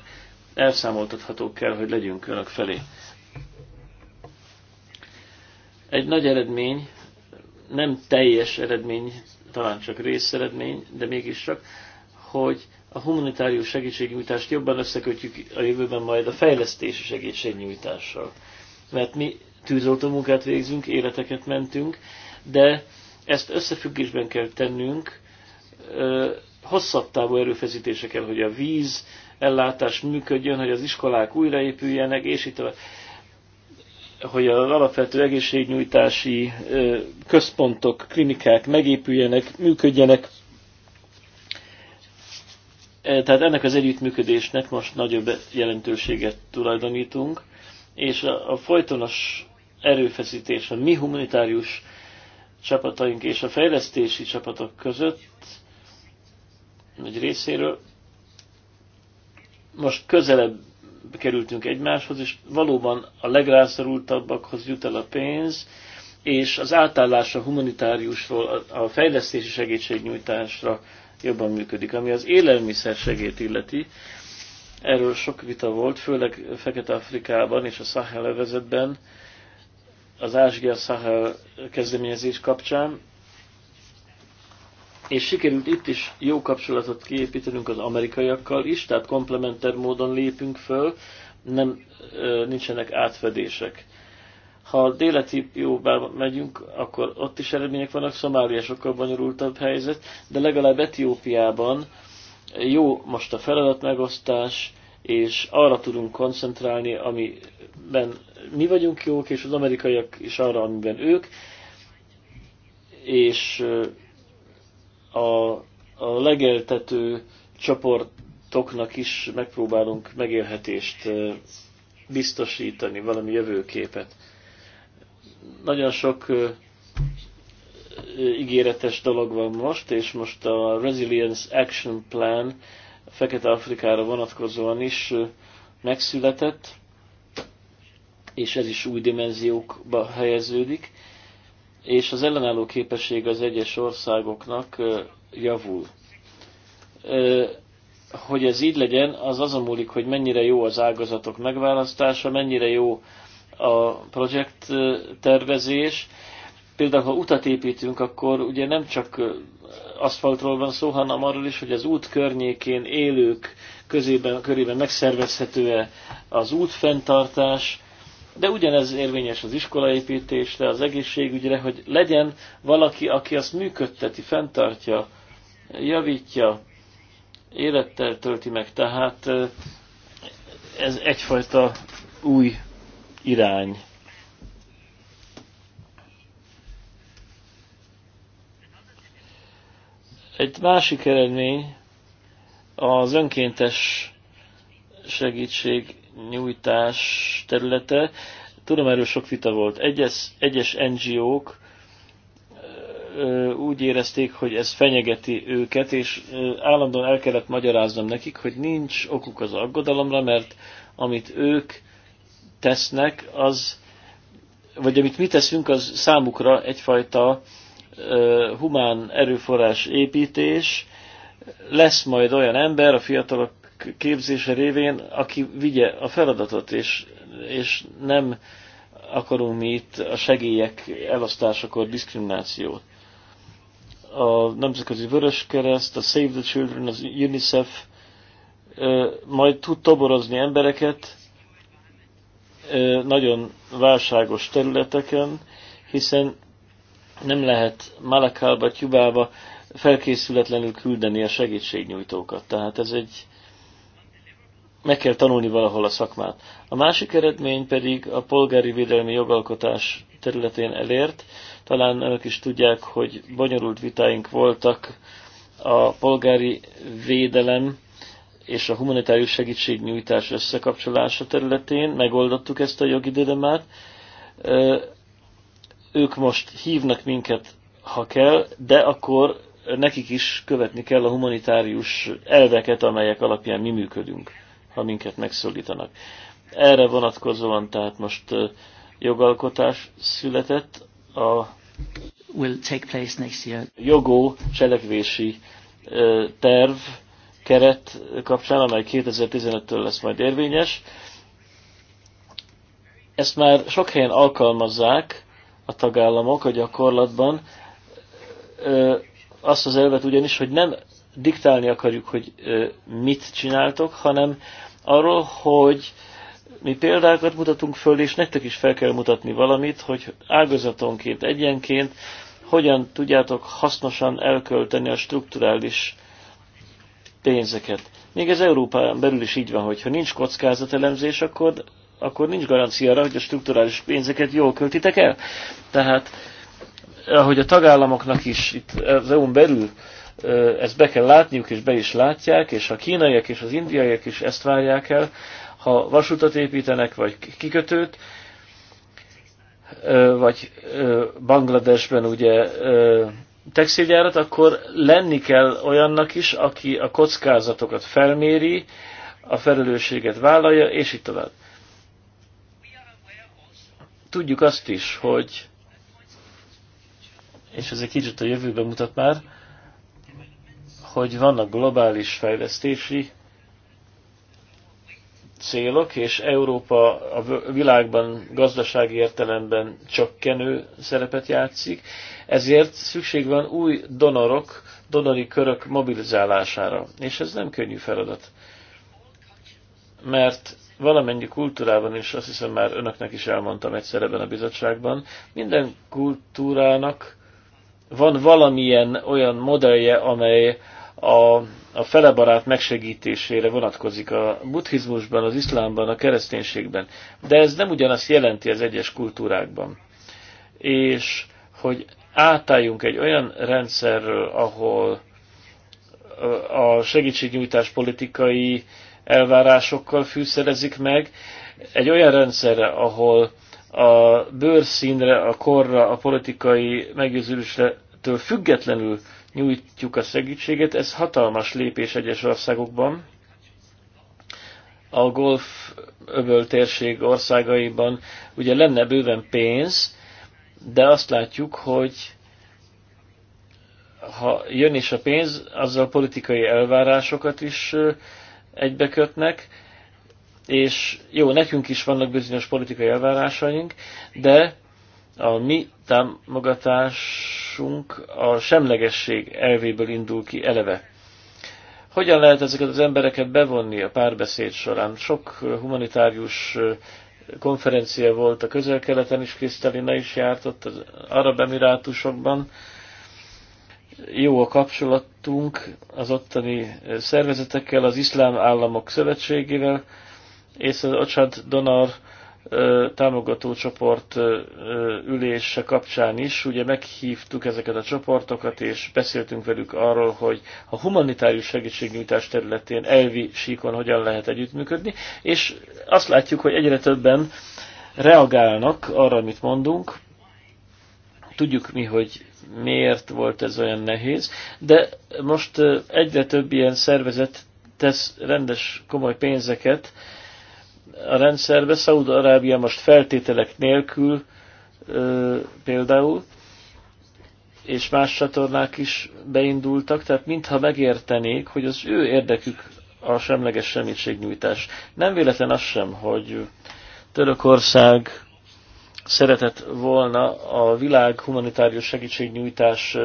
elszámoltathatók kell, hogy legyünk önök felé. Egy nagy eredmény, nem teljes eredmény, talán csak részeredmény, de mégis csak, hogy a humanitárius segítségnyújtást jobban összekötjük a jövőben majd a fejlesztési segítségnyújtással. Mert mi tűzoltó munkát végzünk, életeket mentünk, de ezt összefüggésben kell tennünk, hosszabb távú erőfeszítésekkel, hogy a víz, ellátás működjön, hogy az iskolák újraépüljenek, és itt hogy az alapvető egészségnyújtási központok, klinikák megépüljenek, működjenek. Tehát ennek az együttműködésnek most nagyobb jelentőséget tulajdonítunk, és a, a folytonos erőfeszítés a mi humanitárius csapataink és a fejlesztési csapatok között egy részéről most közelebb kerültünk egymáshoz, és valóban a legrászorultabbakhoz jut el a pénz, és az átállás a humanitáriusról, a fejlesztési segítségnyújtásra jobban működik. Ami az élelmiszer segét illeti, erről sok vita volt, főleg Fekete-Afrikában és a Sahel övezetben, az Ázsia-Sahel kezdeményezés kapcsán, és sikerült itt is jó kapcsolatot kiépítenünk az amerikaiakkal is, tehát komplementer módon lépünk föl, nem, nincsenek átfedések. Ha déleti jóba megyünk, akkor ott is eredmények vannak, Szomália sokkal bonyolultabb helyzet, de legalább Etiópiában jó most a feladatmegosztás, és arra tudunk koncentrálni, amiben mi vagyunk jók, és az amerikaiak is arra, amiben ők, és a, a legeltető csoportoknak is megpróbálunk megélhetést biztosítani, valami jövőképet. Nagyon sok ígéretes dolog van most, és most a Resilience Action Plan Fekete-Afrikára vonatkozóan is megszületett, és ez is új dimenziókba helyeződik és az ellenálló képesség az egyes országoknak javul. Hogy ez így legyen, az azon múlik, hogy mennyire jó az ágazatok megválasztása, mennyire jó a projekt tervezés. Például, ha utat építünk, akkor ugye nem csak aszfaltról van szó, hanem arról is, hogy az út környékén élők közében, körében megszervezhető-e az út fenntartás, de ugyanez érvényes az iskolaépítésre, az egészségügyre, hogy legyen valaki, aki azt működteti, fenntartja, javítja, élettel tölti meg. Tehát ez egyfajta új irány. Egy másik eredmény az önkéntes segítség nyújtás területe. Tudom, erről sok vita volt. Egyes, egyes NGO-k úgy érezték, hogy ez fenyegeti őket, és állandóan el kellett magyaráznom nekik, hogy nincs okuk az aggodalomra, mert amit ők tesznek, az, vagy amit mi teszünk, az számukra egyfajta humán erőforrás építés, lesz majd olyan ember a fiatalok képzése révén, aki vigye a feladatot, és, és nem akarunk mi itt a segélyek elosztásakor diszkriminációt. A Nemzetközi Vöröskereszt, a Save the Children, az UNICEF majd tud toborozni embereket nagyon válságos területeken, hiszen nem lehet Malakába, Kubába felkészületlenül küldeni a segítségnyújtókat. Tehát ez egy meg kell tanulni valahol a szakmát. A másik eredmény pedig a polgári védelmi jogalkotás területén elért. Talán önök is tudják, hogy bonyolult vitáink voltak a polgári védelem és a humanitárius segítségnyújtás összekapcsolása területén. Megoldottuk ezt a jogi dilemmát. Ők most hívnak minket, ha kell, de akkor nekik is követni kell a humanitárius elveket, amelyek alapján mi működünk ha minket megszólítanak. Erre vonatkozóan tehát most jogalkotás született, a will take place next year. jogó cselekvési terv keret kapcsán, amely 2015-től lesz majd érvényes. Ezt már sok helyen alkalmazzák a tagállamok a gyakorlatban, azt az elvet ugyanis, hogy nem diktálni akarjuk, hogy mit csináltok, hanem arról, hogy mi példákat mutatunk föl, és nektek is fel kell mutatni valamit, hogy ágazatonként, egyenként hogyan tudjátok hasznosan elkölteni a strukturális pénzeket. Még ez Európán belül is így van, hogy ha nincs kockázatelemzés, akkor, akkor nincs garancia arra, hogy a strukturális pénzeket jól költitek el. Tehát, ahogy a tagállamoknak is itt az EU-n belül ezt be kell látniuk, és be is látják, és a kínaiak és az indiaiak is ezt várják el, ha vasutat építenek, vagy kikötőt, vagy Bangladesben ugye textilgyárat, akkor lenni kell olyannak is, aki a kockázatokat felméri, a felelősséget vállalja, és így tovább. Tudjuk azt is, hogy, és ez egy kicsit a jövőben mutat már, hogy vannak globális fejlesztési célok, és Európa a világban gazdasági értelemben csökkenő szerepet játszik, ezért szükség van új donorok, donori körök mobilizálására, és ez nem könnyű feladat. Mert valamennyi kultúrában is, azt hiszem már önöknek is elmondtam egyszer ebben a bizottságban, minden kultúrának van valamilyen olyan modellje, amely a, a felebarát megsegítésére vonatkozik a buddhizmusban, az iszlámban, a kereszténységben. De ez nem ugyanazt jelenti az egyes kultúrákban. És hogy átálljunk egy olyan rendszerről, ahol a segítségnyújtás politikai elvárásokkal fűszerezik meg, egy olyan rendszerre, ahol a bőrszínre, a korra, a politikai meggyőződésre függetlenül nyújtjuk a segítséget. Ez hatalmas lépés egyes országokban. A golf öböl térség országaiban ugye lenne bőven pénz, de azt látjuk, hogy ha jön is a pénz, azzal politikai elvárásokat is egybekötnek, és jó, nekünk is vannak bizonyos politikai elvárásaink, de a mi támogatás olvassunk, a semlegesség elvéből indul ki eleve. Hogyan lehet ezeket az embereket bevonni a párbeszéd során? Sok humanitárius konferencia volt a közel-keleten is, Krisztelina is járt ott, az Arab Emirátusokban. Jó a kapcsolatunk az ottani szervezetekkel, az iszlám államok szövetségével, és az Ocsad Donar támogató csoport ülése kapcsán is, ugye meghívtuk ezeket a csoportokat, és beszéltünk velük arról, hogy a humanitárius segítségnyújtás területén elvi síkon hogyan lehet együttműködni, és azt látjuk, hogy egyre többen reagálnak arra, amit mondunk. Tudjuk mi, hogy miért volt ez olyan nehéz, de most egyre több ilyen szervezet tesz rendes komoly pénzeket, a rendszerbe. Szaúd-Arábia most feltételek nélkül például, és más csatornák is beindultak, tehát mintha megértenék, hogy az ő érdekük a semleges segítségnyújtás. Nem véletlen az sem, hogy Törökország szeretett volna a világ humanitárius segítségnyújtás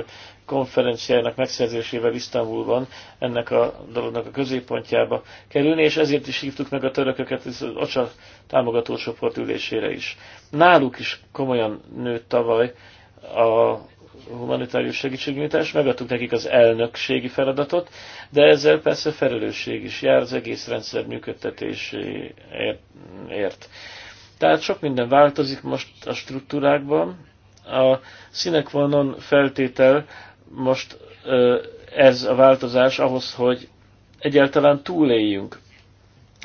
konferenciának megszerzésével Isztambulban ennek a dolognak a középpontjába kerülni, és ezért is hívtuk meg a törököket az OCSA támogatócsoport ülésére is. Náluk is komolyan nőtt tavaly a humanitárius segítségnyújtás, megadtuk nekik az elnökségi feladatot, de ezzel persze felelősség is jár az egész rendszer működtetéséért. Tehát sok minden változik most a struktúrákban. A színek vonon feltétel most ez a változás ahhoz, hogy egyáltalán túléljünk.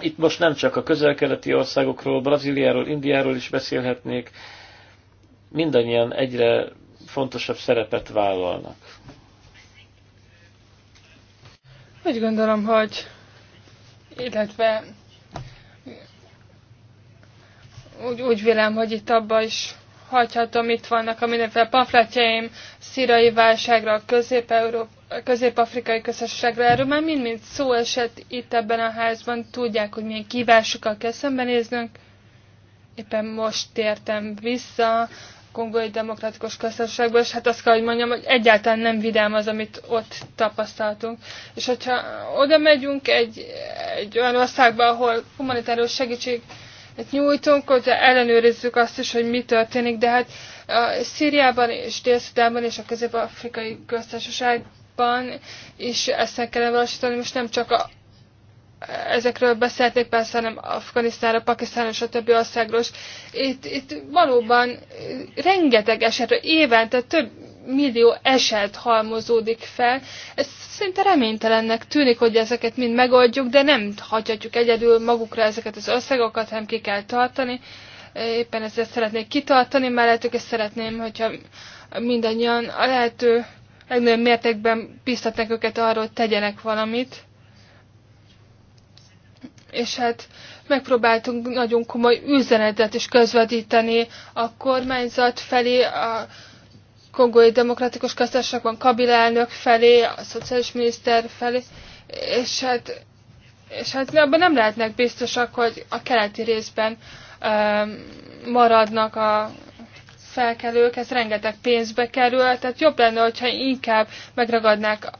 Itt most nem csak a közel-keleti országokról, Brazíliáról, Indiáról is beszélhetnék, mindannyian egyre fontosabb szerepet vállalnak. Úgy gondolom, hogy illetve úgy, úgy vélem, hogy itt abba is hagyhatom, itt vannak a mindenféle pamfletjeim, szírai válságra, közép-afrikai közép közösségre, erről már mind-mind szó esett itt ebben a házban, tudják, hogy milyen kívásokkal kell szembenéznünk. Éppen most tértem vissza, kongolai demokratikus köztársaságban, és hát azt kell, hogy mondjam, hogy egyáltalán nem vidám az, amit ott tapasztaltunk. És hogyha oda megyünk egy, egy olyan országba, ahol humanitárius segítség Hát nyújtunk, hogy ellenőrizzük azt is, hogy mi történik, de hát a Szíriában és dél és a közép-afrikai köztársaságban is ezt kellene valósítani, most nem csak a ezekről beszélték persze, hanem Afganisztánra, Pakisztánra és a többi országról. Itt, itt valóban rengeteg esetre évente több millió eset halmozódik fel. Ez szinte reménytelennek tűnik, hogy ezeket mind megoldjuk, de nem hagyhatjuk egyedül magukra ezeket az összegokat, hanem ki kell tartani. Éppen ezzel szeretnék kitartani mellettük, és szeretném, hogyha mindannyian a lehető legnagyobb mértékben biztatnak őket arról hogy tegyenek valamit. És hát megpróbáltunk nagyon komoly üzenetet is közvetíteni a kormányzat felé, a Kongói Demokratikus Köztársaságban Kabil elnök felé, a szociális miniszter felé, és hát, és hát abban nem lehetnek biztosak, hogy a keleti részben ö, maradnak a felkelők, ez rengeteg pénzbe kerül, tehát jobb lenne, hogyha inkább megragadnák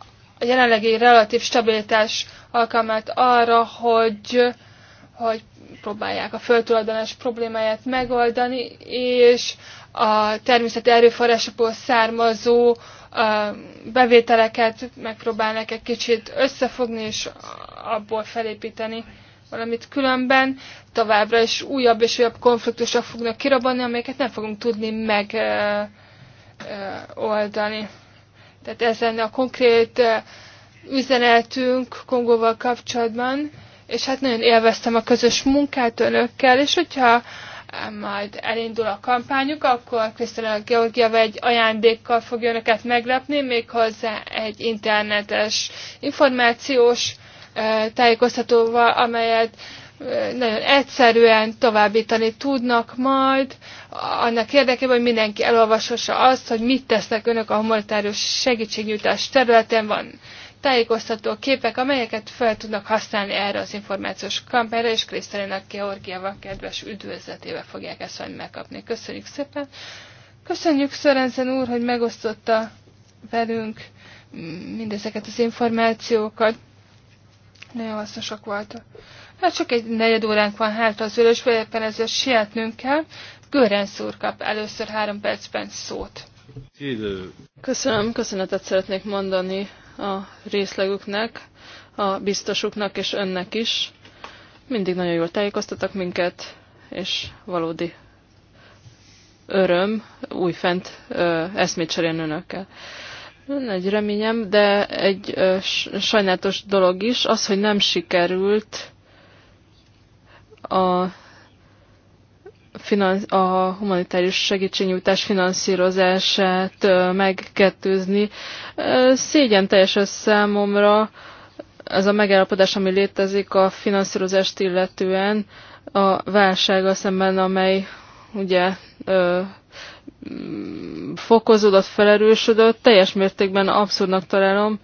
a jelenlegi relatív stabilitás alkalmát arra, hogy, hogy próbálják a földtulajdonos problémáját megoldani, és a természeti erőforrásokból származó bevételeket megpróbálnak egy kicsit összefogni és abból felépíteni valamit különben, továbbra is újabb és újabb konfliktusok fognak kirabolni, amelyeket nem fogunk tudni megoldani. Tehát ez lenne a konkrét üzenetünk Kongóval kapcsolatban, és hát nagyon élveztem a közös munkát önökkel, és hogyha majd elindul a kampányuk, akkor Krisztina Georgia egy ajándékkal fogja önöket meglepni, méghozzá egy internetes információs tájékoztatóval, amelyet nagyon egyszerűen továbbítani tudnak majd, annak érdekében, hogy mindenki elolvashassa azt, hogy mit tesznek önök a humanitárius segítségnyújtás területén. Van tájékoztató képek, amelyeket fel tudnak használni erre az információs kampányra, és Krisztalinak Georgiával kedves üdvözletével fogják ezt majd megkapni. Köszönjük szépen! Köszönjük Szörenzen úr, hogy megosztotta velünk mindezeket az információkat. Nagyon hasznosak voltak. Hát csak egy negyed óránk van hátra az ülésből, éppen ezért sietnünk kell. Görenc úr kap először három percben szót. Köszönöm, köszönetet szeretnék mondani a részlegüknek, a biztosuknak és önnek is. Mindig nagyon jól tájékoztatok minket, és valódi öröm újfent ö, eszmét cserélni önökkel. Egy reményem, de egy ö, sajnálatos dolog is, az, hogy nem sikerült a finansz, a humanitárius segítségnyújtás finanszírozását megkettőzni. Szégyen teljes ez számomra ez a megállapodás, ami létezik a finanszírozást illetően a válsága szemben, amely ugye ö, fokozódott, felerősödött, teljes mértékben abszurdnak találom.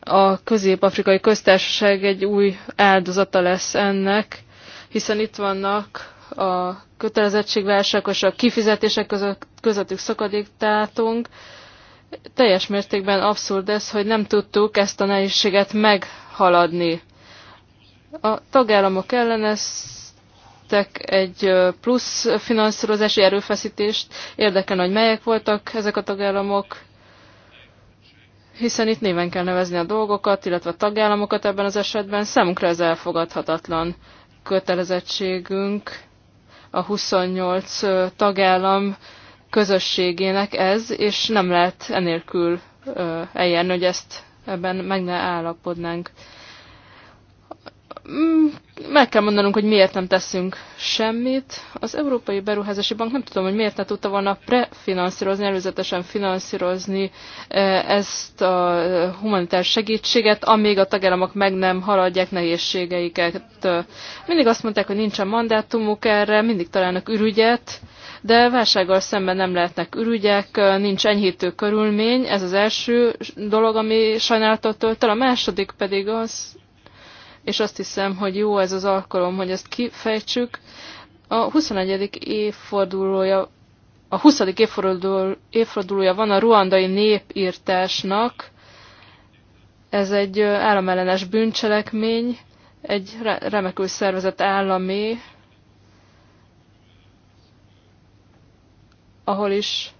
A közép-afrikai köztársaság egy új áldozata lesz ennek, hiszen itt vannak a kötelezettségválság és a kifizetések között, közöttük szakadéktátunk. Teljes mértékben abszurd ez, hogy nem tudtuk ezt a nehézséget meghaladni. A tagállamok elleneztek egy plusz finanszírozási erőfeszítést. Érdekel, hogy melyek voltak ezek a tagállamok, hiszen itt néven kell nevezni a dolgokat, illetve a tagállamokat ebben az esetben. Számunkra ez elfogadhatatlan kötelezettségünk a 28 tagállam közösségének ez, és nem lehet enélkül eljárni, hogy ezt ebben meg ne állapodnánk. Mm, meg kell mondanunk, hogy miért nem teszünk semmit. Az Európai Beruházási Bank nem tudom, hogy miért ne tudta volna prefinanszírozni, előzetesen finanszírozni eh, ezt a eh, humanitár segítséget, amíg a tagállamok meg nem haladják nehézségeiket. Mindig azt mondták, hogy nincsen mandátumuk erre, mindig találnak ürügyet, de válsággal szemben nem lehetnek ürügyek, eh, nincs enyhítő körülmény, ez az első dolog, ami sajnálatot tölt el. A második pedig az, és azt hiszem, hogy jó ez az alkalom, hogy ezt kifejtsük. A 21. évfordulója, a 20. Évforduló, évfordulója van a ruandai népírtásnak. Ez egy államellenes bűncselekmény, egy remekül szervezett állami, ahol is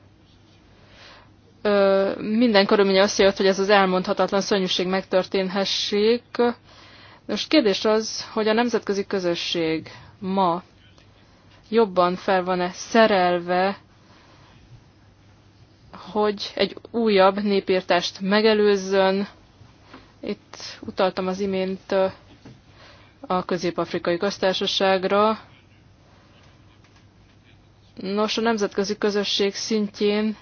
ö, minden körülmény azt jött, hogy ez az elmondhatatlan szörnyűség megtörténhessék. Most kérdés az, hogy a nemzetközi közösség ma jobban fel van-e szerelve, hogy egy újabb népírtást megelőzzön. Itt utaltam az imént a Közép-Afrikai Köztársaságra. Nos, a nemzetközi közösség szintjén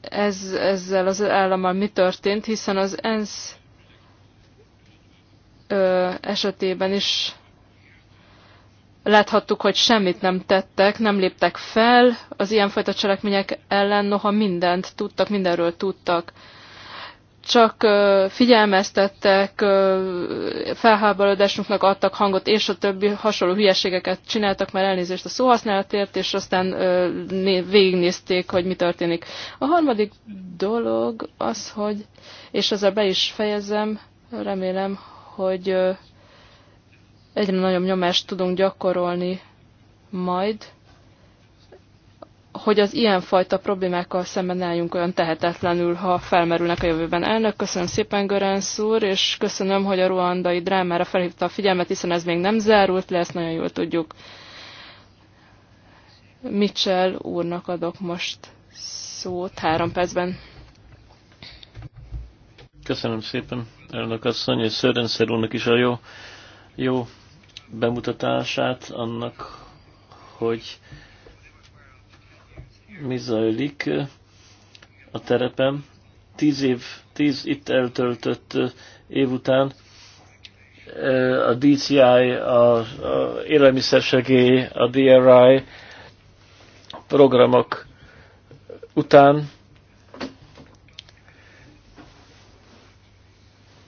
ez, ezzel az állammal mi történt, hiszen az ENSZ esetében is láthattuk, hogy semmit nem tettek, nem léptek fel az ilyenfajta cselekmények ellen, noha mindent tudtak, mindenről tudtak. Csak figyelmeztettek, felháborodásunknak adtak hangot, és a többi hasonló hülyeségeket csináltak, mert elnézést a szóhasználatért, és aztán végignézték, hogy mi történik. A harmadik dolog az, hogy, és ezzel be is fejezem, remélem, hogy egyre nagyobb nyomást tudunk gyakorolni majd, hogy az ilyenfajta problémákkal szemben álljunk olyan tehetetlenül, ha felmerülnek a jövőben. Elnök, köszönöm szépen Görönsz úr, és köszönöm, hogy a ruandai drámára felhívta a figyelmet, hiszen ez még nem zárult le, ezt nagyon jól tudjuk. Mitchell úrnak adok most szót három percben. Köszönöm szépen elnök asszony, és Szörenszer úrnak is a jó, jó bemutatását annak, hogy mi zajlik a terepem. Tíz év, tíz itt eltöltött év után e, a DCI, a, a élelmiszersegély, a DRI programok után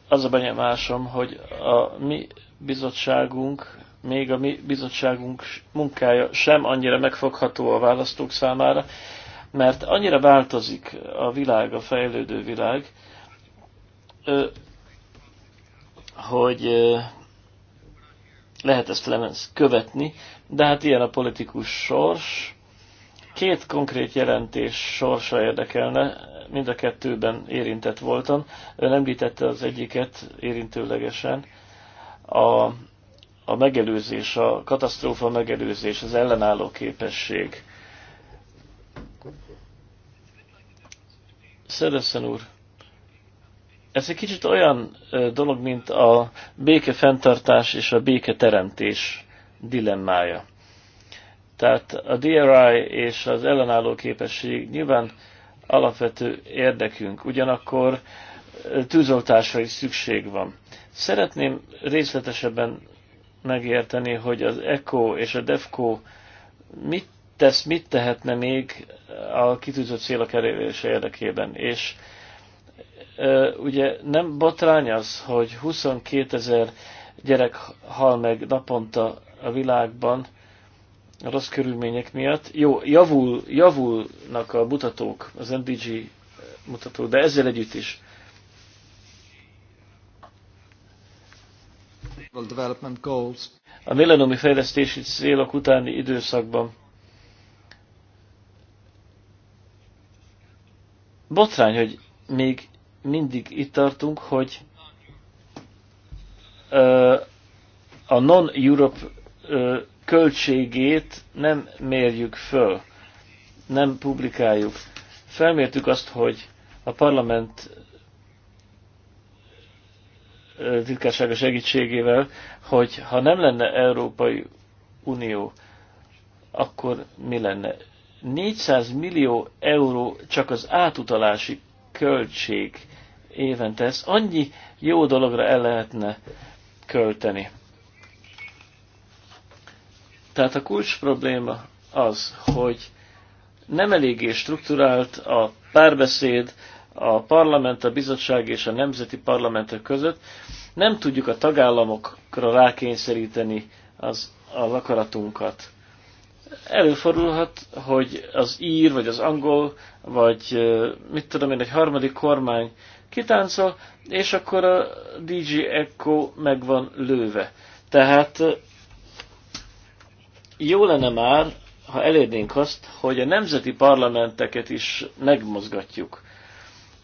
az a benyomásom, hogy a mi bizottságunk, még a mi bizottságunk munkája sem annyira megfogható a választók számára, mert annyira változik a világ, a fejlődő világ, hogy lehet ezt követni, de hát ilyen a politikus sors, Két konkrét jelentés sorsa érdekelne, mind a kettőben érintett voltam. Ön említette az egyiket érintőlegesen. A, a megelőzés, a katasztrófa megelőzés, az ellenálló képesség. Szereszen úr, ez egy kicsit olyan dolog, mint a béke fenntartás és a béke teremtés dilemmája. Tehát a DRI és az ellenálló képesség nyilván alapvető érdekünk, ugyanakkor tűzoltásra is szükség van. Szeretném részletesebben megérteni, hogy az ECO és a DEFCO mit tesz, mit tehetne még a kitűzött célok elérése érdekében. És e, ugye nem botrány az, hogy 22 ezer gyerek hal meg naponta a világban, a rossz körülmények miatt. Jó, javul, javulnak a mutatók, az NDG eh, mutató, de ezzel együtt is. A millenniumi fejlesztési célok utáni időszakban botrány, hogy még mindig itt tartunk, hogy eh, a non-Europe eh, költségét nem mérjük föl, nem publikáljuk. Felmértük azt, hogy a parlament titkársága segítségével, hogy ha nem lenne Európai Unió, akkor mi lenne? 400 millió euró csak az átutalási költség évente. Ez annyi jó dologra el lehetne költeni. Tehát a kulcs probléma az, hogy nem eléggé struktúrált a párbeszéd a parlament, a bizottság és a nemzeti parlamentek között. Nem tudjuk a tagállamokra rákényszeríteni az, az akaratunkat. Előfordulhat, hogy az ír, vagy az angol, vagy mit tudom én, egy harmadik kormány kitáncol, és akkor a DJ Echo meg van lőve. Tehát jó lenne már, ha elérnénk azt, hogy a nemzeti parlamenteket is megmozgatjuk.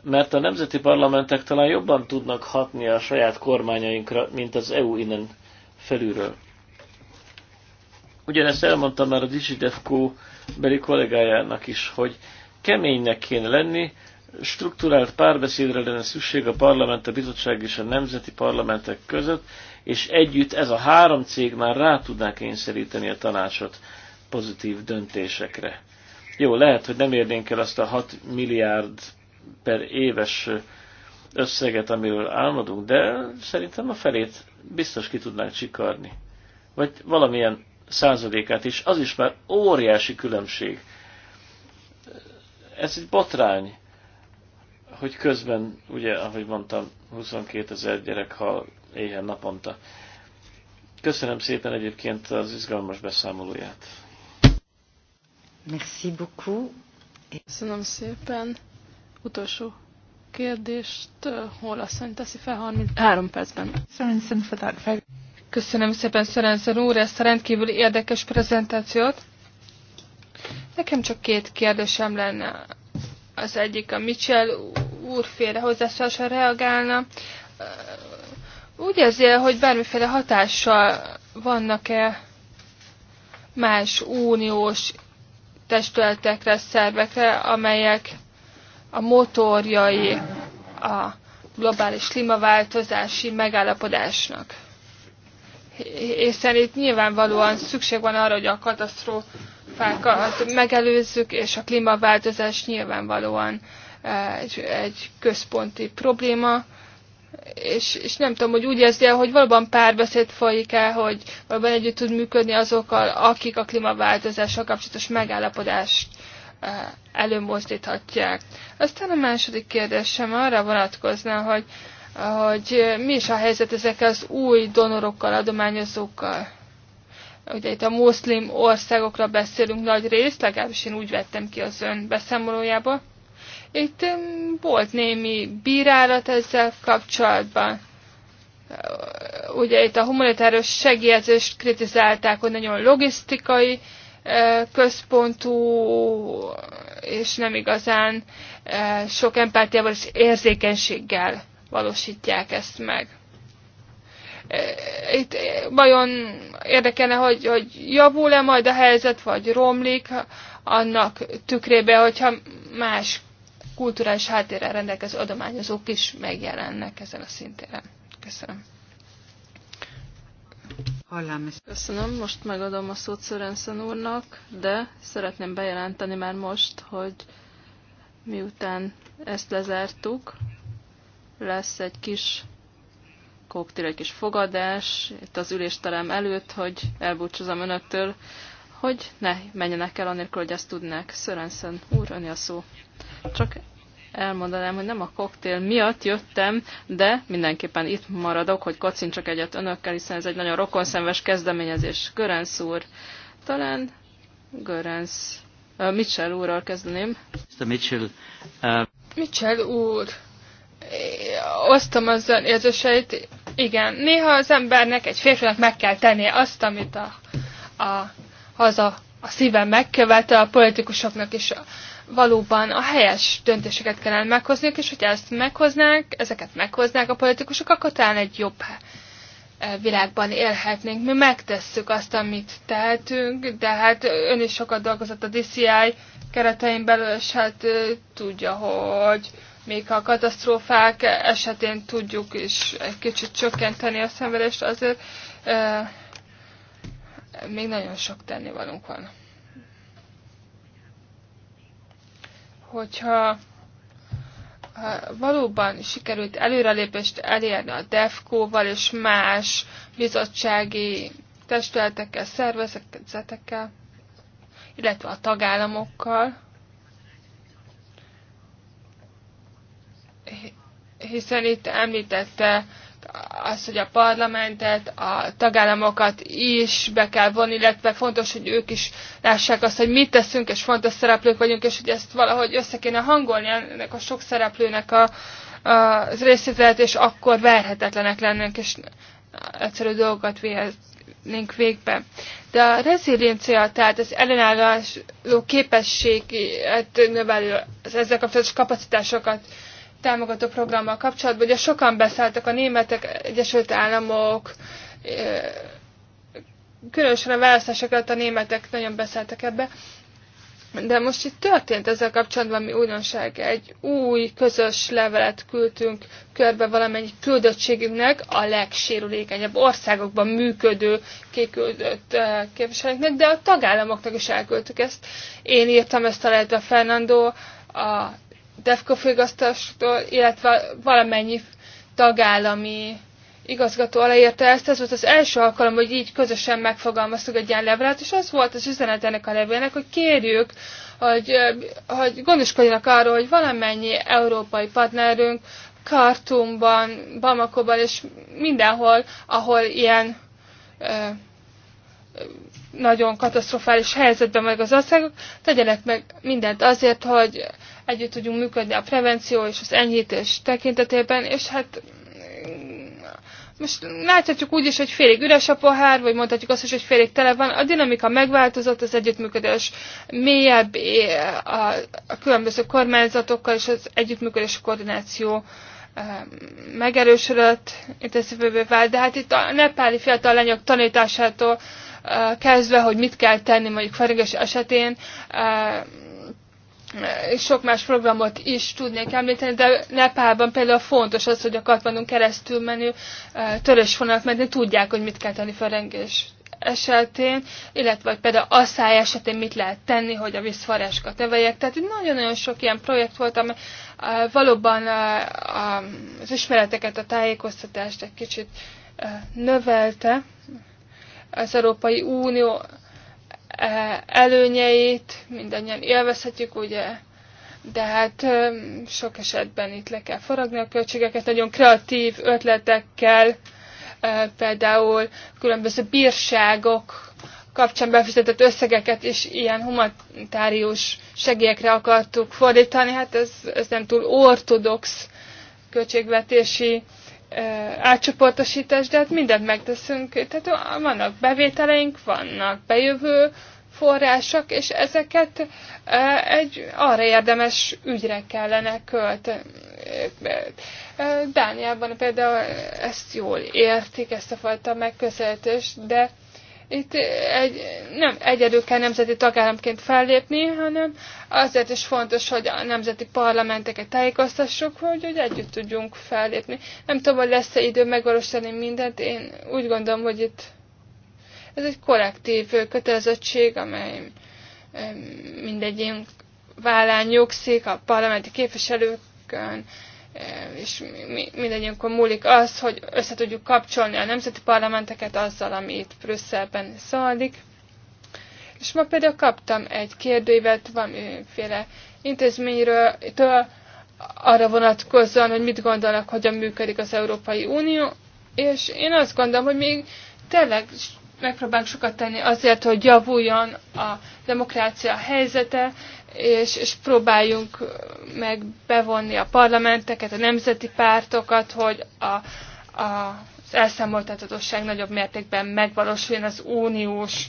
Mert a nemzeti parlamentek talán jobban tudnak hatni a saját kormányainkra, mint az EU innen felülről. Ugyanezt elmondtam már a DigiDefco beli kollégájának is, hogy keménynek kéne lenni, strukturált párbeszédre lenne szükség a parlament, a bizottság és a nemzeti parlamentek között, és együtt ez a három cég már rá tudná kényszeríteni a tanácsot pozitív döntésekre. Jó, lehet, hogy nem érnénk el azt a 6 milliárd per éves összeget, amiről álmodunk, de szerintem a felét biztos ki tudnánk csikarni. Vagy valamilyen százalékát is, az is már óriási különbség. Ez egy botrány, hogy közben, ugye, ahogy mondtam, 22 ezer gyerek hal éhen naponta Köszönöm szépen egyébként az izgalmas beszámolóját. Merci beaucoup. Köszönöm szépen. Utolsó kérdést eh, hol asszony teszi fel 33 percben. Köszönöm szépen Szerenzen úr ezt a rendkívül érdekes prezentációt. Nekem csak két kérdésem lenne. Az egyik a Mitchell úrféle hozzászólásra reagálna eh, úgy érzél, hogy bármiféle hatással vannak-e más uniós testületekre, szervekre, amelyek a motorjai a globális klímaváltozási megállapodásnak. Hiszen itt nyilvánvalóan szükség van arra, hogy a katasztrófákat megelőzzük, és a klímaváltozás nyilvánvalóan eh, egy, egy központi probléma, és, és nem tudom, hogy úgy érzi hogy valóban párbeszéd folyik el, hogy valóban együtt tud működni azokkal, akik a klímaváltozással kapcsolatos megállapodást előmozdíthatják. Aztán a második kérdésem arra vonatkozna, hogy, hogy mi is a helyzet ezekkel az új donorokkal, adományozókkal. Ugye itt a muszlim országokra beszélünk nagy részt, legalábbis én úgy vettem ki az ön beszámolójába. Itt volt némi bírálat ezzel kapcsolatban. Ugye itt a humanitáros segélyezést kritizálták, hogy nagyon logisztikai, központú, és nem igazán sok empátiával és érzékenységgel valósítják ezt meg. Itt vajon érdekelne, hogy, hogy javul-e majd a helyzet, vagy romlik annak tükrébe, hogyha más kulturális háttérrel rendelkező adományozók is megjelennek ezen a szintéren. Köszönöm. Köszönöm, most megadom a szót Szörenszen úrnak, de szeretném bejelenteni már most, hogy miután ezt lezártuk, lesz egy kis koktél, egy kis fogadás, itt az ülésterem előtt, hogy elbúcsúzom önöktől hogy ne menjenek el anélkül, hogy ezt tudnák. Szörenszen úr, ön a szó. Csak elmondanám, hogy nem a koktél miatt jöttem, de mindenképpen itt maradok, hogy kocincsak egyet önökkel, hiszen ez egy nagyon rokonszenves kezdeményezés. Görensz úr, talán Görensz, uh, Mitchell úrral kezdeném. Mr. Mitchell, uh... Mitchell úr, osztom az ön érzéseit, igen, néha az embernek, egy férfinak meg kell tennie azt, amit a, a haza a szívem megkövetel a politikusoknak is valóban a helyes döntéseket kellene meghozniuk, és hogyha ezt meghoznák, ezeket meghoznák a politikusok, akkor talán egy jobb eh, világban élhetnénk. Mi megtesszük azt, amit tehetünk, de hát ön is sokat dolgozott a DCI keretein belül, és hát eh, tudja, hogy még a katasztrófák esetén tudjuk is egy kicsit csökkenteni a szenvedést, azért eh, még nagyon sok tennivalónk van. Hogyha valóban sikerült előrelépést elérni a DEFCO-val és más bizottsági testületekkel, szervezetekkel, illetve a tagállamokkal, hiszen itt említette az, hogy a parlamentet, a tagállamokat is be kell vonni, illetve fontos, hogy ők is lássák azt, hogy mit teszünk, és fontos szereplők vagyunk, és hogy ezt valahogy össze kéne hangolni ennek a sok szereplőnek a, a, az részvételt, és akkor verhetetlenek lennénk, és egyszerű dolgokat vihetnénk végbe. De a reziliencia, tehát az ellenálló képességet növelő, az ezzel kapcsolatos kapacitásokat támogató programmal kapcsolatban, ugye sokan beszálltak a németek, Egyesült Államok, különösen a választások alatt a németek nagyon beszálltak ebbe. De most itt történt ezzel kapcsolatban mi újdonság. Egy új közös levelet küldtünk körbe valamennyi küldöttségünknek, a legsérülékenyebb országokban működő kiküldött képviselőknek, de a tagállamoknak is elküldtük ezt. Én írtam ezt a a Fernando, a DEFCO főgazdástól, illetve valamennyi tagállami igazgató aláírta ezt. Ez volt az első alkalom, hogy így közösen megfogalmaztuk egy ilyen levelet, és az volt az üzenet ennek a levélnek, hogy kérjük, hogy, hogy gondoskodjanak arról, hogy valamennyi európai partnerünk Kartumban, Bamakoban és mindenhol, ahol ilyen nagyon katasztrofális helyzetben meg az országok, tegyenek meg mindent azért, hogy együtt tudjunk működni a prevenció és az enyhítés tekintetében, és hát mm, most láthatjuk úgy is, hogy félig üres a pohár, vagy mondhatjuk azt is, hogy félig tele van. A dinamika megváltozott, az együttműködés mélyebb a, a különböző kormányzatokkal, és az együttműködés koordináció megerősödött, intenzívebbé vált, de hát itt a nepáli fiatal lányok tanításától kezdve, hogy mit kell tenni mondjuk Feriges esetén, és sok más programot is tudnék említeni, de Nepálban például fontos az, hogy a Katmandon keresztül menő törésvonalat menni, tudják, hogy mit kell tenni Ferengés esetén, illetve vagy például száj esetén mit lehet tenni, hogy a vízforrásokat növeljek. Tehát itt nagyon-nagyon sok ilyen projekt volt, ami valóban az ismereteket, a tájékoztatást egy kicsit növelte az Európai Unió eh, előnyeit mindannyian élvezhetjük, ugye, de hát eh, sok esetben itt le kell faragni a költségeket, nagyon kreatív ötletekkel, eh, például különböző bírságok kapcsán befizetett összegeket is ilyen humanitárius segélyekre akartuk fordítani, hát ez, ez nem túl ortodox költségvetési átcsoportosítás, de hát mindent megteszünk. Tehát vannak bevételeink, vannak bejövő források, és ezeket egy arra érdemes ügyre kellene költeni. Dániában például ezt jól értik, ezt a fajta megközelítést, de itt egy, nem egyedül kell nemzeti tagállamként fellépni, hanem azért is fontos, hogy a nemzeti parlamenteket tájékoztassuk, hogy, hogy együtt tudjunk fellépni. Nem tudom, hogy lesz-e idő megvalósítani mindent, én úgy gondolom, hogy itt ez egy kollektív kötelezettség, amely mindegyünk vállán nyugszik, a parlamenti képviselőkön, Eh, és mindannyiunkon múlik az, hogy összetudjuk kapcsolni a nemzeti parlamenteket azzal, ami itt Brüsszelben zajlik. És ma például kaptam egy kérdőívet valamiféle intézményről, től, arra vonatkozóan, hogy mit gondolnak, hogyan működik az Európai Unió, és én azt gondolom, hogy még tényleg megpróbálunk sokat tenni azért, hogy javuljon a demokrácia helyzete, és, és próbáljunk meg bevonni a parlamenteket, a nemzeti pártokat, hogy a, a, az elszámoltathatóság nagyobb mértékben megvalósuljon az uniós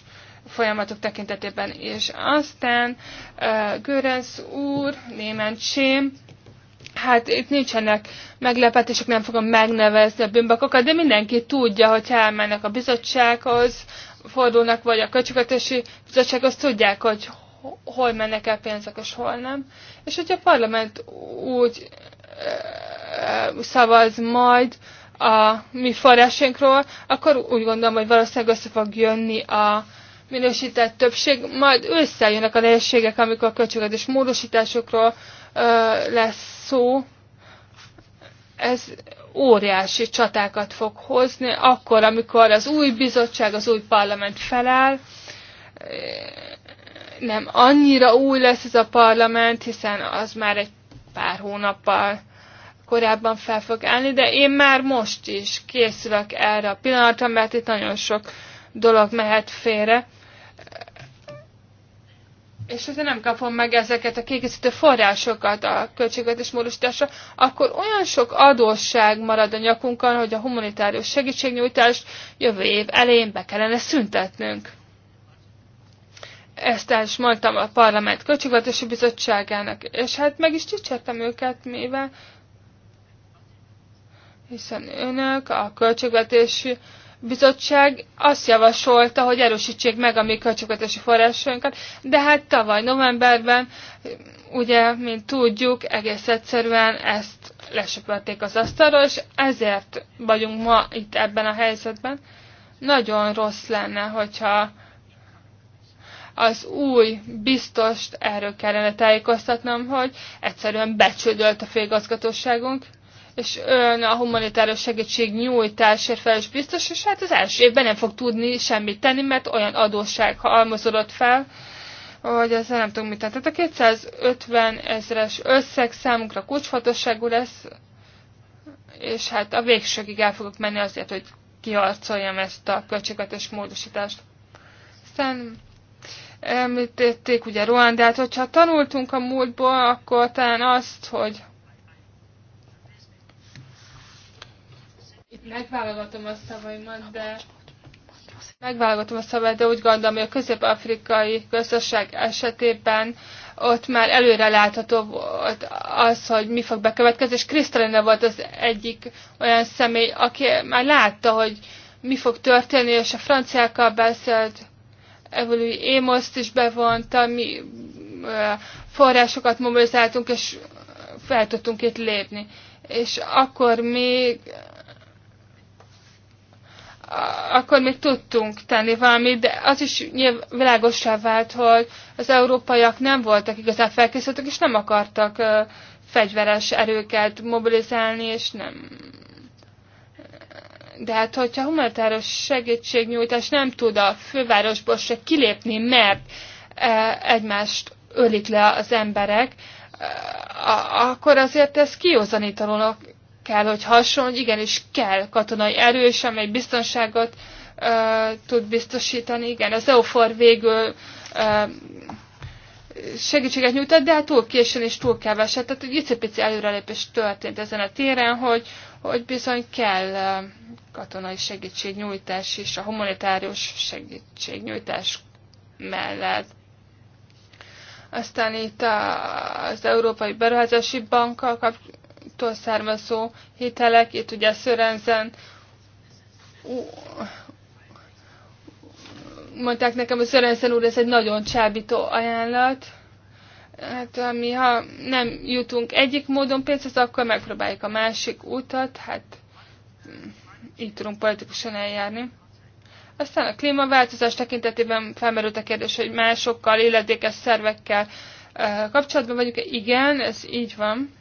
folyamatok tekintetében. És aztán uh, Görenc úr, Német Sém, hát itt nincsenek meglepetések, nem fogom megnevezni a bűnbakokat, de mindenki tudja, hogy elmennek a bizottsághoz, fordulnak, vagy a költségvetési bizottsághoz tudják, hogy hol mennek el pénzek, és hol nem. És hogyha a parlament úgy szavaz majd a mi forrásunkról, akkor úgy gondolom, hogy valószínűleg össze fog jönni a minősített többség, majd összejönnek jönnek a nehézségek, amikor a költségvetés módosításokról ö, lesz szó. Ez óriási csatákat fog hozni, akkor, amikor az új bizottság, az új parlament feláll, nem annyira új lesz ez a parlament, hiszen az már egy pár hónappal korábban fel fog állni, de én már most is készülök erre a pillanatra, mert itt nagyon sok dolog mehet félre. És ha nem kapom meg ezeket a kiegészítő forrásokat a költségvetés módosításra, akkor olyan sok adósság marad a nyakunkon, hogy a humanitárius segítségnyújtást jövő év elején be kellene szüntetnünk ezt el is mondtam a Parlament Költségvetési Bizottságának, és hát meg is csicsertem őket, mivel hiszen önök, a Költségvetési Bizottság azt javasolta, hogy erősítsék meg a mi költségvetési forrásainkat, de hát tavaly novemberben, ugye, mint tudjuk, egész egyszerűen ezt lesöpölték az asztalról, és ezért vagyunk ma itt ebben a helyzetben. Nagyon rossz lenne, hogyha az új biztost erről kellene tájékoztatnom, hogy egyszerűen becsődölt a félgazgatóságunk, és ön a humanitáros segítség nyújtásért felelős biztos, és hát az első évben nem fog tudni semmit tenni, mert olyan adósság halmozódott fel, hogy ez nem tudom mit tenni. Tehát a 250 ezeres összeg számunkra kulcsfontosságú lesz, és hát a végsőkig el fogok menni azért, hogy kiharcoljam ezt a költségvetés módosítást. Aztán említették ugye Ruandát, hogyha tanultunk a múltból, akkor talán azt, hogy itt megválogatom a szavaimat, de megválogatom a szavaimat, de úgy gondolom, hogy a közép-afrikai közösség esetében ott már előre látható volt az, hogy mi fog bekövetkezni, és Krisztalina volt az egyik olyan személy, aki már látta, hogy mi fog történni, és a franciákkal beszélt, Evolui Amoszt is bevonta, mi forrásokat mobilizáltunk, és fel tudtunk itt lépni. És akkor még akkor még tudtunk tenni valamit, de az is világosá vált, hogy az európaiak nem voltak igazán felkészültek, és nem akartak fegyveres erőket mobilizálni, és nem de hát hogyha humanitáros segítségnyújtás nem tud a fővárosból se kilépni, mert e, egymást ölik le az emberek, e, akkor azért ez kiózanítalónak kell, hogy hasonló, hogy igenis kell katonai erő amely biztonságot ö, e, tud biztosítani. Igen, az EUFOR végül ö, segítséget nyújtott, de hát túl későn és túl keveset. Tehát egy icipici előrelépés történt ezen a téren, hogy, hogy bizony kell katonai segítségnyújtás és a humanitárius segítségnyújtás mellett. Aztán itt az Európai Beruházási Bankkal kaptól származó hitelek, itt ugye Szörenzen mondták nekem, hogy Szörenzen úr, ez egy nagyon csábító ajánlat, Hát ami, ha nem jutunk egyik módon pénzhez, akkor megpróbáljuk a másik útat. hát mm, így tudunk politikusan eljárni. Aztán a klímaváltozás tekintetében felmerült a kérdés, hogy másokkal, illetékes szervekkel kapcsolatban vagyunk. Igen, ez így van.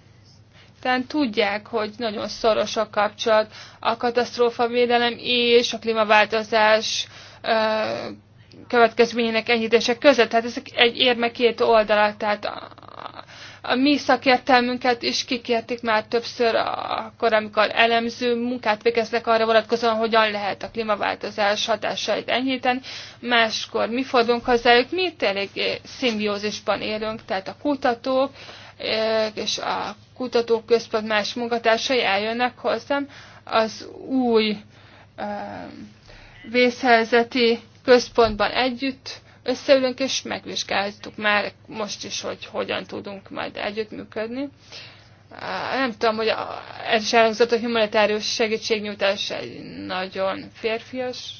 Tehát tudják, hogy nagyon szoros a kapcsolat a katasztrófavédelem és a klímaváltozás következményének enyhítése között. Tehát ez egy érme két oldala, tehát a, a mi szakértelmünket is kikérték már többször, akkor, amikor elemző munkát végeznek arra vonatkozóan, hogyan lehet a klímaváltozás hatásait enyhíteni. Máskor mi fordulunk hozzájuk, mi itt elég szimbiózisban élünk, tehát a kutatók eh, és a kutatók központ más munkatársai eljönnek hozzám az új eh, vészhelyzeti központban együtt összeülünk, és megvizsgáltuk már most is, hogy hogyan tudunk majd együttműködni. Nem tudom, hogy ez is elhangzott, a humanitárius segítségnyújtás egy nagyon férfias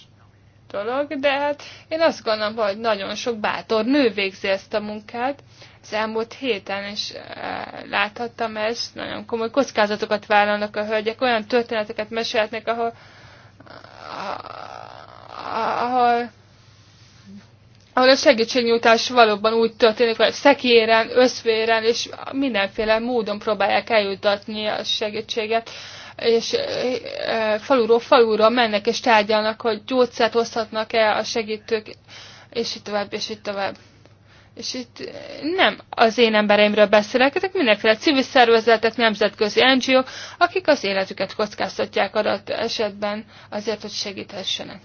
dolog, de hát én azt gondolom, hogy nagyon sok bátor nő végzi ezt a munkát. Az elmúlt héten is láthattam ezt, nagyon komoly kockázatokat vállalnak a hölgyek, olyan történeteket mesélhetnek, ahol ahol, ahol a segítségnyújtás valóban úgy történik, hogy szekéren, összvéren és mindenféle módon próbálják eljutatni a segítséget és faluról falura mennek és tárgyalnak, hogy gyógyszert hozhatnak-e a segítők, és itt tovább, és itt tovább. És itt nem az én embereimről beszélek, ezek mindenféle civil szervezetek, nemzetközi NGO-k, akik az életüket kockáztatják adott esetben azért, hogy segíthessenek.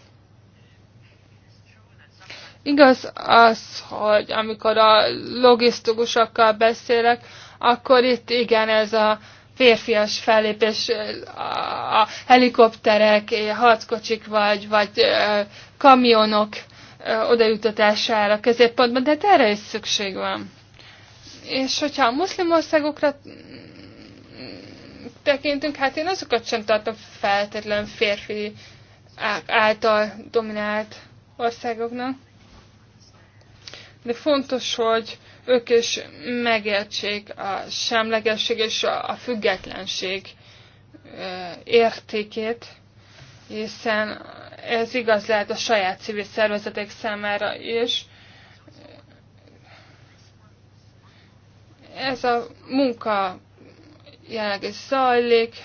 Igaz az, hogy amikor a logisztikusokkal beszélek, akkor itt igen, ez a férfias fellépés, a helikopterek, harckocsik vagy, vagy kamionok odajutatására középpontban, de hát erre is szükség van. És hogyha a muszlim országokra tekintünk, hát én azokat sem tartom feltétlenül férfi által dominált országoknak de fontos, hogy ők is megértsék a semlegesség és a függetlenség értékét, hiszen ez igaz lehet a saját civil szervezetek számára is. Ez a munka jelenleg is zajlik,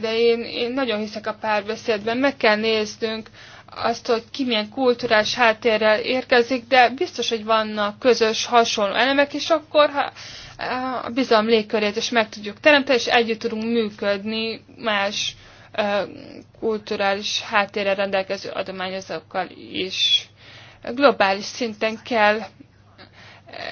de én, én nagyon hiszek a párbeszédben. Meg kell néznünk azt, hogy ki milyen kulturális háttérrel érkezik, de biztos, hogy vannak közös hasonló elemek, és akkor ha a bizalom légkörét is meg tudjuk teremteni, és együtt tudunk működni más kulturális háttérrel rendelkező adományozókkal is. Globális szinten kell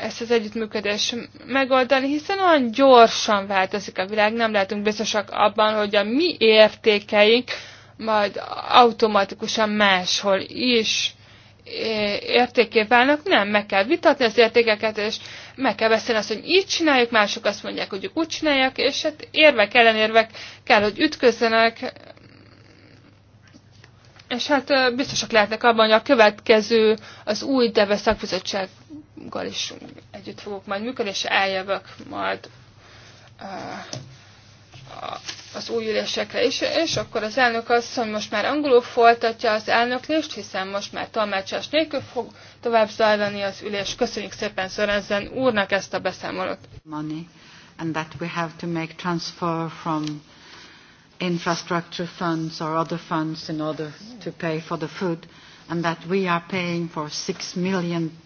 ezt az együttműködést megoldani, hiszen olyan gyorsan változik a világ, nem lehetünk biztosak abban, hogy a mi értékeink, majd automatikusan máshol is értéké válnak, nem, meg kell vitatni az értékeket, és meg kell beszélni azt, hogy így csináljuk, mások azt mondják, hogy úgy csinálják, és hát érvek, ellenérvek kell, hogy ütközzenek, és hát biztosak lehetnek abban, hogy a következő, az új DEVE szakbizottsággal is együtt fogok majd működni, és eljövök majd az új ülésekre is, és akkor az elnök asszony most már angolul folytatja az elnöklést, hiszen most már tolmácsás nélkül fog tovább zajlani az ülés. Köszönjük szépen Szörenzen úrnak ezt a beszámolót. Money and that we have to make transfer from infrastructure funds or other funds in order to pay for the food and that we are paying for six million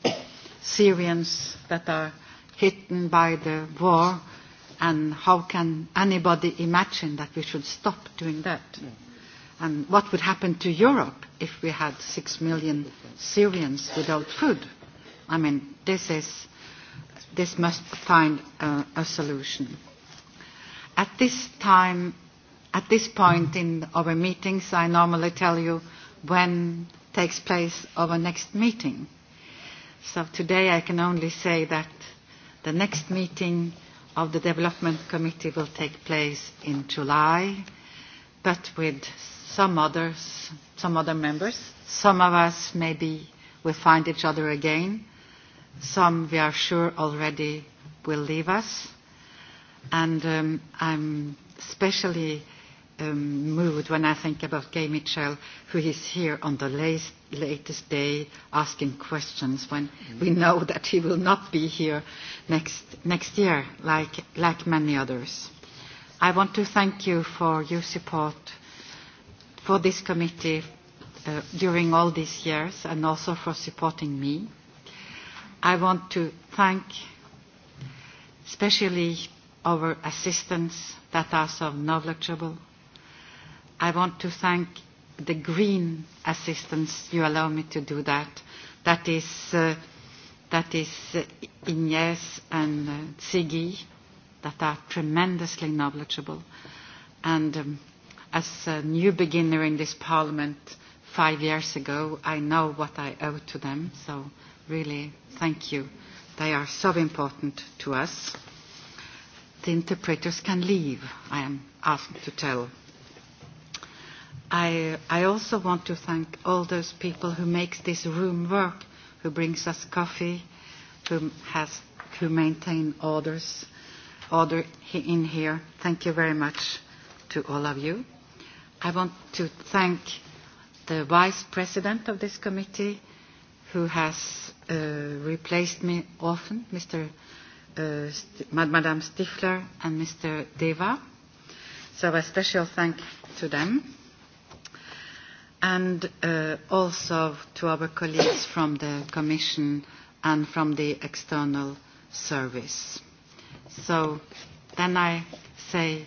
Syrians that are hidden by the war and how can anybody imagine that we should stop doing that? Yeah. And what would happen to Europe if we had six million Syrians without food? I mean, this, is, this must find a, a solution. At this time, at this point in our meetings, I normally tell you when takes place our next meeting. So today I can only say that the next meeting of the Development Committee will take place in July, but with some others, some other members. Some of us maybe will find each other again. Some we are sure already will leave us. And um, I'm especially um, mood when I think about Gay Mitchell, who is here on the late, latest day asking questions when we mm. know that he will not be here next, next year, like, like many others. I want to thank you for your support for this committee uh, during all these years and also for supporting me. I want to thank especially our assistants that are so knowledgeable I want to thank the green assistance, you allow me to do that. That is, uh, that is uh, Ines and uh, Tsigi that are tremendously knowledgeable. And um, as a new beginner in this parliament five years ago, I know what I owe to them. So really, thank you. They are so important to us. The interpreters can leave, I am asked to tell. I, I also want to thank all those people who make this room work, who brings us coffee, who, has, who maintain orders, order in here. Thank you very much to all of you. I want to thank the Vice President of this committee, who has uh, replaced me often, Mr. Uh, St Madame Stifler and Mr. Deva. So a special thank to them and uh, also to our colleagues from the Commission and from the External Service. So then I say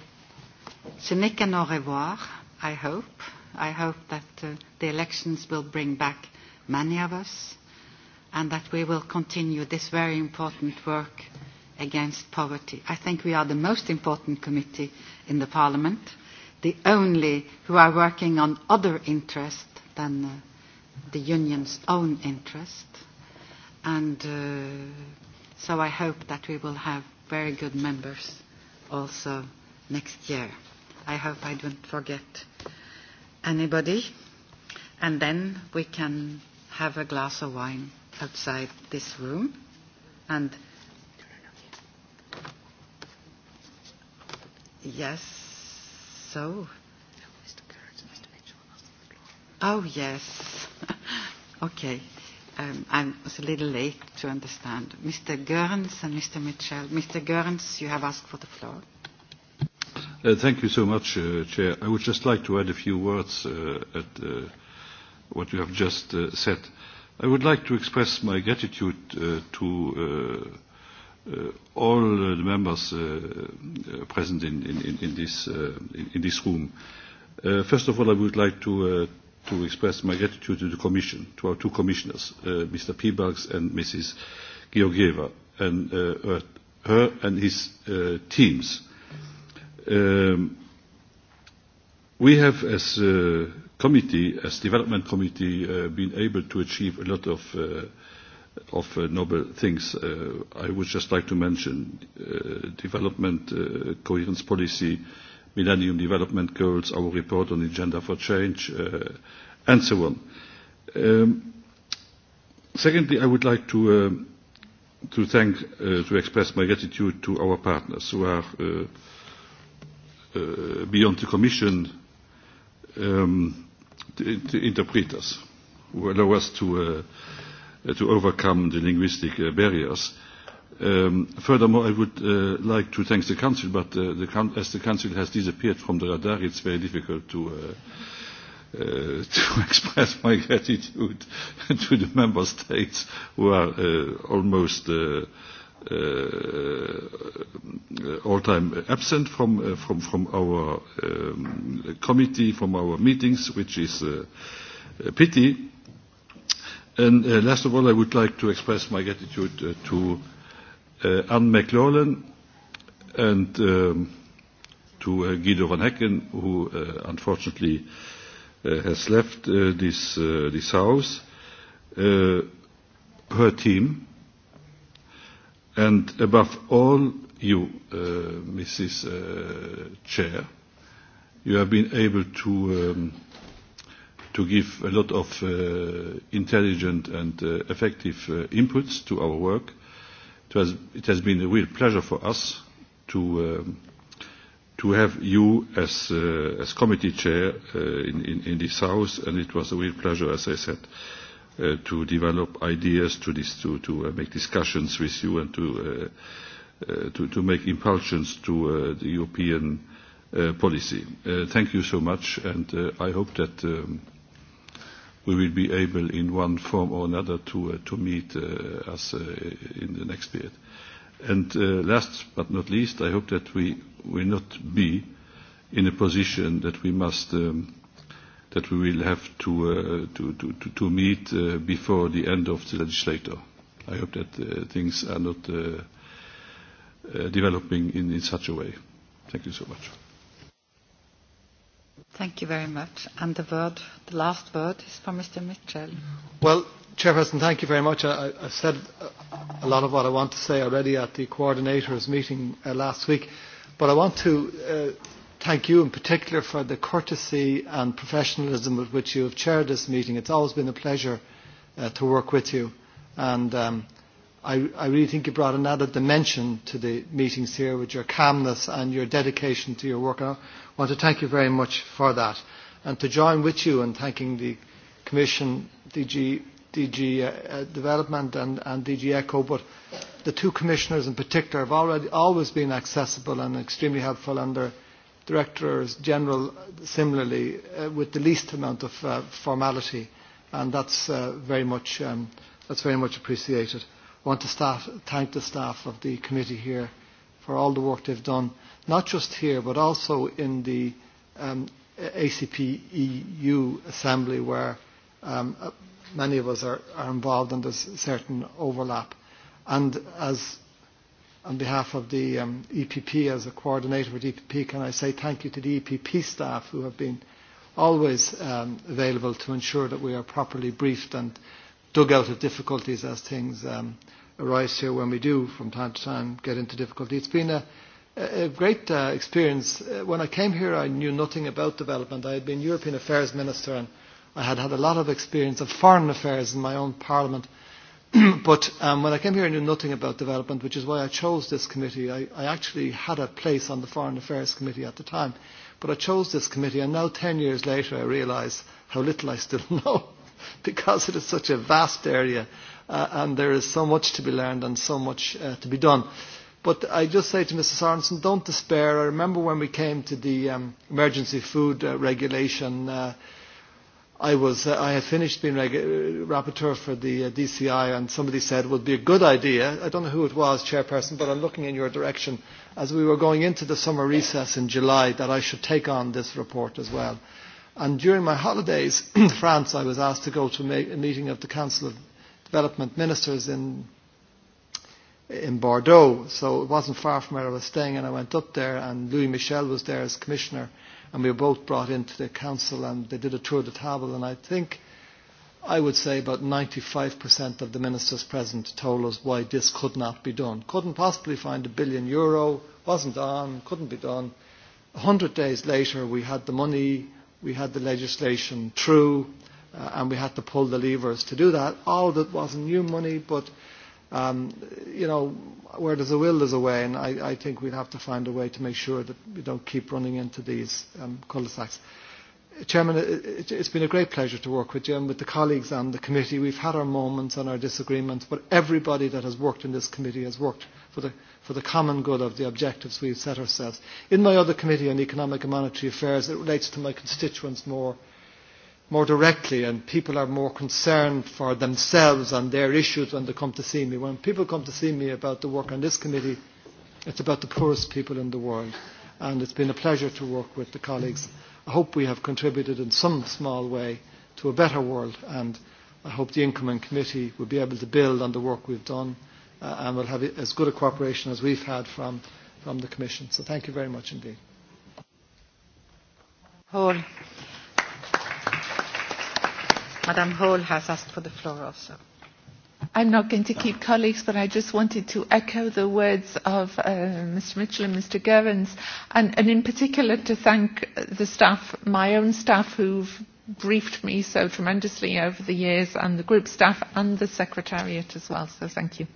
ce n'est qu'un au revoir, I hope. I hope that uh, the elections will bring back many of us and that we will continue this very important work against poverty. I think we are the most important committee in the Parliament the only who are working on other interests than uh, the union's own interest. And uh, so I hope that we will have very good members also next year. I hope I don't forget anybody. And then we can have a glass of wine outside this room. And yes. So. Oh, oh yes. okay. Um, I was a little late to understand. Mr. Gerns and Mr. Mitchell. Mr. Gerns, you have asked for the floor. Uh, thank you so much, uh, Chair. I would just like to add a few words uh, at uh, what you have just uh, said. I would like to express my gratitude uh, to uh, uh, all uh, the members uh, uh present in, in, in, this, uh, in, in this room. Uh, first of all, I would like to, uh, to express my gratitude to the Commission, to our two commissioners, uh, Mr. Peebles and Mrs. Georgieva, and uh, her and his uh, teams. Um, we have, as a uh, committee, as development committee, uh, been able to achieve a lot of uh, of uh, noble things. Uh, I would just like to mention uh, development uh, coherence policy, Millennium Development Goals, our report on the agenda for change, uh, and so on. Um, secondly, I would like to, uh, to thank, uh, to express my gratitude to our partners who are uh, uh, beyond the Commission um, the, the interpreters who allow us to uh, Uh, to overcome the linguistic uh, barriers. Um, furthermore, I would uh, like to thank the Council, but uh, the, as the Council has disappeared from the radar, it's very difficult to, uh, uh, to express my gratitude to the Member States who are uh, almost uh, uh, all time absent from, uh, from, from our um, committee, from our meetings, which is uh, a pity. And uh, last of all, I would like to express my gratitude uh, to uh, Anne McLaurin and um, to uh, Guido van Hecken, who uh, unfortunately uh, has left uh, this, uh, this house, uh, her team, and above all, you, uh, Mrs. Uh, Chair. You have been able to um, to give a lot of uh, intelligent and uh, effective uh, inputs to our work. It has, it has been a real pleasure for us to, uh, to have you as, uh, as committee chair uh, in, in, in this house, and it was a real pleasure, as I said, uh, to develop ideas, to, this, to, to uh, make discussions with you, and to, uh, uh, to, to make impulsions to uh, the European uh, policy. Uh, thank you so much, and uh, I hope that um, we will be able in one form or another to, uh, to meet uh, us uh, in the next period. And uh, last but not least, I hope that we will not be in a position that we must, um, that we will have to, uh, to, to, to, to meet uh, before the end of the legislature. I hope that uh, things are not uh, uh, developing in, in such a way. Thank you so much. Thank you very much. And the word, the last word is for Mr. Mitchell. Well, Chairperson, thank you very much. I, I've said a lot of what I want to say already at the coordinators meeting uh, last week, but I want to uh, thank you in particular for the courtesy and professionalism with which you have chaired this meeting. It's always been a pleasure uh, to work with you, and um, I, I really think you brought another dimension to the meetings here with your calmness and your dedication to your work. And I want to thank you very much for that. And to join with you in thanking the Commission, DG, DG uh, uh, Development and, and DG ECHO, but the two commissioners in particular have already always been accessible and extremely helpful, and their directors general similarly, uh, with the least amount of uh, formality, and that's uh, very much um, that's very much appreciated. I want to staff, thank the staff of the committee here for all the work they've done, not just here but also in the um, ACP EU assembly where um, uh, many of us are, are involved and there's a certain overlap. And as on behalf of the um, EPP, as a coordinator with EPP, can I say thank you to the EPP staff who have been always um, available to ensure that we are properly briefed and dug out of difficulties as things um, arise here when we do from time to time get into difficulty. It's been a, a great uh, experience. Uh, when I came here, I knew nothing about development. I had been European Affairs Minister and I had had a lot of experience of foreign affairs in my own parliament. but um, when I came here, I knew nothing about development, which is why I chose this committee. I, I actually had a place on the Foreign Affairs Committee at the time, but I chose this committee, and now, 10 years later, I realise how little I still know. because it is such a vast area uh, and there is so much to be learned and so much uh, to be done. But I just say to Mrs. Aronson, don't despair. I remember when we came to the um, emergency food uh, regulation, uh, I, was, uh, I had finished being regu- uh, rapporteur for the uh, DCI, and somebody said it would be a good idea. I don't know who it was, chairperson, but I'm looking in your direction as we were going into the summer recess in July that I should take on this report as well. Yeah. And during my holidays in France, I was asked to go to a meeting of the Council of Development Ministers in in Bordeaux, so it wasn't far from where I was staying, and I went up there, and Louis Michel was there as commissioner, and we were both brought into the council, and they did a tour of the table, and I think I would say about 95% of the ministers present told us why this could not be done. Couldn't possibly find a billion euro, wasn't on, couldn't be done. A hundred days later, we had the money, we had the legislation through uh, and we had to pull the levers to do that. All of it wasn't new money, but um, you know, where there's a will, there's a way, and I, I think we'd have to find a way to make sure that we don't keep running into these um, cul-de-sacs. Chairman, it, it's been a great pleasure to work with you and with the colleagues on the committee. We've had our moments and our disagreements, but everybody that has worked in this committee has worked for the for the common good of the objectives we've set ourselves. In my other committee on economic and monetary affairs, it relates to my constituents more, more directly, and people are more concerned for themselves and their issues when they come to see me. When people come to see me about the work on this committee, it's about the poorest people in the world, and it's been a pleasure to work with the colleagues. I hope we have contributed in some small way to a better world, and I hope the incoming Committee will be able to build on the work we've done uh, and will have as good a cooperation as we've had from, from the Commission. So thank you very much indeed. Hall. Madam Hall has asked for the floor also. I'm not going to keep colleagues, but I just wanted to echo the words of uh, Mr. Mitchell and Mr. Gervins, and, and in particular to thank the staff, my own staff, who've briefed me so tremendously over the years, and the group staff and the Secretariat as well. So thank you.